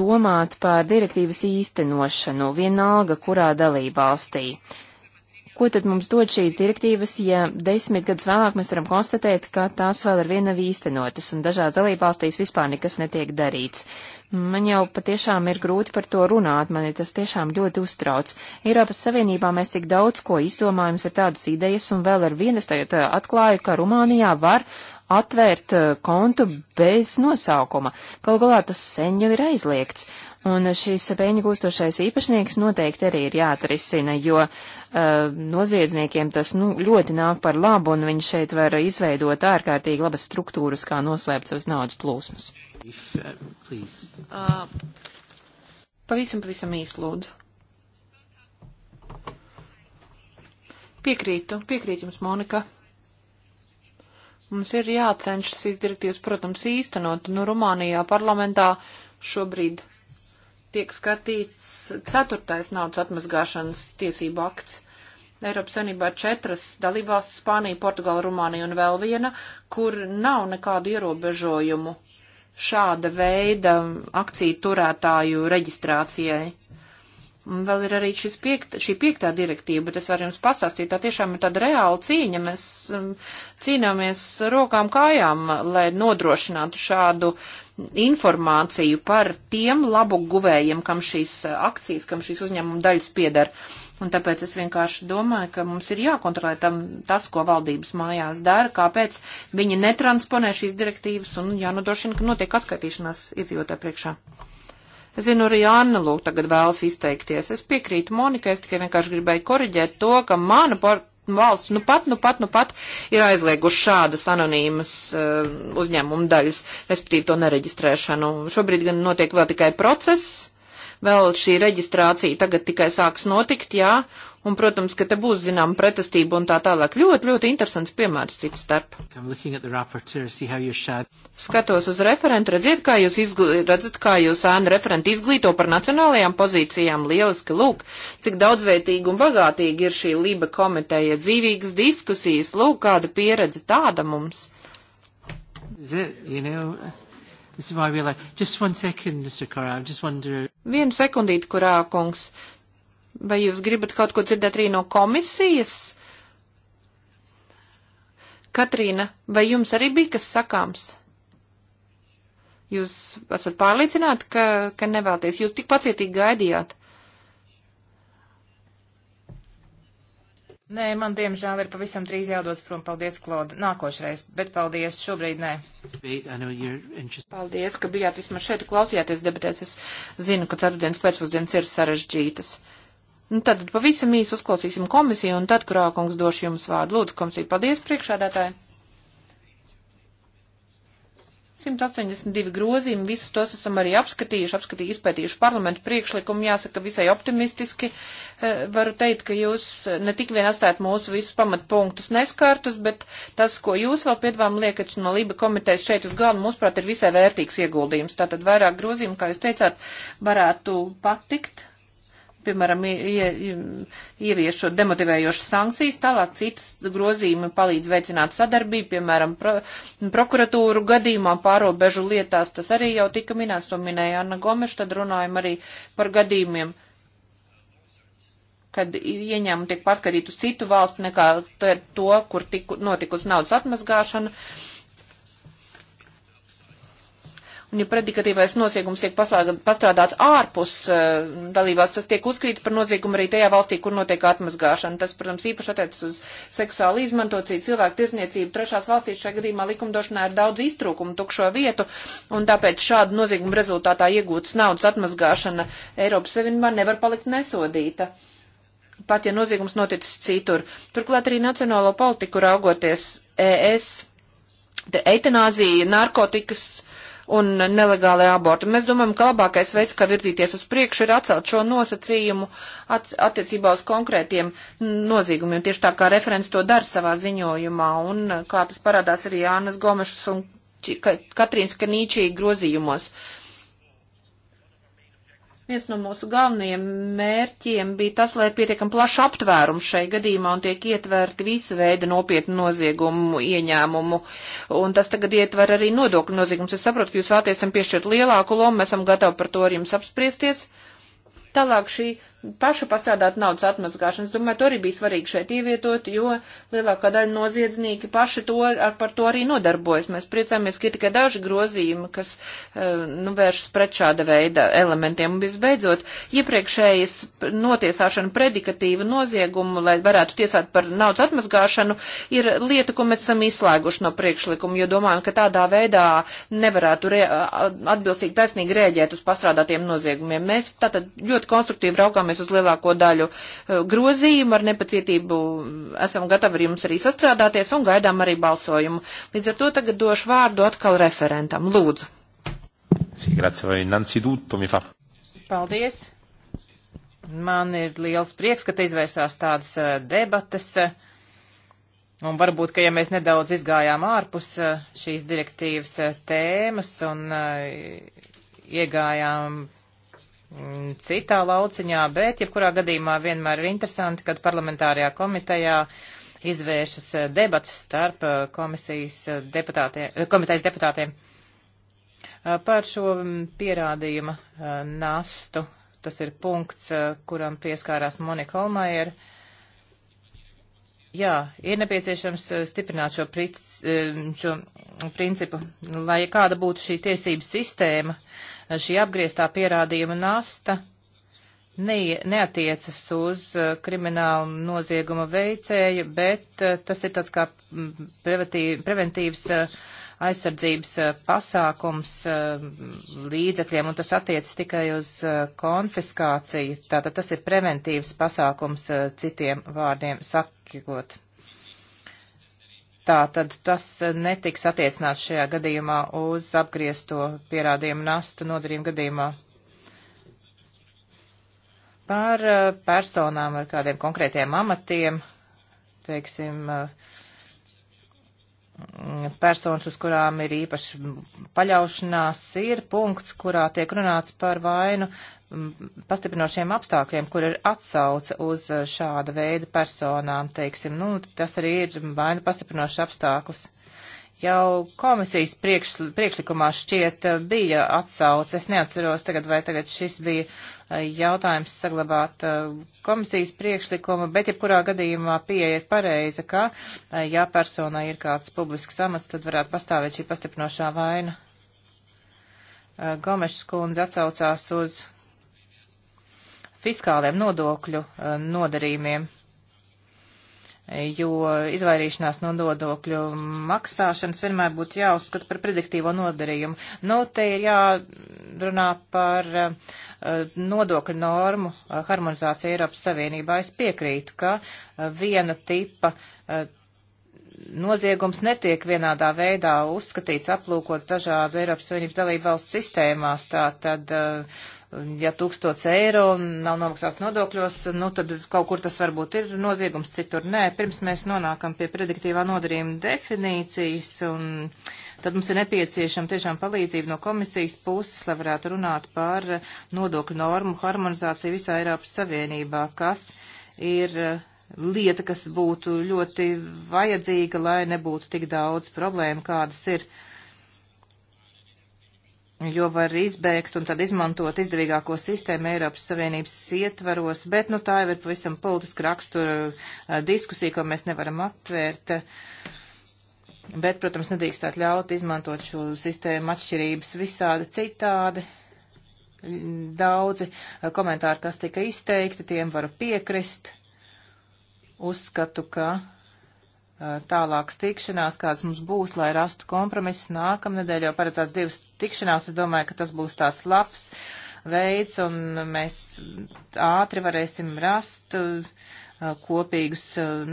B: domāt par direktīvas īstenošanu, vienalga kurā dalībvalstī. valstī. Ko tad mums dod šīs direktīvas, ja desmit gadus vēlāk mēs varam konstatēt, ka tās vēl ar vienu nav īstenotas un dažās dalībvalstīs vispār nekas netiek darīts? Man jau patiešām ir grūti par to runāt, mani tas tiešām ļoti uztrauc. Eiropas Savienībā mēs tik daudz ko izdomājam, ir tādas idejas, un vēl ar vienas tagad uh, atklāju, ka Rumānijā var atvērt uh, kontu bez nosaukuma. Galu galā tas sen jau ir aizliegts. Un šīs peļņa gūstošais īpašnieks noteikti arī ir jāatrisina, jo uh, noziedzniekiem tas nu, ļoti nāk par labu, un viņi šeit var izveidot ārkārtīgi labas struktūras, kā noslēpt savas naudas plūsmas. If, uh,
D: pavisam, pavisam īsti lūdzu. Piekrītu, piekrītu jums, Monika. Mums ir jācenšas šīs direktīvas, protams, īstenot, nu, Rumānijā parlamentā šobrīd tiek skatīts ceturtais naudas atmazgāšanas tiesību akts. Eiropas Savienībā četras dalībvalstis - Spānija, Portugāla, Rumānija un vēl viena, kur nav nekādu ierobežojumu šāda veida akciju turētāju reģistrācijai. Un vēl ir arī piekt, šī piektā direktīva, bet es varu jums pastāstīt, tā tiešām ir tāda reāla cīņa. Mēs um, cīnāmies rokām kājām, lai nodrošinātu šādu informāciju par tiem labu guvējiem, kam šīs eh, akcijas, kam šīs uzņēmuma daļas piedara. Un tāpēc es vienkārši domāju, ka mums ir jākontrolē tam tas, ko valdības mājās dara, kāpēc viņi netransponē šīs direktīvas un jānodrošina, ka notiek atskaitīšanās iedzīvotāju priekšā. Es zinu, arī Anna lūk tagad vēlas izteikties. Es piekrītu Monikai, es tikai vienkārši gribēju koriģēt to, ka mana par valsts nu pat, nu pat, nu pat ir aizlieguši šādas anonīmas uh, eh, uzņēmuma daļas, respektīvi to nereģistrēšanu. Šobrīd gan notiek vēl tikai process, vēl šī reģistrācija tagad tikai sāks notikt, jā, Un, protams, ka te būs, zinām, pretestība un tā tālāk. Ļoti, ļoti interesants piemērs cits starp. Skatos uz referentu, redziet, kā jūs, izgl... redzat, kā jūs ēnu referenti izglīto par nacionālajām pozīcijām. Lieliski, lūk, cik daudzveitīgi un bagātīgi ir šī Liba komiteja. Dzīvīgas diskusijas, lūk, kāda pieredze tāda mums.
A: It, you know, like...
D: Vienu sekundīti, kurā kungs. Vai jūs gribat kaut ko dzirdēt arī no komisijas? Katrīna, vai jums arī bija kas sakāms? Jūs esat pārliecināti, ka, ka nevēlties. Jūs tik pacietīgi gaidījāt.
C: Nē, man diemžēl ir pavisam drīz jādodas prom. Paldies, Klauda. Nākošreiz, bet
D: paldies, šobrīd nē. Paldies, ka bijāt vismaz šeit klausījāties debatēs. Es zinu, ka ceturtdienas pēcpusdienas ir sarežģītas. Nu, tad pavisam īsi uzklausīsim komisiju, un tad, kurā kungs došu jums vārdu. Lūdzu, komisija, paldies priekšādātāji. 182 grozījumi, visus tos esam arī apskatījuši, apskatījuši, izpētījuši parlamentu priekšlikumu, jāsaka visai optimistiski. E, varu teikt, ka jūs e, ne tik vien atstājat mūsu visus pamatpunktus neskārtus, bet tas, ko jūs vēl piedvām liekat no Lība komitejas šeit uz galdu, mūsuprāt, ir visai vērtīgs ieguldījums. Tātad vairāk grozījumi, kā jūs teicāt, varētu patikt piemēram, ie, ieviešot demotivējošas sankcijas, tālāk citas grozījumi palīdz veicināt sadarbību, piemēram, pro, prokuratūru gadījumā pārobežu lietās, tas arī jau tika minēts, to minēja Anna Gomeša, tad runājam arī par gadījumiem kad ieņēmumi tiek paskatīti uz citu valstu nekā to, kur tiku, notikusi naudas atmazgāšana. Uh, Un, ja predikatīvais noziegums tiek paslāga, pastrādāts ārpus uh, dalībās, tas tiek uzskatīts par noziegumu arī tajā valstī, kur notiek atmazgāšana. Tas, protams, īpaši attiecas uz seksuālu izmantocību, cilvēku tirzniecību. Trešās valstīs šajā gadījumā likumdošanā ir daudz iztrūkumu, tukšo vietu, un tāpēc šādu noziegumu rezultātā iegūtas naudas atmazgāšana Eiropas Savienībā nevar palikt nesodīta pat ja noziegums noticis citur. Turklāt arī nacionālo politiku raugoties ES, eitanāzija, narkotikas un nelegālajā abortu. Mēs domājam, ka labākais veids, kā virzīties uz priekšu, ir atcelt šo nosacījumu attiecībā uz konkrētiem nozīgumiem, tieši tā kā referents to dara savā ziņojumā, un kā tas parādās arī Jānas Gomešas un Katrīnas Kanīčī grozījumos. Uh, Viens no mūsu galvenajiem mērķiem bija tas, lai ir pietiekami plašs aptvērums šai gadījumā un tiek ietverti visi veidi nopietnu noziegumu ieņēmumu. Un tas tagad ietver arī nodokļu noziegumus. Es saprotu, ka jūs vēlaties tam piešķirt lielāku lomu, mēs esam gatavi par to ar jums apspriesties. Tālāk šī pašu pastrādāt naudas atmazgāšanas. Domāju, to arī bija svarīgi šeit ievietot, jo lielākā daļa noziedznieki paši to, ar, par to arī nodarbojas. Mēs priecāmies, ka ir tikai daži grozījumi, kas eh, nu, vēršas pret šāda veida elementiem. Un visbeidzot, iepriekšējas notiesāšana predikatīva noziegumu, lai varētu tiesāt par naudas atmazgāšanu, ir lieta, ko mēs esam izslēguši no priekšlikuma, jo domājam, ka tādā veidā nevarētu re, atbilstīgi taisnīgi rēģēt uz pastrādātiem noziegumiem. Mēs tātad ļoti konstruktīvi raugāmies palūkojamies uz lielāko daļu eh, grozījumu, ar nepacietību mm, esam gatavi ar jums arī sastrādāties un gaidām arī balsojumu. Līdz ar to tagad došu vārdu atkal referentam. Lūdzu.
C: Paldies. Man ir liels prieks, ka te izvērsās tādas eh, debatas. Un varbūt, ka ja mēs nedaudz izgājām ārpus eh, šīs direktīvas tēmas un iegājām Mm, citā lauciņā, bet jebkurā gadījumā vienmēr ir interesanti, kad parlamentārajā komitejā izvēršas eh, debats starp eh, komisijas eh, deputātiem, komitejas deputātiem par šo mm, pierādījuma nastu. Tas ir punkts, kuram pieskārās Monika Holmaier. Ja Jā, ir nepieciešams eh, stiprināt šo, pric, eh, šo principu, lai kāda būtu šī tiesības sistēma, eh, šī apgrieztā pierādījuma nasta ne, neatiecas uz kriminālu nozieguma veicēju, bet tas ir tāds kā mm, preventīvs aizsardzības eh, pasākums eh, līdzekļiem, un tas attiecas tikai uz eh, konfiskāciju. Tātad tas ir preventīvs pasākums citiem vārdiem sakot. Tā tad tas netiks attiecināts šajā gadījumā uz apgriezto pierādījumu nastu nodarījumu gadījumā. Par personām ar kādiem konkrētiem amatiem, teiksim, uh, Mm, personas, uz kurām ir īpaši paļaušanās, ir punkts, kurā tiek runāts par vainu mm, pastiprinošiem apstākļiem, kur ir atsauce uz eh, šāda veida personām, teiksim, nu, tas arī ir vainu pastiprinošs apstākļus. Jau komisijas priekš, priekšlikumā šķiet eh, bija atsauce. Es neatceros tagad, vai tagad šis bija eh, jautājums saglabāt eh, komisijas priekšlikumu, bet jebkurā gadījumā pieeja ir pareiza, ka, ja personai ir kāds publisks amats, tad varētu pastāvēt šī pastiprinošā vaina. Gomešs kundze atsaucās uz fiskāliem nodokļu nodarījumiem jo izvairīšanās no nodokļu maksāšanas vienmēr būtu jāuzskata par prediktīvo nodarījumu. Nu, te ir jārunā par eh, nodokļu normu eh, harmonizāciju Eiropas Savienībā. Es piekrītu, ka eh, viena tipa noziegums netiek vienādā veidā uzskatīts, aplūkots dažādu Eiropas Savienības dalību valsts sistēmās, tā tad uh, ja tūkstots eiro nav nomaksāts nodokļos, nu tad kaut kur tas varbūt ir noziegums, citur nē. Pirms mēs nonākam pie prediktīvā nodarījuma definīcijas, un tad mums ir nepieciešama tiešām palīdzība no komisijas puses, lai varētu runāt par nodokļu normu harmonizāciju visā Eiropas Savienībā, kas ir eh, lieta, kas būtu ļoti vajadzīga, lai nebūtu tik daudz problēmu, kādas ir. Uh, jo var izbēgt un tad izmantot izdevīgāko sistēmu Eiropas Savienības ietvaros, bet nu tā jau ir pavisam politiska rakstura eh, diskusija, ko mēs nevaram aptvērt. Bet, protams, nedrīkstāt ļaut izmantot šo sistēmu atšķirības visādi citādi. Daudzi eh, komentāri, kas tika izteikti, tiem varu piekrist. Uzskatu, ka tālākas tikšanās, kāds mums būs, lai rastu kompromisus. Nākamnedēļ jau paredzēts divas tikšanās. Es domāju, ka tas būs tāds labs veids, un mēs ātri varēsim rast kopīgus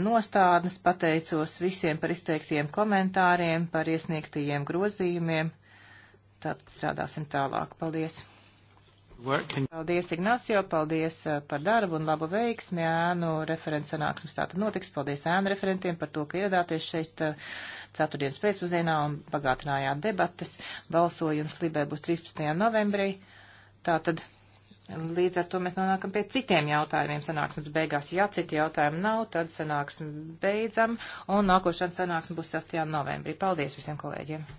C: nostādnes. Pateicos visiem par izteiktiem komentāriem, par iesniegtajiem grozījumiem. Tad strādāsim tālāk. Paldies!
A: Paldies,
C: Ignacio, paldies eh, par darbu un labu veiksmi. Ēnu referents sanāksmes tātad notiks. Paldies ēnu referentiem par to, ka ieradāties šeit eh, ceturtdienas pēcpusdienā un pagātinājāt debates. Balsojums Libē būs 13. novembrī. Tātad Līdz ar to mēs nonākam pie citiem jautājumiem sanāksmes beigās. Ja citi jautājumi nav, tad sanāksmi beidzam, un nākošana sanāksme būs 6. novembrī. Paldies visiem kolēģiem!